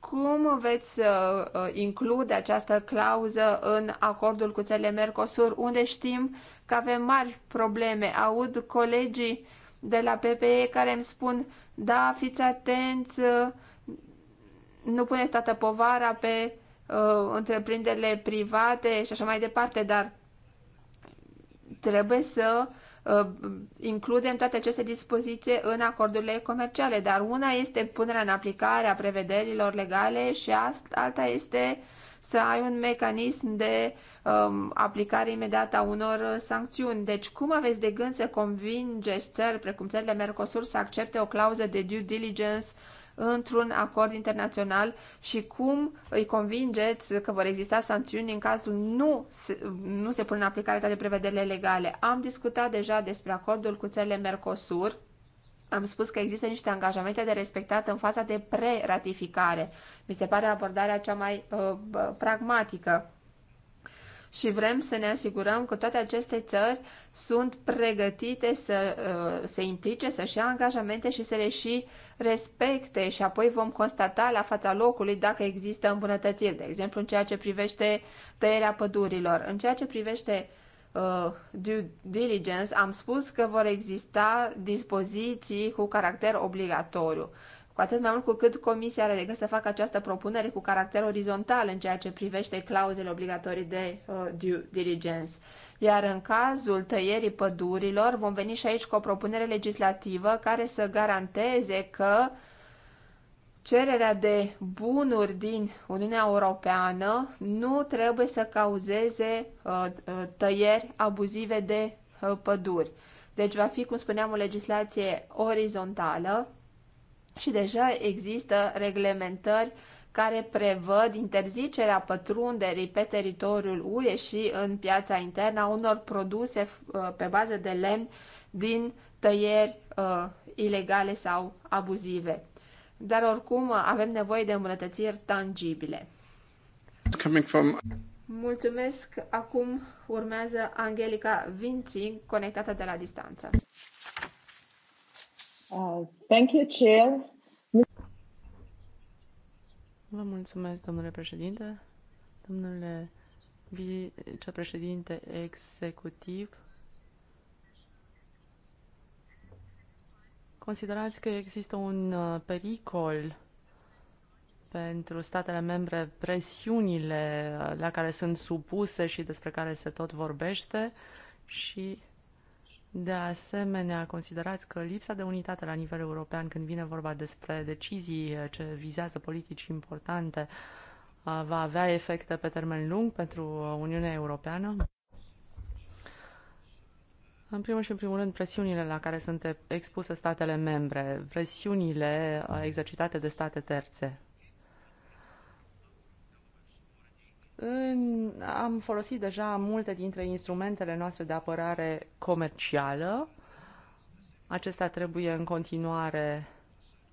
Cum veți uh, uh include această clauză în acordul cu țările Mercosur, unde știm că avem mari probleme? Aud colegii de la PPE care îmi spun, da, fiți atenți, uh, nu puneți toată povara pe Uh, întreprinderile private și așa mai departe, dar trebuie să uh, includem toate aceste dispoziții în acordurile comerciale, dar una este punerea în aplicare a prevederilor legale și alta este să ai un mecanism de um, aplicare imediată a unor sancțiuni. Deci cum aveți de gând să convingeți țări precum țările Mercosur să accepte o clauză de due diligence uh, într-un acord internațional și cum îi convingeți că vor exista sancțiuni în cazul nu se, nu se pun în aplicare toate prevederile legale. Am discutat deja despre acordul cu țările Mercosur. Am spus că există niște angajamente de respectat în faza de pre-ratificare. Mi se pare abordarea cea mai uh, pragmatică și vrem să ne asigurăm că toate aceste țări sunt pregătite să uh, se implice, să-și ia angajamente și să le și respecte și apoi vom constata la fața locului dacă există îmbunătățiri, de exemplu în ceea ce privește tăierea pădurilor. În ceea ce privește uh, due diligence, am spus că vor exista dispoziții cu caracter obligatoriu. Cu atât mai mult cu cât Comisia are de gând să facă această propunere cu caracter orizontal în ceea ce privește clauzele obligatorii de uh, due diligence. Iar în cazul tăierii pădurilor vom veni și aici cu o propunere legislativă care să garanteze că cererea de bunuri din Uniunea Europeană nu trebuie să cauzeze uh, uh, tăieri abuzive de uh, păduri. Deci va fi, cum spuneam, o legislație orizontală și deja există reglementări care prevăd interzicerea pătrunderii pe teritoriul UE și în piața internă a unor produse uh, pe bază de lemn din tăieri uh, ilegale sau abuzive. Dar oricum uh, avem nevoie de îmbunătățiri tangibile. From... Mulțumesc. Acum urmează Angelica Vinci, conectată de la distanță. Uh, thank you, Chair. Vă mulțumesc, domnule președinte, domnule vicepreședinte executiv. Considerați că există un uh, pericol pentru statele membre presiunile uh, la care sunt supuse și despre care se tot vorbește și de asemenea, considerați că lipsa de unitate la nivel european când vine vorba despre decizii ce vizează politici importante uh, va avea efecte pe termen lung pentru Uniunea Europeană? În primul și în primul rând, presiunile la care sunt expuse statele membre, presiunile uh, exercitate de state terțe. În, am folosit deja multe dintre instrumentele noastre de apărare comercială. Acestea trebuie în continuare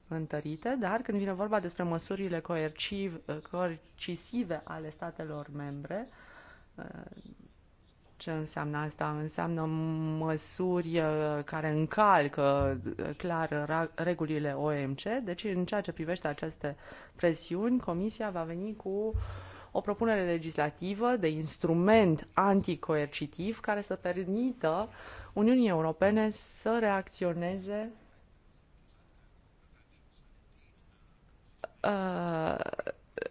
întărite, dar când vine vorba despre măsurile coerciv, coercisive ale statelor membre, ce înseamnă asta? Înseamnă măsuri uh, care încalcă uh, clar regulile OMC, deci în ceea ce privește aceste presiuni, Comisia va veni cu uh, o propunere legislativă de instrument anticoercitiv care să permită Uniunii Europene să reacționeze uh,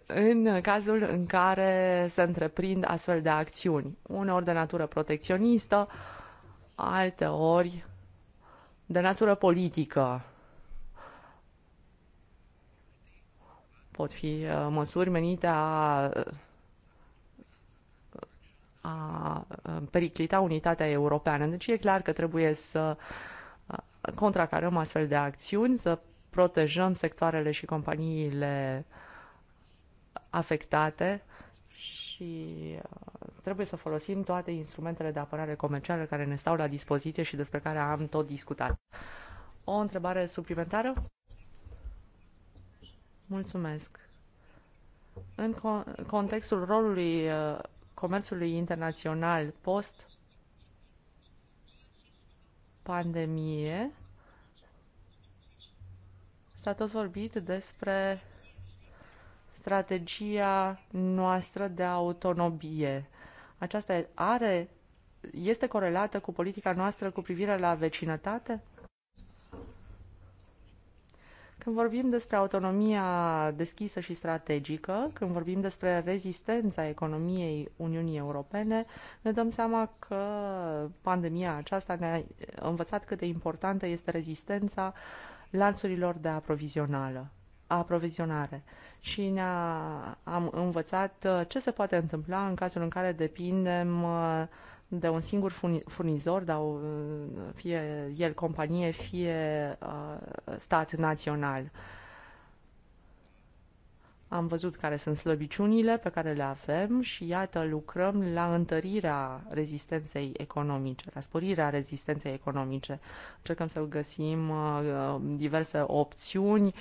în cazul în care se întreprind astfel de acțiuni, uneori de natură protecționistă, alteori de natură politică Pot fi uh, măsuri menite a uh, a uh, periclita unitatea europeană. Deci e clar că trebuie să contracarăm astfel de acțiuni, să protejăm sectoarele și companiile afectate și trebuie să folosim toate instrumentele de apărare comercială care ne stau la dispoziție și despre care am tot discutat. O întrebare suplimentară? Mulțumesc. În contextul rolului uh, comerțului internațional post pandemie, s-a tot vorbit despre strategia noastră de autonomie. Aceasta are, este corelată cu politica noastră cu privire la vecinătate? Când vorbim despre autonomia deschisă și strategică, când vorbim despre rezistența economiei Uniunii Europene, ne dăm seama că pandemia aceasta ne-a învățat cât de importantă este rezistența lanțurilor de aprovizională aprovizionare și ne-am învățat ce se poate întâmpla în cazul în care depindem uh, de un singur furnizor, dar fie el companie, fie stat național. Am văzut care sunt slăbiciunile pe care le avem și iată lucrăm la întărirea rezistenței economice, la sporirea rezistenței economice. Încercăm să găsim diverse opțiuni,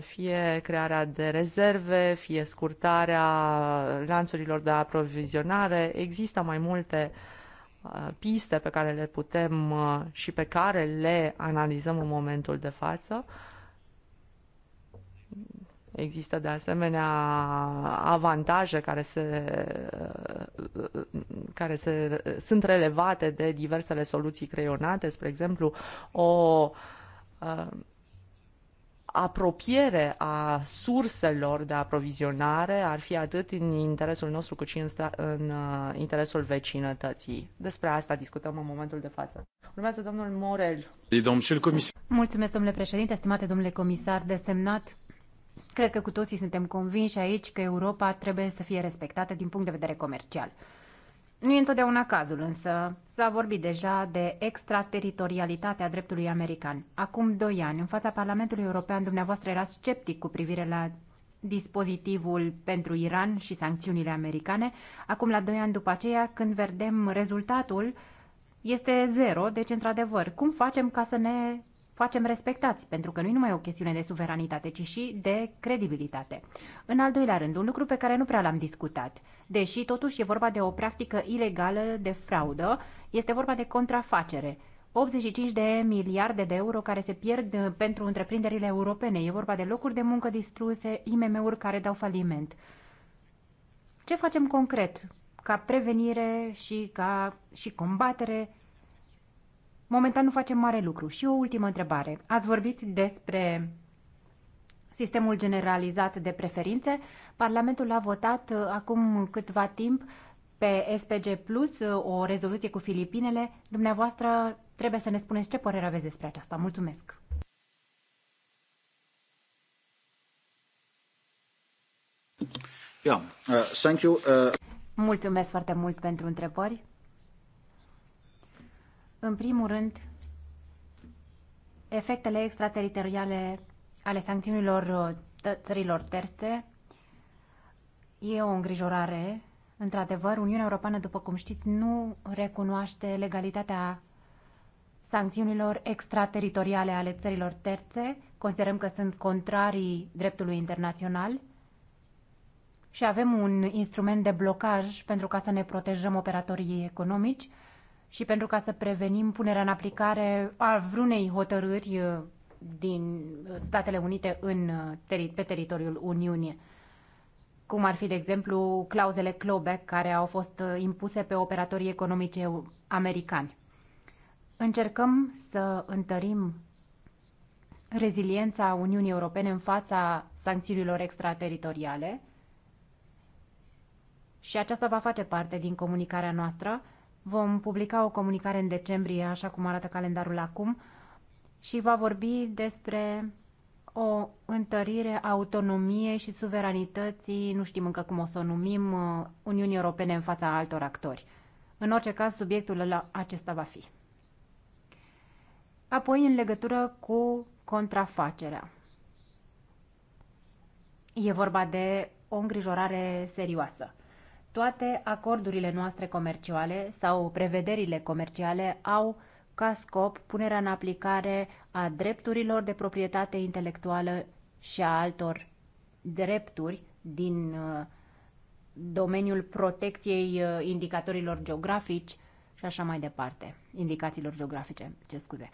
fie crearea de rezerve, fie scurtarea lanțurilor de aprovizionare. Există mai multe uh, piste pe care le putem uh, și pe care le analizăm în momentul de față. Există de asemenea avantaje care, se, uh, care se, sunt relevate de diversele soluții creionate, spre exemplu, o apropiere a surselor de aprovizionare ar fi atât în interesul nostru cât și în, în uh, interesul vecinătății. Despre asta discutăm în momentul de față. Urmează domnul Morel. Mulțumesc, domnule președinte, estimate domnule comisar desemnat. Cred că cu toții suntem convinși aici că Europa trebuie să fie respectată din punct de vedere comercial. Nu e întotdeauna cazul, însă s-a vorbit deja de extrateritorialitatea dreptului american. Acum doi ani, în fața Parlamentului European, dumneavoastră erați sceptic cu privire la dispozitivul pentru Iran și sancțiunile americane. Acum, la doi ani după aceea, când vedem rezultatul, este zero, deci, într-adevăr, cum facem ca să ne facem respectați, pentru că nu e numai o chestiune de suveranitate, ci și de credibilitate. În al doilea rând, un lucru pe care nu prea l-am discutat, deși totuși e vorba de o practică ilegală de fraudă, este vorba de contrafacere. 85 de miliarde de euro care se pierd uh, pentru întreprinderile europene. E vorba de locuri de muncă distruse, IMM-uri care dau faliment. Ce facem concret ca prevenire și ca și combatere Momentan nu facem mare lucru. Și o ultimă întrebare. Ați vorbit despre sistemul generalizat de preferințe. Parlamentul a votat uh, acum câtva timp pe SPG Plus uh, o rezoluție cu Filipinele. Dumneavoastră trebuie să ne spuneți ce părere aveți despre aceasta. Mulțumesc! Yeah. Uh, thank you. Uh... Mulțumesc foarte mult pentru întrebări. În primul rând, efectele extrateritoriale ale sancțiunilor uh, țărilor terțe e o îngrijorare. Într-adevăr, Uniunea Europeană, după cum știți, nu recunoaște legalitatea sancțiunilor extrateritoriale ale țărilor terțe. Considerăm că sunt contrarii dreptului internațional și avem un instrument de blocaj pentru ca să ne protejăm operatorii economici – și pentru ca să prevenim punerea în aplicare a vreunei hotărâri uh, din Statele Unite în, uh, pe teritoriul Uniunii cum ar fi, de exemplu, clauzele clawback care au fost uh, impuse pe operatorii economici americani. Încercăm să întărim reziliența Uniunii Europene în fața sancțiunilor extrateritoriale și aceasta va face parte din comunicarea noastră Vom publica o comunicare în decembrie, așa cum arată calendarul acum, și va vorbi despre o întărire a autonomiei și suveranității, nu știm încă cum o să o numim, uh, Uniunii Europene în fața altor actori. În orice caz, subiectul acesta va fi. Apoi, în legătură cu contrafacerea. E vorba de o îngrijorare serioasă. Toate acordurile noastre comerciale sau prevederile comerciale au ca scop punerea în aplicare a drepturilor de proprietate intelectuală și a altor drepturi din uh, domeniul protecției uh, indicatorilor geografici și așa mai departe, indicațiilor geografice, ce scuze.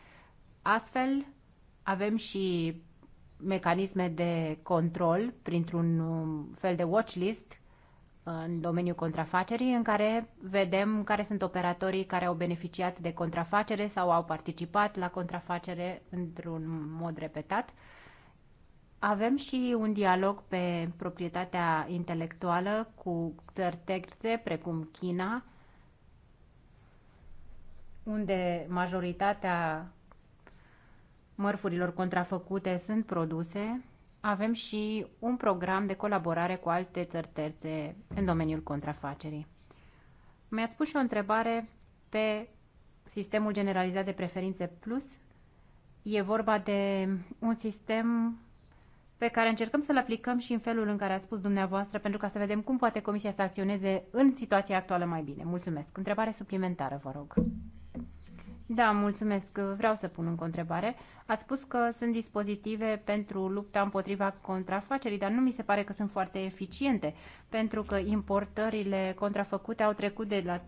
Astfel, avem și mecanisme de control printr-un um, fel de watchlist în domeniul contrafacerii, în care vedem care sunt operatorii care au beneficiat de contrafacere sau au participat la contrafacere într-un mod repetat. Avem și un dialog pe proprietatea intelectuală cu țări terțe, precum China, unde majoritatea mărfurilor contrafăcute sunt produse avem și un program de colaborare cu alte țări terțe în domeniul contrafacerii. Mi-ați pus și o întrebare pe sistemul generalizat de preferințe plus. E vorba de un sistem pe care încercăm să-l aplicăm și în felul în care a spus dumneavoastră, pentru ca să vedem cum poate Comisia să acționeze în situația actuală mai bine. Mulțumesc. Întrebare suplimentară, vă rog. Da, mulțumesc. Vreau să pun încă o întrebare. Ați spus că sunt dispozitive pentru lupta împotriva contrafacerii, dar nu mi se pare că sunt foarte eficiente, pentru că importările contrafăcute au trecut de la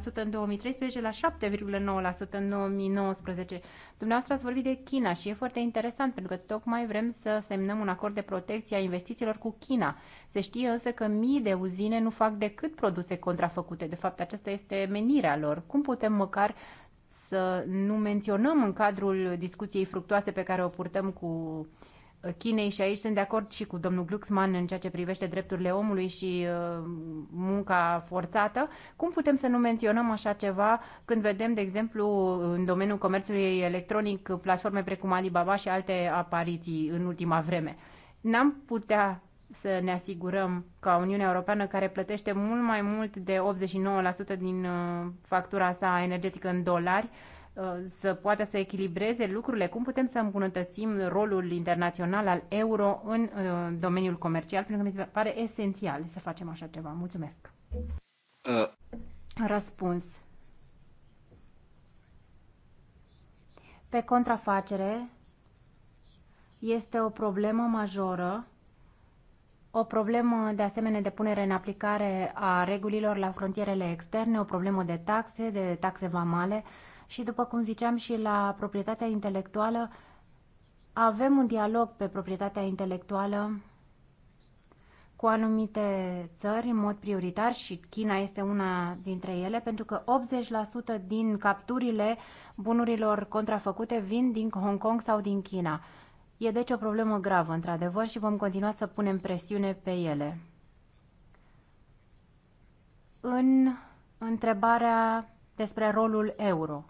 3,9% în 2013 la 7,9% în 2019. Dumneavoastră ați vorbit de China și e foarte interesant, pentru că tocmai vrem să semnăm un acord de protecție a investițiilor cu China. Se știe însă că mii de uzine nu fac decât produse contrafăcute. De fapt, aceasta este menirea lor. Cum putem măcar să nu menționăm în cadrul discuției fructoase pe care o purtăm cu uh, Chinei și aici sunt de acord și cu domnul Glucksmann în ceea ce privește drepturile omului și uh, munca forțată. Cum putem să nu menționăm așa ceva când vedem, de exemplu, în domeniul comerțului electronic, platforme precum Alibaba și alte apariții în ultima vreme? N-am putea să ne asigurăm ca Uniunea Europeană, care plătește mult mai mult de 89% din uh, factura sa energetică în dolari, uh, să poată să echilibreze lucrurile? Cum putem să îmbunătățim rolul internațional al euro în uh, domeniul comercial? Pentru că mi se pare esențial să facem așa ceva. Mulțumesc! Uh. Răspuns. Pe contrafacere este o problemă majoră o problemă de asemenea de punere în aplicare a regulilor la frontierele externe, o problemă de taxe, de taxe vamale și, după cum ziceam, și la proprietatea intelectuală, avem un dialog pe proprietatea intelectuală cu anumite țări în mod prioritar și China este una dintre ele pentru că 80% din capturile bunurilor contrafăcute vin din Hong Kong sau din China. E deci o problemă gravă, într-adevăr, și vom continua să punem presiune pe ele. În întrebarea despre rolul euro.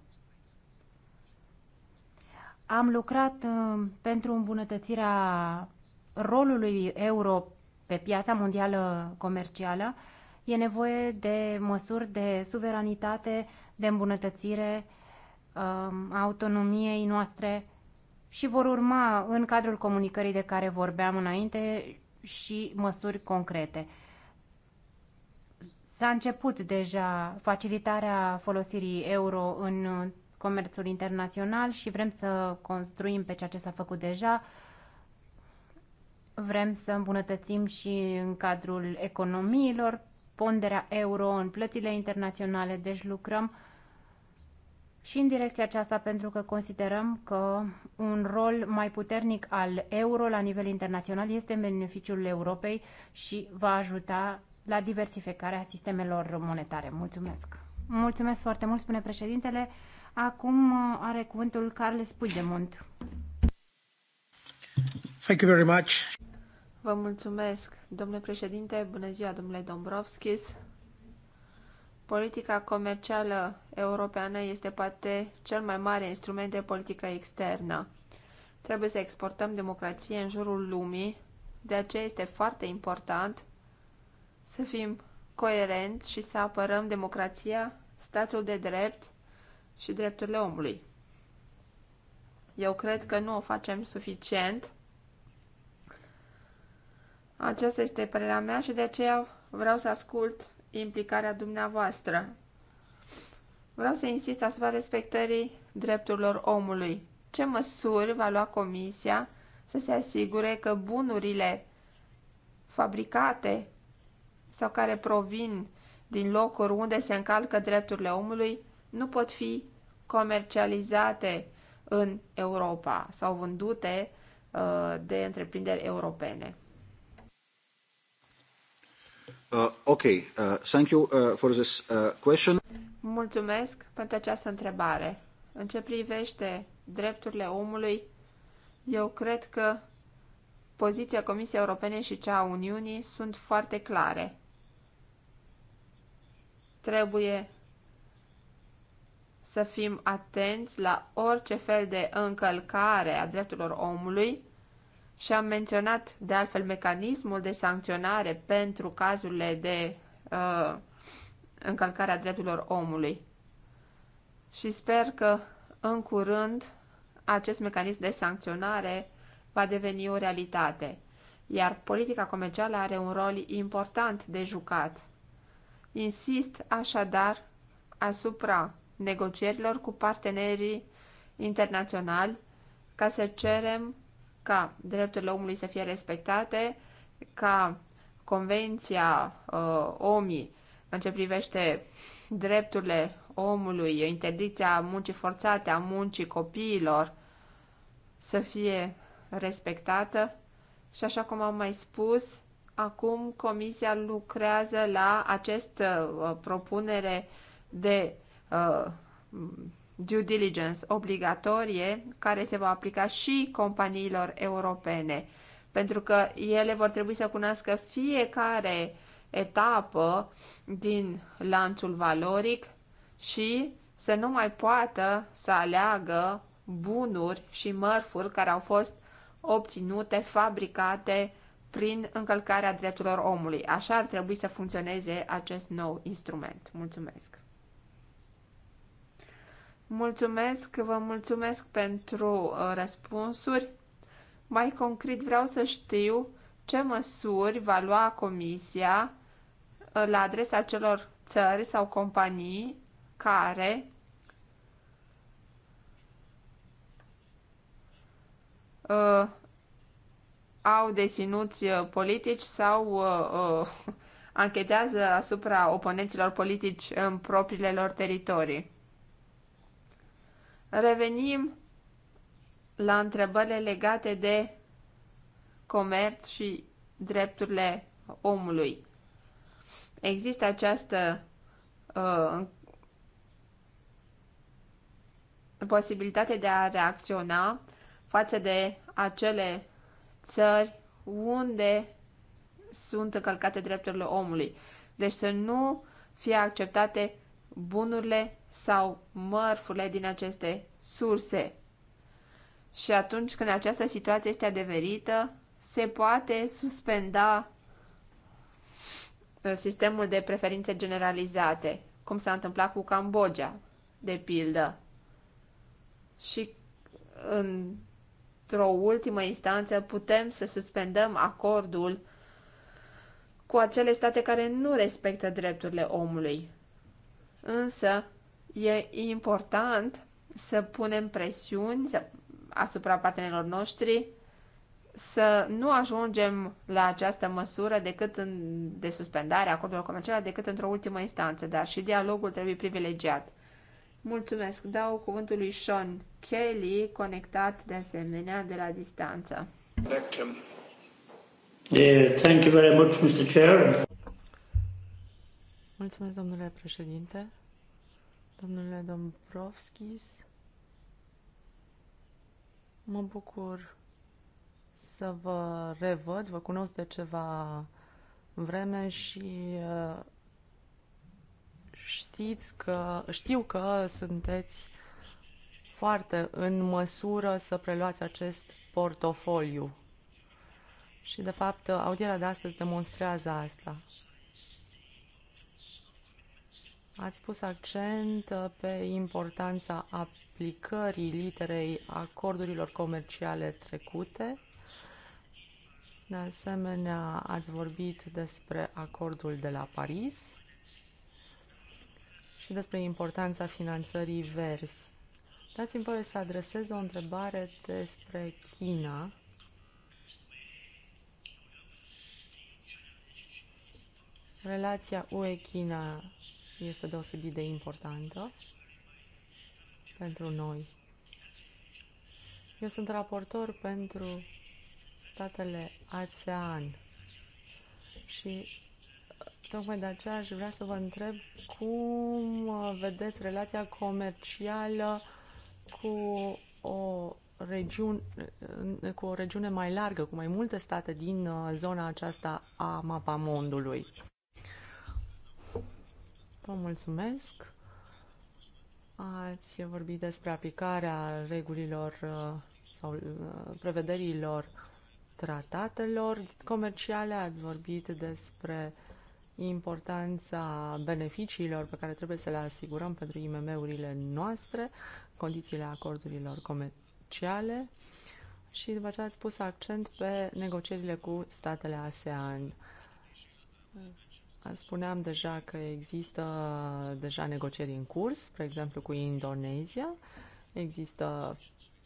Am lucrat uh, pentru îmbunătățirea rolului euro pe piața mondială comercială. E nevoie de măsuri de suveranitate, de îmbunătățire uh, a autonomiei noastre și vor urma în cadrul comunicării de care vorbeam înainte și măsuri concrete. S-a început deja facilitarea folosirii euro în comerțul internațional și vrem să construim pe ceea ce s-a făcut deja. Vrem să îmbunătățim și în cadrul economiilor ponderea euro în plățile internaționale, deci lucrăm uh, și în direcția aceasta pentru că considerăm că un rol mai puternic al euro la nivel internațional este în beneficiul Europei și va ajuta la diversificarea sistemelor monetare. Mulțumesc! Mulțumesc foarte mult, spune președintele. Acum uh, are cuvântul Carles Puigdemont. Thank you very much. Vă mulțumesc, domnule președinte, bună ziua, domnule Dombrovskis, Politica comercială europeană este poate cel mai mare instrument de politică externă. Trebuie să exportăm democrație în jurul lumii, de aceea este foarte important să fim coerenți și să apărăm democrația, statul de drept și drepturile omului. Eu cred că nu o facem suficient. Aceasta este părerea mea și de aceea vreau să ascult implicarea dumneavoastră. Vreau să insist asupra respectării drepturilor omului. Ce măsuri va lua Comisia să se asigure că bunurile fabricate sau care provin din locuri unde se încalcă drepturile omului nu pot fi comercializate în Europa sau vândute uh, de întreprinderi europene. Mulțumesc pentru această întrebare. În ce privește drepturile omului, eu cred că poziția Comisiei Europene și cea a Uniunii sunt foarte clare. Trebuie să fim atenți la orice fel de încălcare a drepturilor omului și am menționat de altfel mecanismul de sancționare pentru cazurile de uh, încălcarea drepturilor omului. Și sper că în curând acest mecanism de sancționare va deveni o realitate, iar politica comercială are un rol important de jucat. Insist așadar asupra negocierilor cu partenerii internaționali ca să cerem ca drepturile omului să fie respectate, ca Convenția uh, OMI în ce privește drepturile omului, interdicția muncii forțate, a muncii copiilor, să fie respectată. Și așa cum am mai spus, acum Comisia lucrează la această uh, propunere de uh, due diligence obligatorie care se va aplica și companiilor europene, pentru că ele vor trebui să cunoască fiecare etapă din lanțul valoric și să nu mai poată să aleagă bunuri și mărfuri care au fost obținute, fabricate prin încălcarea drepturilor omului. Așa ar trebui să funcționeze acest nou instrument. Mulțumesc! Mulțumesc, vă mulțumesc pentru uh, răspunsuri. Mai concret vreau să știu ce măsuri va lua Comisia uh, la adresa celor țări sau companii care uh, au deținuți uh, politici sau uh, uh, anchetează asupra oponenților politici în propriile lor teritorii. Revenim la întrebările legate de comerț și drepturile omului. Există această uh, posibilitate de a reacționa față de acele țări unde sunt încălcate drepturile omului. Deci să nu fie acceptate bunurile sau mărfurile din aceste surse. Și atunci când această situație este adeverită, se poate suspenda uh, sistemul de preferințe generalizate, cum s-a întâmplat cu Cambodgia, de pildă. Și într-o ultimă instanță putem să suspendăm acordul cu acele state care nu respectă drepturile omului. Însă, E important să punem presiuni asupra partenerilor noștri să nu ajungem la această măsură decât în, de suspendare a acordurilor comerciale decât într-o ultimă instanță, dar și dialogul trebuie privilegiat. Mulțumesc, dau cuvântul lui Sean Kelly, conectat de asemenea de la distanță. Yeah, thank you very much, Mr. Chair. Mulțumesc, domnule președinte domnule Dombrovskis. Mă bucur să vă revăd, vă cunosc de ceva vreme și uh, știți că, știu că sunteți foarte în măsură să preluați acest portofoliu. Și, de fapt, audierea de astăzi demonstrează asta. Ați pus accent uh, pe importanța aplicării literei acordurilor comerciale trecute. De asemenea, ați vorbit despre acordul de la Paris și despre importanța finanțării verzi. Dați-mi voie să adresez o întrebare despre China. Relația UE-China este deosebit de importantă pentru noi. Eu sunt raportor pentru statele ASEAN și uh, tocmai de aceea aș vrea să vă întreb cum uh, vedeți relația comercială cu o regiune, uh, cu o regiune mai largă, cu mai multe state din zona aceasta a mapamondului. Vă mulțumesc. Ați vorbit despre aplicarea regulilor uh, sau uh, prevederilor tratatelor comerciale, ați vorbit despre importanța beneficiilor pe care trebuie să le asigurăm pentru IMM-urile noastre, condițiile acordurilor comerciale și după aceea ați pus accent pe negocierile cu statele ASEAN. Spuneam deja că există deja negocieri în curs, spre exemplu cu Indonezia. Există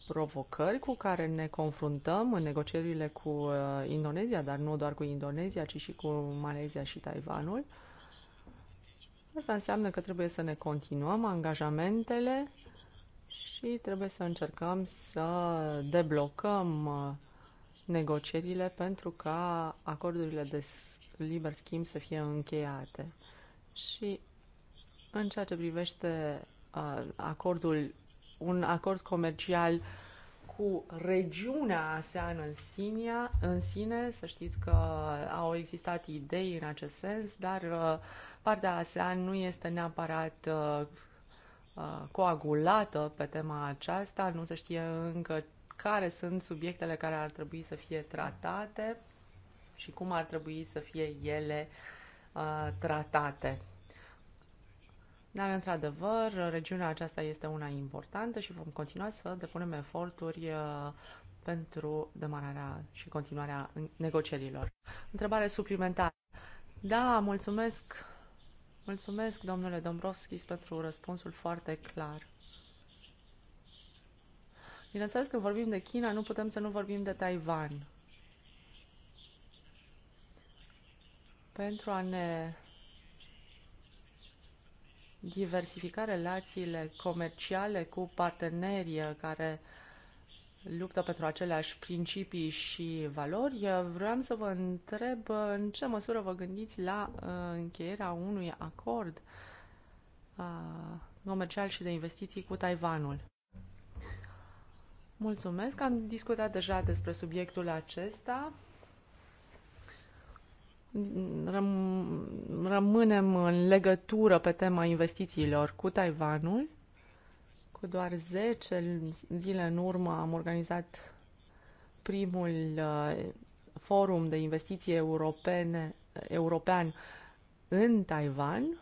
provocări cu care ne confruntăm în negocierile cu uh, Indonezia, dar nu doar cu Indonezia, ci și cu Malezia și Taiwanul. Asta înseamnă că trebuie să ne continuăm angajamentele și trebuie să încercăm să deblocăm uh, negocierile pentru ca acordurile de liber schimb să fie încheiate. Și în ceea ce privește uh, acordul, un acord comercial cu regiunea ASEAN în sine, în sine, să știți că au existat idei în acest sens, dar uh, partea ASEAN nu este neapărat uh, coagulată pe tema aceasta, nu se știe încă care sunt subiectele care ar trebui să fie tratate și cum ar trebui să fie ele uh, tratate. Dar, într-adevăr, regiunea aceasta este una importantă și vom continua să depunem eforturi uh, pentru demararea și continuarea negocierilor. Întrebare suplimentară. Da, mulțumesc. Mulțumesc, domnule Dombrovskis, pentru răspunsul foarte clar. Bineînțeles, când vorbim de China, nu putem să nu vorbim de Taiwan. pentru a ne diversifica relațiile comerciale cu partenerii care luptă pentru aceleași principii și valori. Vreau să vă întreb în ce măsură vă gândiți la uh, încheierea unui acord uh, comercial și de investiții cu Taiwanul. Mulțumesc, am discutat deja despre subiectul acesta rămânem în legătură pe tema investițiilor cu Taiwanul. Cu doar 10 zile în urmă am organizat primul uh, forum de investiții europene, european în Taiwan.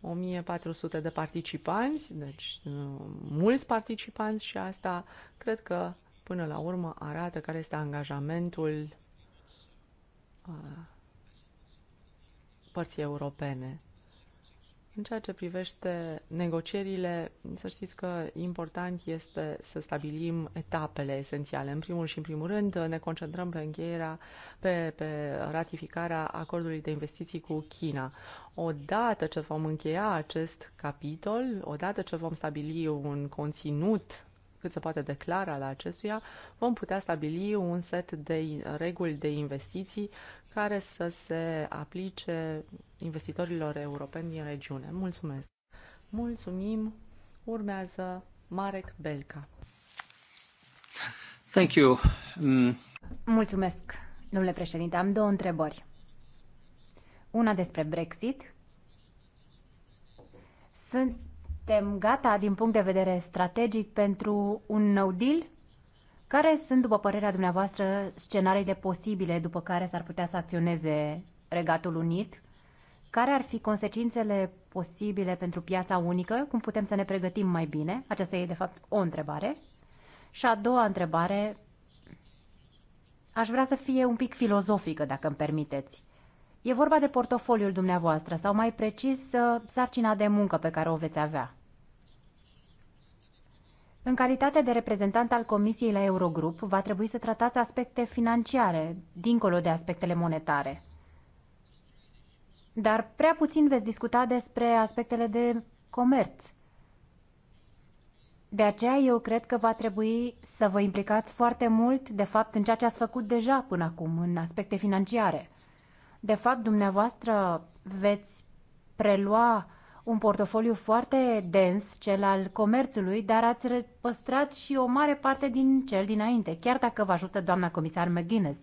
1400 de participanți, deci uh, mulți participanți și asta cred că până la urmă arată care este angajamentul părții europene. În ceea ce privește negocierile, să știți că important este să stabilim etapele esențiale. În primul și în primul rând ne concentrăm pe încheierea, pe, pe ratificarea acordului de investiții cu China. Odată ce vom încheia acest capitol, odată ce vom stabili un conținut cât se poate declara la acestuia, vom putea stabili un set de reguli de investiții care să se aplice investitorilor europeni din regiune. Mulțumesc! Mulțumim! Urmează Marek Belka. Thank you. Mm. Mulțumesc, domnule președinte. Am două întrebări. Una despre Brexit. Sunt suntem gata din punct de vedere strategic pentru un nou deal? Care sunt, după părerea dumneavoastră, scenariile posibile după care s-ar putea să acționeze Regatul Unit? Care ar fi consecințele posibile pentru piața unică? Cum putem să ne pregătim mai bine? Aceasta e, de fapt, o întrebare. Și a doua întrebare, aș vrea să fie un pic filozofică, dacă îmi permiteți. E vorba de portofoliul dumneavoastră, sau mai precis, uh, sarcina de muncă pe care o veți avea. În calitate de reprezentant al Comisiei la Eurogrup, va trebui să tratați aspecte financiare, dincolo de aspectele monetare. Dar prea puțin veți discuta despre aspectele de comerț. De aceea eu cred că va trebui să vă implicați foarte mult, de fapt, în ceea ce ați făcut deja până acum, în aspecte financiare. De fapt, dumneavoastră veți prelua un portofoliu foarte dens, cel al comerțului, dar ați păstrat și o mare parte din cel dinainte, chiar dacă vă ajută doamna comisar McGuinness.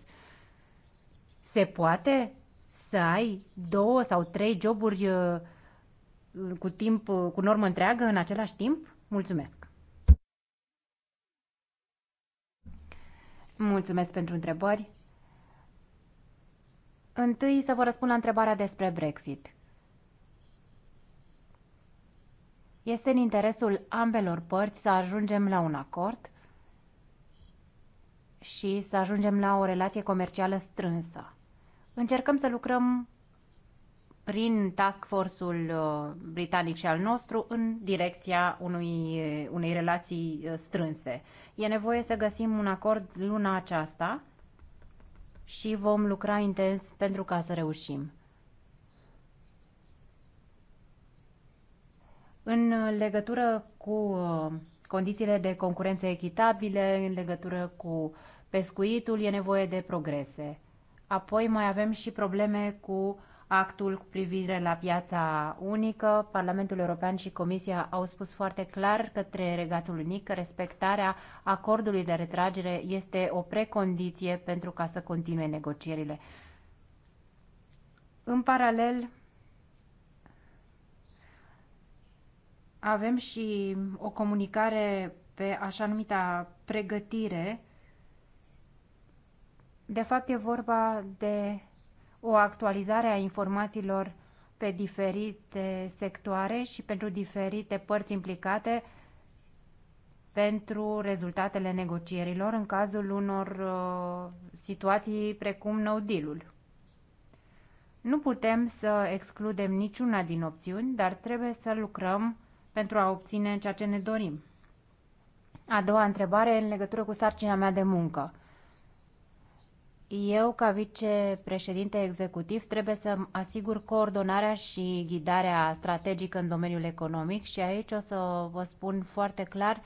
Se poate să ai două sau trei joburi uh, cu timp, uh, cu normă întreagă în același timp? Mulțumesc! Mulțumesc pentru întrebări. Întâi să vă răspund la întrebarea despre Brexit. Este în interesul ambelor părți să ajungem la un acord și să ajungem la o relație comercială strânsă. Încercăm să lucrăm prin task force-ul uh, britanic și al nostru în direcția unui, uh, unei relații uh, strânse. E nevoie să găsim un acord luna aceasta și vom lucra intens pentru ca să reușim. în legătură cu uh, condițiile de concurență echitabile, în legătură cu pescuitul, e nevoie de progrese. Apoi mai avem și probleme cu actul cu privire la piața unică. Parlamentul European și Comisia au spus foarte clar către Regatul Unic că respectarea acordului de retragere este o precondiție pentru ca să continue negocierile. În paralel, Avem și o comunicare pe așa numita pregătire. De fapt, e vorba de o actualizare a informațiilor pe diferite sectoare și pentru diferite părți implicate pentru rezultatele negocierilor în cazul unor uh, situații precum no deal-ul. Nu putem să excludem niciuna din opțiuni, dar trebuie să lucrăm pentru a obține ceea ce ne dorim. A doua întrebare în legătură cu sarcina mea de muncă. Eu, ca vicepreședinte executiv, trebuie să asigur coordonarea și ghidarea strategică în domeniul economic și aici o să vă spun foarte clar,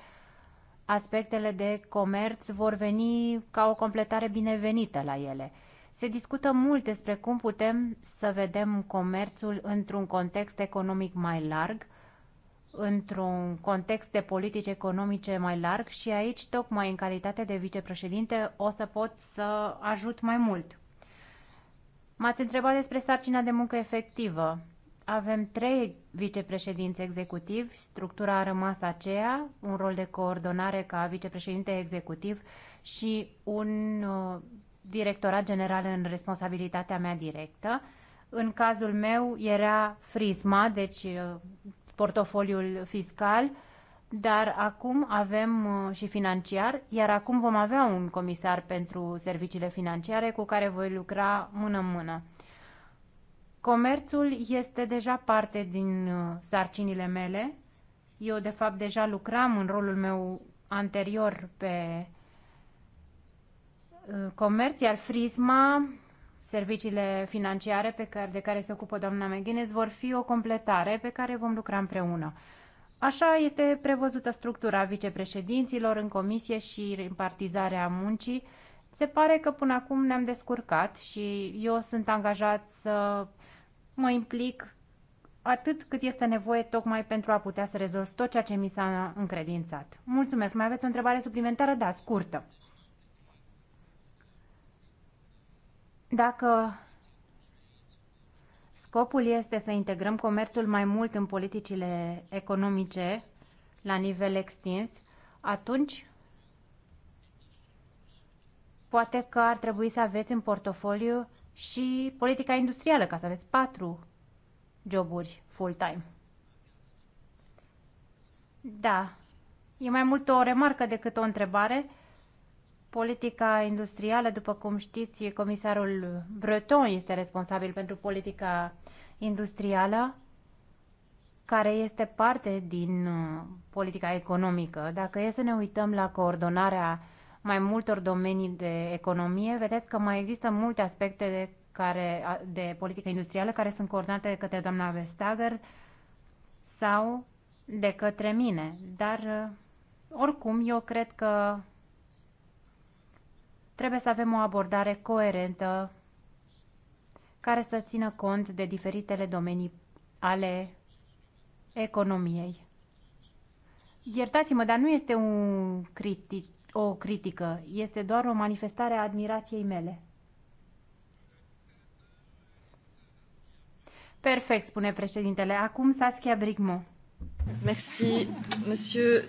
aspectele de comerț vor veni ca o completare binevenită la ele. Se discută mult despre cum putem să vedem comerțul într-un context economic mai larg într-un context de politici economice mai larg și aici, tocmai în calitate de vicepreședinte, o să pot să ajut mai mult. M-ați întrebat despre sarcina de muncă efectivă. Avem trei vicepreședinți executivi, structura a rămas aceea, un rol de coordonare ca vicepreședinte executiv și un uh, directorat general în responsabilitatea mea directă. În cazul meu era Frisma, deci uh, portofoliul fiscal, dar acum avem uh, și financiar, iar acum vom avea un comisar pentru serviciile financiare cu care voi lucra mână-mână. Comerțul este deja parte din uh, sarcinile mele. Eu, de fapt, deja lucram în rolul meu anterior pe uh, comerț, iar Frisma serviciile financiare pe care, de care se ocupă doamna McGuinness vor fi o completare pe care vom lucra împreună. Așa este prevăzută structura vicepreședinților în comisie și partizarea muncii. Se pare că până acum ne-am descurcat și eu sunt angajat să mă implic atât cât este nevoie tocmai pentru a putea să rezolv tot ceea ce mi s-a încredințat. Mulțumesc. Mai aveți o întrebare suplimentară? Da, scurtă. Dacă scopul este să integrăm comerțul mai mult în politicile economice la nivel extins, atunci poate că ar trebui să aveți în portofoliu și politica industrială, ca să aveți patru joburi full-time. Da, e mai mult o remarcă decât o întrebare. Politica industrială, după cum știți, comisarul Breton este responsabil pentru politica industrială, care este parte din uh, politica economică. Dacă e să ne uităm la coordonarea mai multor domenii de economie, vedeți că mai există multe aspecte de, care, de politică industrială care sunt coordonate de către doamna Vestager sau de către mine. Dar, uh, oricum, eu cred că Trebuie să avem o abordare coerentă care să țină cont de diferitele domenii ale economiei. Iertați-mă, dar nu este un critic, o critică, este doar o manifestare a admirației mele. Perfect, spune președintele. Acum Saskia Brigmo. Merci, monsieur.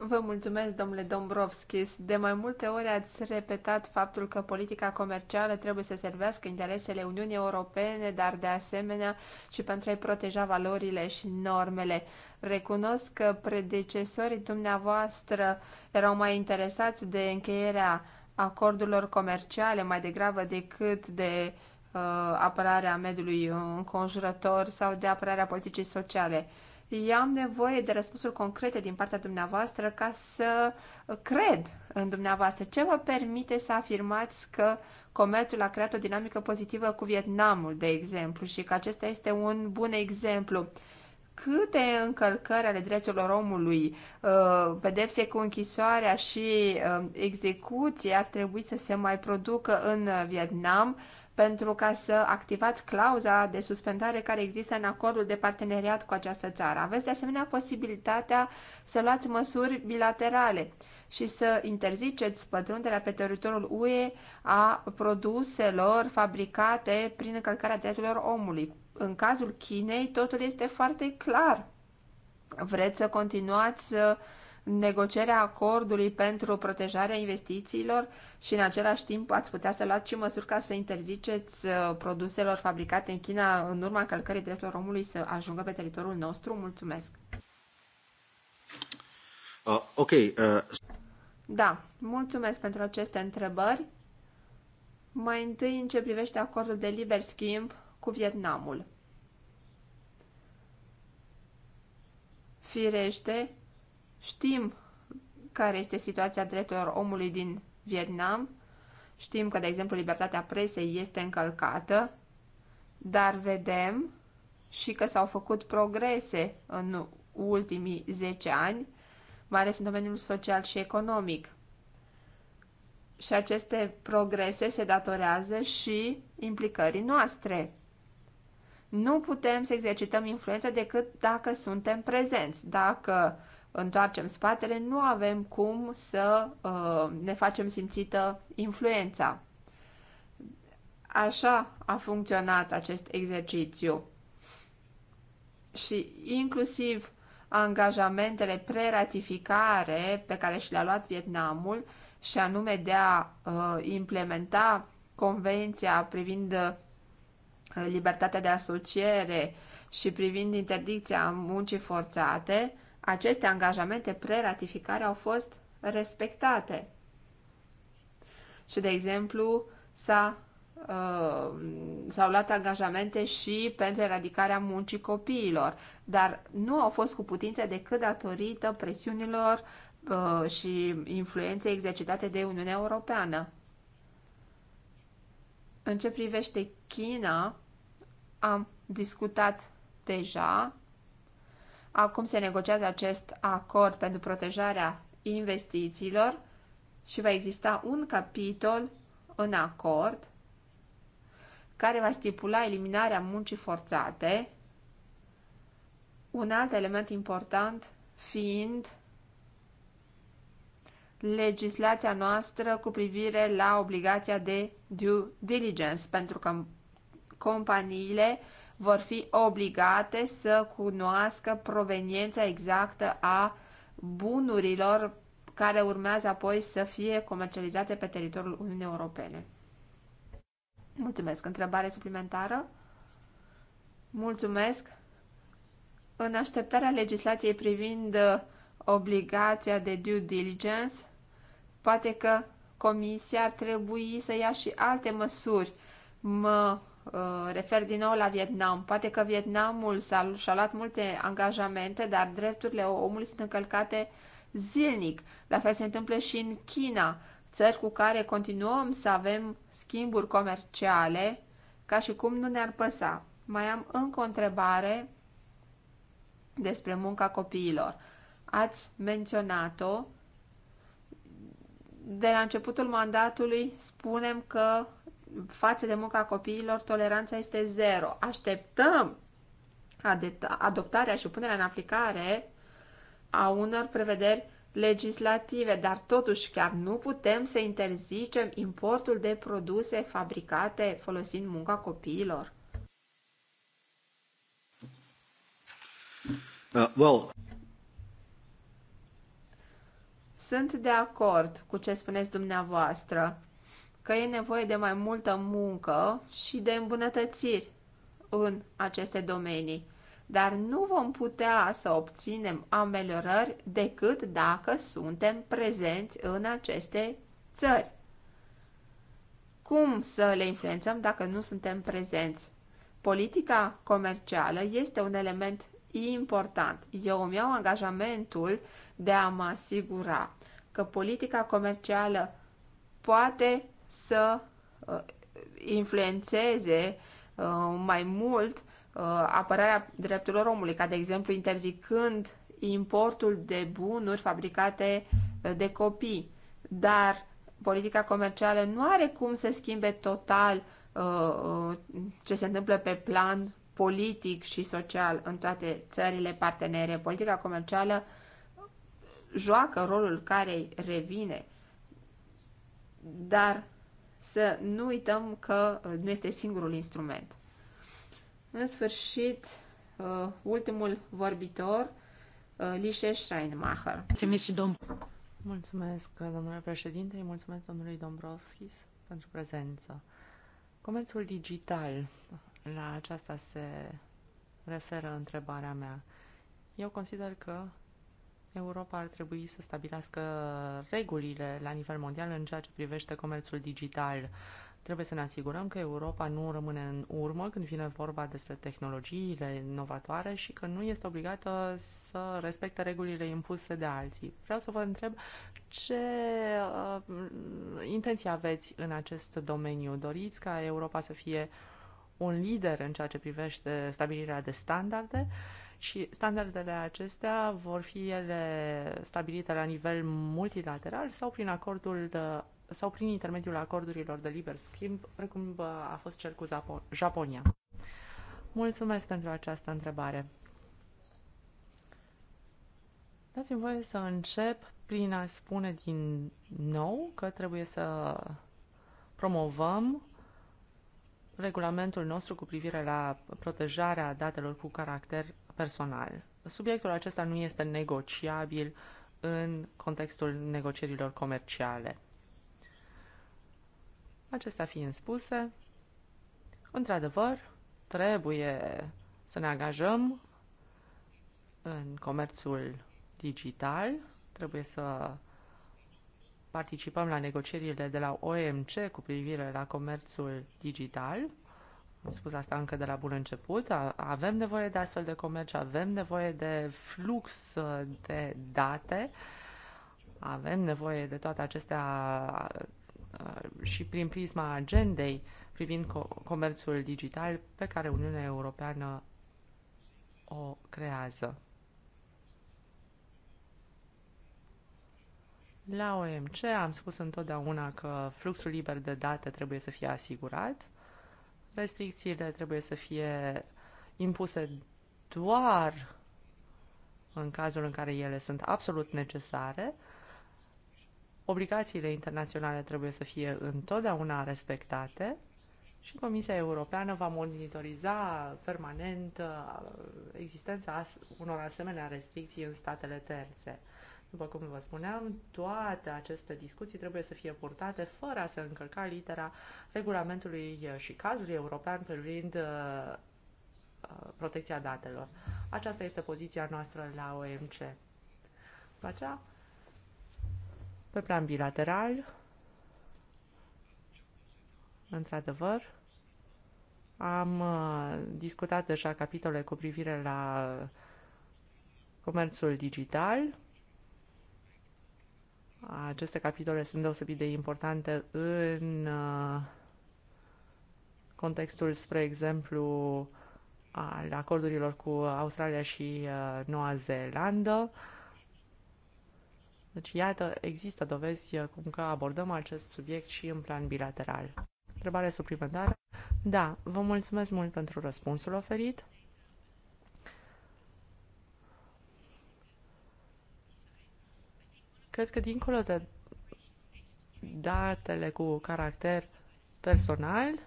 Vă mulțumesc, domnule Dombrovskis. De mai multe ori ați repetat faptul că politica comercială trebuie să servească interesele Uniunii Europene, dar de asemenea și pentru a-i proteja valorile și normele. Recunosc că predecesorii dumneavoastră erau mai interesați de încheierea acordurilor comerciale mai degrabă decât de uh, apărarea mediului înconjurător sau de apărarea politicii sociale. Eu am nevoie de răspunsuri concrete din partea dumneavoastră ca să cred în dumneavoastră. Ce vă permite să afirmați că comerțul a creat o dinamică pozitivă cu Vietnamul, de exemplu, și că acesta este un bun exemplu? Câte încălcări ale drepturilor omului, uh, pedepse cu închisoarea și uh, execuție ar trebui să se mai producă în Vietnam? pentru ca să activați clauza de suspendare care există în acordul de parteneriat cu această țară. Aveți de asemenea posibilitatea să luați măsuri bilaterale și să interziceți pătrunderea pe teritoriul UE a produselor fabricate prin încălcarea drepturilor omului. În cazul Chinei, totul este foarte clar. Vreți să continuați negocierea acordului pentru protejarea investițiilor și în același timp ați putea să luați și măsuri ca să interziceți uh, produselor fabricate în China în urma încălcării drepturilor omului să ajungă pe teritoriul nostru? Mulțumesc! Uh, ok. Uh... Da, mulțumesc pentru aceste întrebări. Mai întâi în ce privește acordul de liber schimb cu Vietnamul. Firește, Știm care este situația drepturilor omului din Vietnam. Știm că, de exemplu, libertatea presei este încălcată, dar vedem și că s-au făcut progrese în ultimii 10 ani, mai ales în domeniul social și economic. Și aceste progrese se datorează și implicării noastre. Nu putem să exercităm influența decât dacă suntem prezenți, dacă întoarcem spatele, nu avem cum să uh, ne facem simțită influența. Așa a funcționat acest exercițiu. Și inclusiv angajamentele preratificare pe care și le-a luat Vietnamul, și anume de a uh, implementa convenția privind uh, libertatea de asociere și privind interdicția muncii forțate, uh, aceste angajamente pre-ratificare au fost respectate. Și, de exemplu, s au uh, au luat angajamente și pentru eradicarea muncii copiilor, dar nu au fost cu putință decât datorită presiunilor uh, și influenței exercitate de Uniunea Europeană. În ce privește China, am discutat deja Acum se negociază acest acord pentru protejarea investițiilor și va exista un capitol în acord care va stipula eliminarea muncii forțate, un alt element important fiind legislația noastră cu privire la obligația de due diligence, pentru că companiile vor fi obligate să cunoască proveniența exactă a bunurilor care urmează apoi să fie comercializate pe teritoriul Uniunii Europene. Mulțumesc. Întrebare suplimentară? Mulțumesc. În așteptarea legislației privind uh, obligația de due diligence, poate că Comisia ar trebui să ia și alte măsuri. Mă Uh, refer din nou la Vietnam. Poate că Vietnamul și-a luat multe angajamente, dar drepturile omului sunt încălcate zilnic. La fel se întâmplă și în China, țări cu care continuăm să avem schimburi comerciale, ca și cum nu ne-ar păsa. Mai am încă o întrebare despre munca copiilor. Ați menționat-o. De la începutul mandatului spunem că față de munca copiilor, toleranța este zero. Așteptăm adoptarea și punerea în aplicare a unor prevederi legislative, dar totuși chiar nu putem să interzicem importul de produse fabricate folosind munca copiilor. Uh, well. Sunt de acord cu ce spuneți dumneavoastră că e nevoie de mai multă muncă și de îmbunătățiri în aceste domenii, dar nu vom putea să obținem ameliorări decât dacă suntem prezenți în aceste țări. Cum să le influențăm dacă nu suntem prezenți? Politica comercială este un element important. Eu îmi iau angajamentul de a mă asigura că politica comercială poate să uh, influențeze uh, mai mult uh, apărarea drepturilor omului, ca de exemplu interzicând importul de bunuri fabricate de copii. Dar politica comercială nu are cum să schimbe total ce se întâmplă pe plan politic și social în toate țările partenere. Politica comercială joacă rolul care îi revine, dar să nu uităm că uh, nu este singurul instrument. În sfârșit, uh, ultimul vorbitor, uh, Lise Steinmacher. Mulțumesc, domnule președinte, mulțumesc domnului Dombrovskis pentru prezență. Comerțul digital, la aceasta se referă întrebarea mea. Eu consider că Europa ar trebui să stabilească regulile la nivel mondial în ceea ce privește comerțul digital. Trebuie să ne asigurăm că Europa nu rămâne în urmă când vine vorba despre tehnologiile inovatoare și că nu este obligată să respecte regulile impuse de alții. Vreau să vă întreb ce uh, intenții aveți în acest domeniu. Doriți ca Europa să fie un lider în ceea ce privește stabilirea de standarde? Uh, și standardele acestea vor fi ele stabilite la nivel multilateral sau prin acordul de, sau prin intermediul acordurilor de liber schimb, precum uh, a fost cel cu Japonia. Mulțumesc pentru această întrebare. Dați-mi voie să încep prin a spune din nou că trebuie să promovăm regulamentul nostru cu privire la protejarea datelor cu caracter personal. Subiectul acesta nu este negociabil în contextul negocierilor comerciale. Acestea fiind spuse, într-adevăr, trebuie să ne angajăm în comerțul digital, trebuie să participăm la negocierile de la OMC cu privire la comerțul digital am spus asta încă de la bun început, avem nevoie de astfel de comerci, avem nevoie de flux de date, avem nevoie de toate acestea și prin prisma agendei privind comerțul digital pe care Uniunea Europeană o creează. La OMC am spus întotdeauna că fluxul liber de date trebuie să fie asigurat Restricțiile trebuie să fie impuse doar în cazul în care ele sunt absolut necesare. Obligațiile internaționale trebuie să fie întotdeauna respectate și Comisia Europeană va monitoriza permanent uh, existența unor asemenea restricții în statele terțe. După cum vă spuneam, toate aceste discuții trebuie să fie purtate fără a se încălca litera regulamentului și cadrului european privind uh, uh, protecția datelor. Aceasta este poziția noastră la OMC. După aceea, pe plan bilateral, într-adevăr, am uh, discutat deja capitole cu privire la comerțul digital, aceste capitole sunt deosebit de importante în uh, contextul, spre exemplu, al acordurilor cu Australia și uh, Noua Zeelandă. Deci, iată, există dovezi uh, cum că abordăm acest subiect și în plan bilateral. Întrebare suplimentară? Da, vă mulțumesc mult pentru răspunsul oferit. Cred că dincolo de datele cu caracter personal, uh,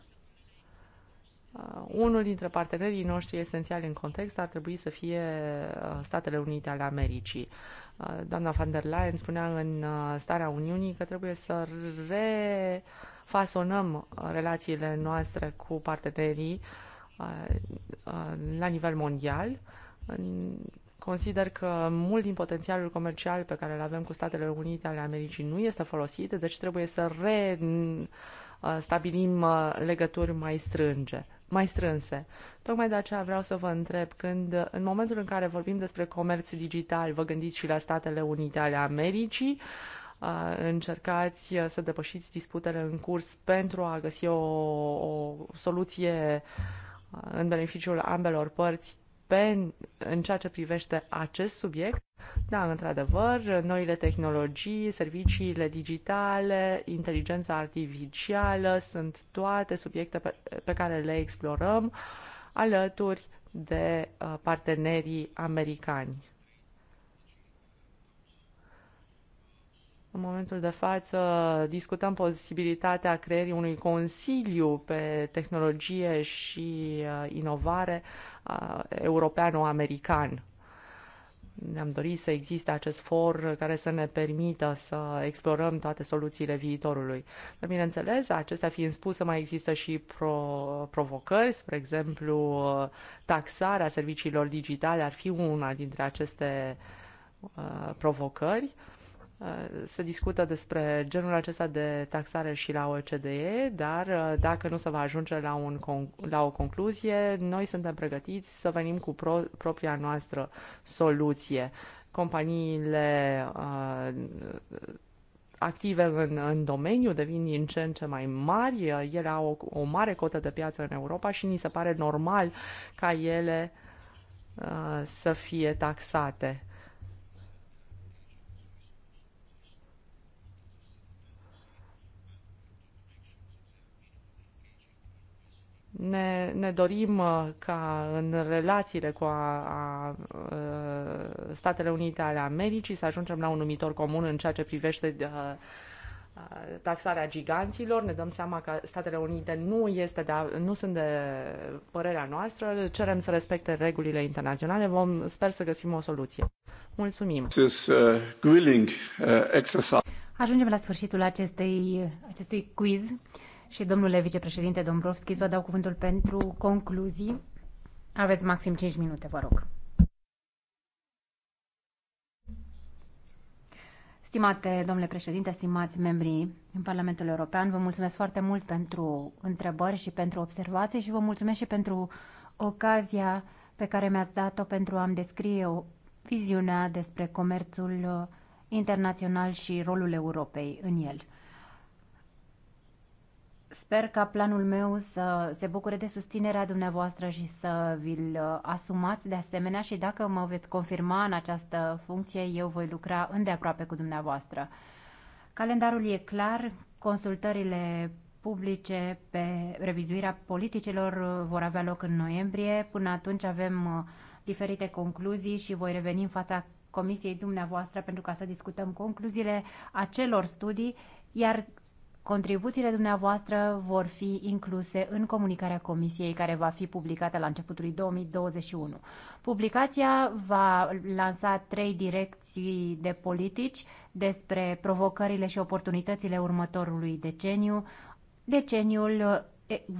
unul dintre partenerii noștri esențiali în context ar trebui să fie uh, Statele Unite ale Americii. Uh, doamna van der Leyen spunea în starea Uniunii că trebuie să refasonăm relațiile noastre cu partenerii la nivel mondial Consider că mult din potențialul comercial pe care îl avem cu Statele Unite ale Americii nu este folosit, deci trebuie să re-stabilim uh, uh, legături mai strânge, mai strânse. Tocmai de aceea vreau să vă întreb când, în momentul în care vorbim despre comerț digital, vă gândiți și la Statele Unite ale Americii, uh, încercați să depășiți disputele în curs pentru a găsi o, o soluție în beneficiul ambelor părți pe, în ceea ce privește acest subiect. Da, într-adevăr, noile tehnologii, serviciile digitale, inteligența artificială sunt toate subiecte pe, pe care le explorăm alături de uh, partenerii americani. În momentul de față discutăm posibilitatea creierii unui consiliu pe tehnologie și uh, inovare uh, european-american. Ne-am dorit să existe acest for care să ne permită să explorăm toate soluțiile viitorului. Dar, bineînțeles, acestea fiind spuse, mai există și pro- provocări, spre exemplu, taxarea serviciilor digitale ar fi una dintre aceste uh, provocări. Uh, Uh, se discută despre genul acesta de taxare și la OCDE, dar uh, dacă nu se va ajunge la, un, la o concluzie, noi suntem pregătiți să venim cu pro, propria noastră soluție. Companiile uh, active în, în domeniu devin din ce în ce mai mari, ele au o, o mare cotă de piață în Europa și ni se pare normal ca ele uh, să fie taxate Ne, ne dorim uh, ca în relațiile cu a, a, uh, Statele Unite ale Americii să ajungem la un numitor comun în ceea ce privește a, uh, taxarea giganților. Ne dăm seama că Statele Unite nu, este de, nu sunt de părerea noastră. Cerem să respecte regulile internaționale. Vom sper să găsim o soluție. Mulțumim. This, uh, grilling, uh, exercise. Ajungem la sfârșitul acestei, acestui quiz și domnule vicepreședinte Dombrovski, vă dau cuvântul pentru concluzii. Aveți maxim 5 minute, vă rog. Stimate domnule președinte, stimați membrii în Parlamentul European, vă mulțumesc foarte mult pentru întrebări și pentru observații și vă mulțumesc și pentru ocazia pe care mi-ați dat-o pentru a-mi descrie o viziunea despre comerțul internațional și rolul Europei în el. Sper ca planul meu să se bucure de susținerea dumneavoastră și să vi-l uh, asumați de asemenea și dacă mă veți confirma în această funcție, eu voi lucra îndeaproape cu dumneavoastră. Calendarul e clar, consultările publice pe revizuirea politicilor uh, vor avea loc în noiembrie. Până atunci avem uh, diferite concluzii și voi reveni în fața comisiei dumneavoastră pentru ca să discutăm concluziile acelor studii, iar Contribuțiile dumneavoastră vor fi incluse în comunicarea Comisiei care va fi publicată la începutul 2021. Publicația va lansa trei direcții de politici despre provocările și oportunitățile următorului deceniu, deceniul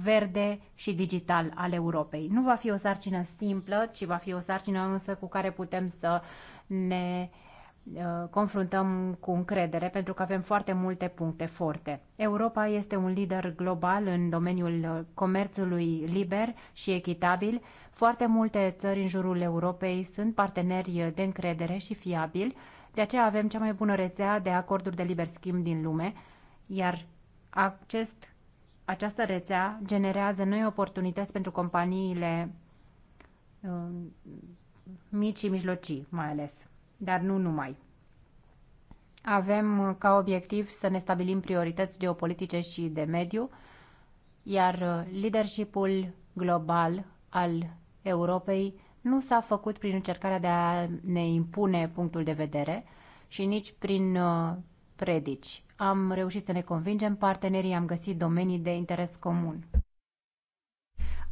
verde și digital al Europei. Nu va fi o sarcină simplă, ci va fi o sarcină însă cu care putem să ne uh, Uh, confruntăm cu încredere pentru că avem foarte multe puncte forte. Europa este un lider global în domeniul uh, comerțului liber și echitabil. Foarte multe țări în jurul Europei sunt parteneri uh, de încredere și fiabili, de aceea avem cea mai bună rețea de acorduri de liber schimb din lume, iar acest, această rețea generează noi oportunități pentru companiile mici și mijlocii, mai ales dar nu numai. Avem uh, ca obiectiv să ne stabilim priorități geopolitice și de mediu, iar uh, leadershipul global al Europei nu s-a făcut prin încercarea de a ne impune punctul de vedere și nici prin uh, predici. Am reușit să ne convingem partenerii, am găsit domenii de interes comun.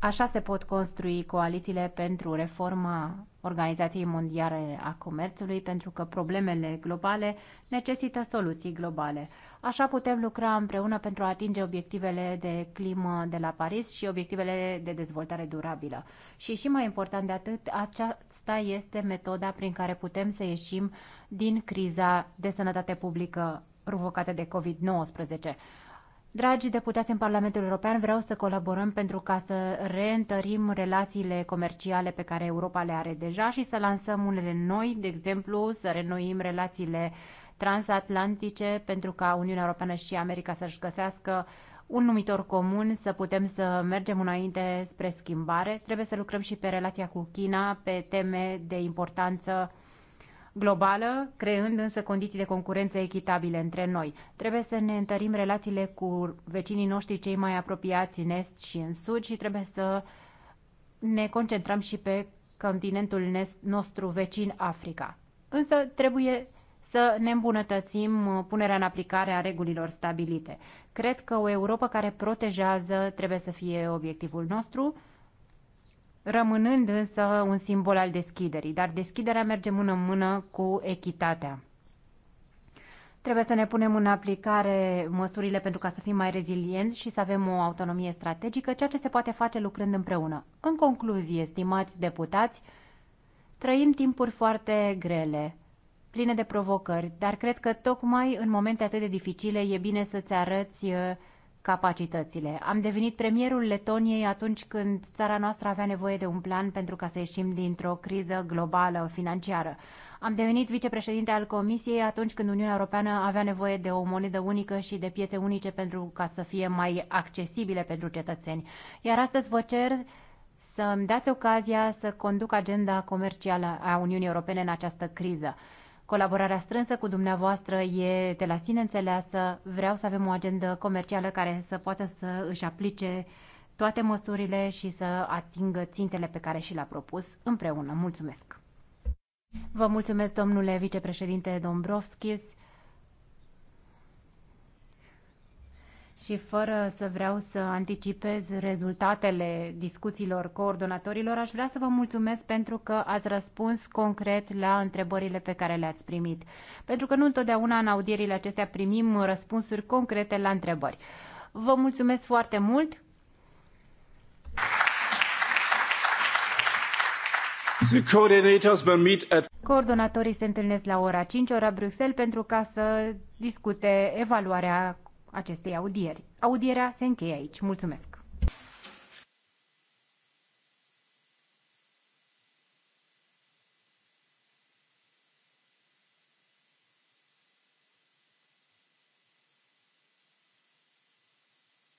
Așa se pot construi coalițiile pentru reforma Organizației Mondiale a Comerțului, pentru că problemele globale necesită soluții globale. Așa putem lucra împreună pentru a atinge obiectivele de climă de la Paris și obiectivele de dezvoltare durabilă. Și și mai important de atât, aceasta este metoda prin care putem să ieșim din criza de sănătate publică provocată de COVID-19. Dragi deputați în Parlamentul European, vreau să colaborăm pentru ca să reîntărim relațiile comerciale pe care Europa le are deja și să lansăm unele noi, de exemplu, să renoim relațiile transatlantice pentru ca Uniunea Europeană și America să-și găsească un numitor comun, să putem să mergem înainte spre schimbare. Trebuie să lucrăm și pe relația cu China, pe teme de importanță globală, creând însă condiții de concurență echitabile între noi. Trebuie să ne întărim relațiile cu vecinii noștri cei mai apropiați în est și în sud și trebuie să ne concentrăm și pe continentul nostru vecin Africa. Însă trebuie să ne îmbunătățim uh, punerea în aplicare a regulilor stabilite. Cred că o Europa care protejează trebuie să fie obiectivul nostru rămânând însă un simbol al deschiderii, dar deschiderea merge mână în mână cu echitatea. Trebuie să ne punem în aplicare măsurile pentru ca să fim mai rezilienți și să avem o autonomie strategică, ceea ce se poate face lucrând împreună. În concluzie, stimați deputați, trăim timpuri foarte grele, pline de provocări, dar cred că tocmai în momente atât de dificile e bine să-ți arăți uh, capacitățile. Am devenit premierul Letoniei atunci când țara noastră avea nevoie de un plan pentru ca să ieșim dintr-o criză globală financiară. Am devenit vicepreședinte al Comisiei atunci când Uniunea Europeană avea nevoie de o monedă unică și de piețe unice pentru ca să fie mai accesibile pentru cetățeni. Iar astăzi vă cer să mi dați ocazia să conduc agenda comercială a Uniunii Europene în această criză. Colaborarea strânsă cu dumneavoastră e de la sine înțeleasă. Vreau să avem o agendă comercială care să poată să își aplice toate măsurile și să atingă țintele pe care și le-a propus împreună. Mulțumesc! Vă mulțumesc, domnule vicepreședinte Dombrovskis. și fără să vreau să anticipez rezultatele discuțiilor coordonatorilor, aș vrea să vă mulțumesc pentru că ați răspuns concret la întrebările pe care le-ați primit. Pentru că nu întotdeauna în audierile acestea primim răspunsuri concrete la întrebări. Vă mulțumesc foarte mult! Coordonatorii se întâlnesc la ora 5, ora Bruxelles, pentru ca să discute evaluarea acestei audieri. Audierea se încheie aici. Mulțumesc!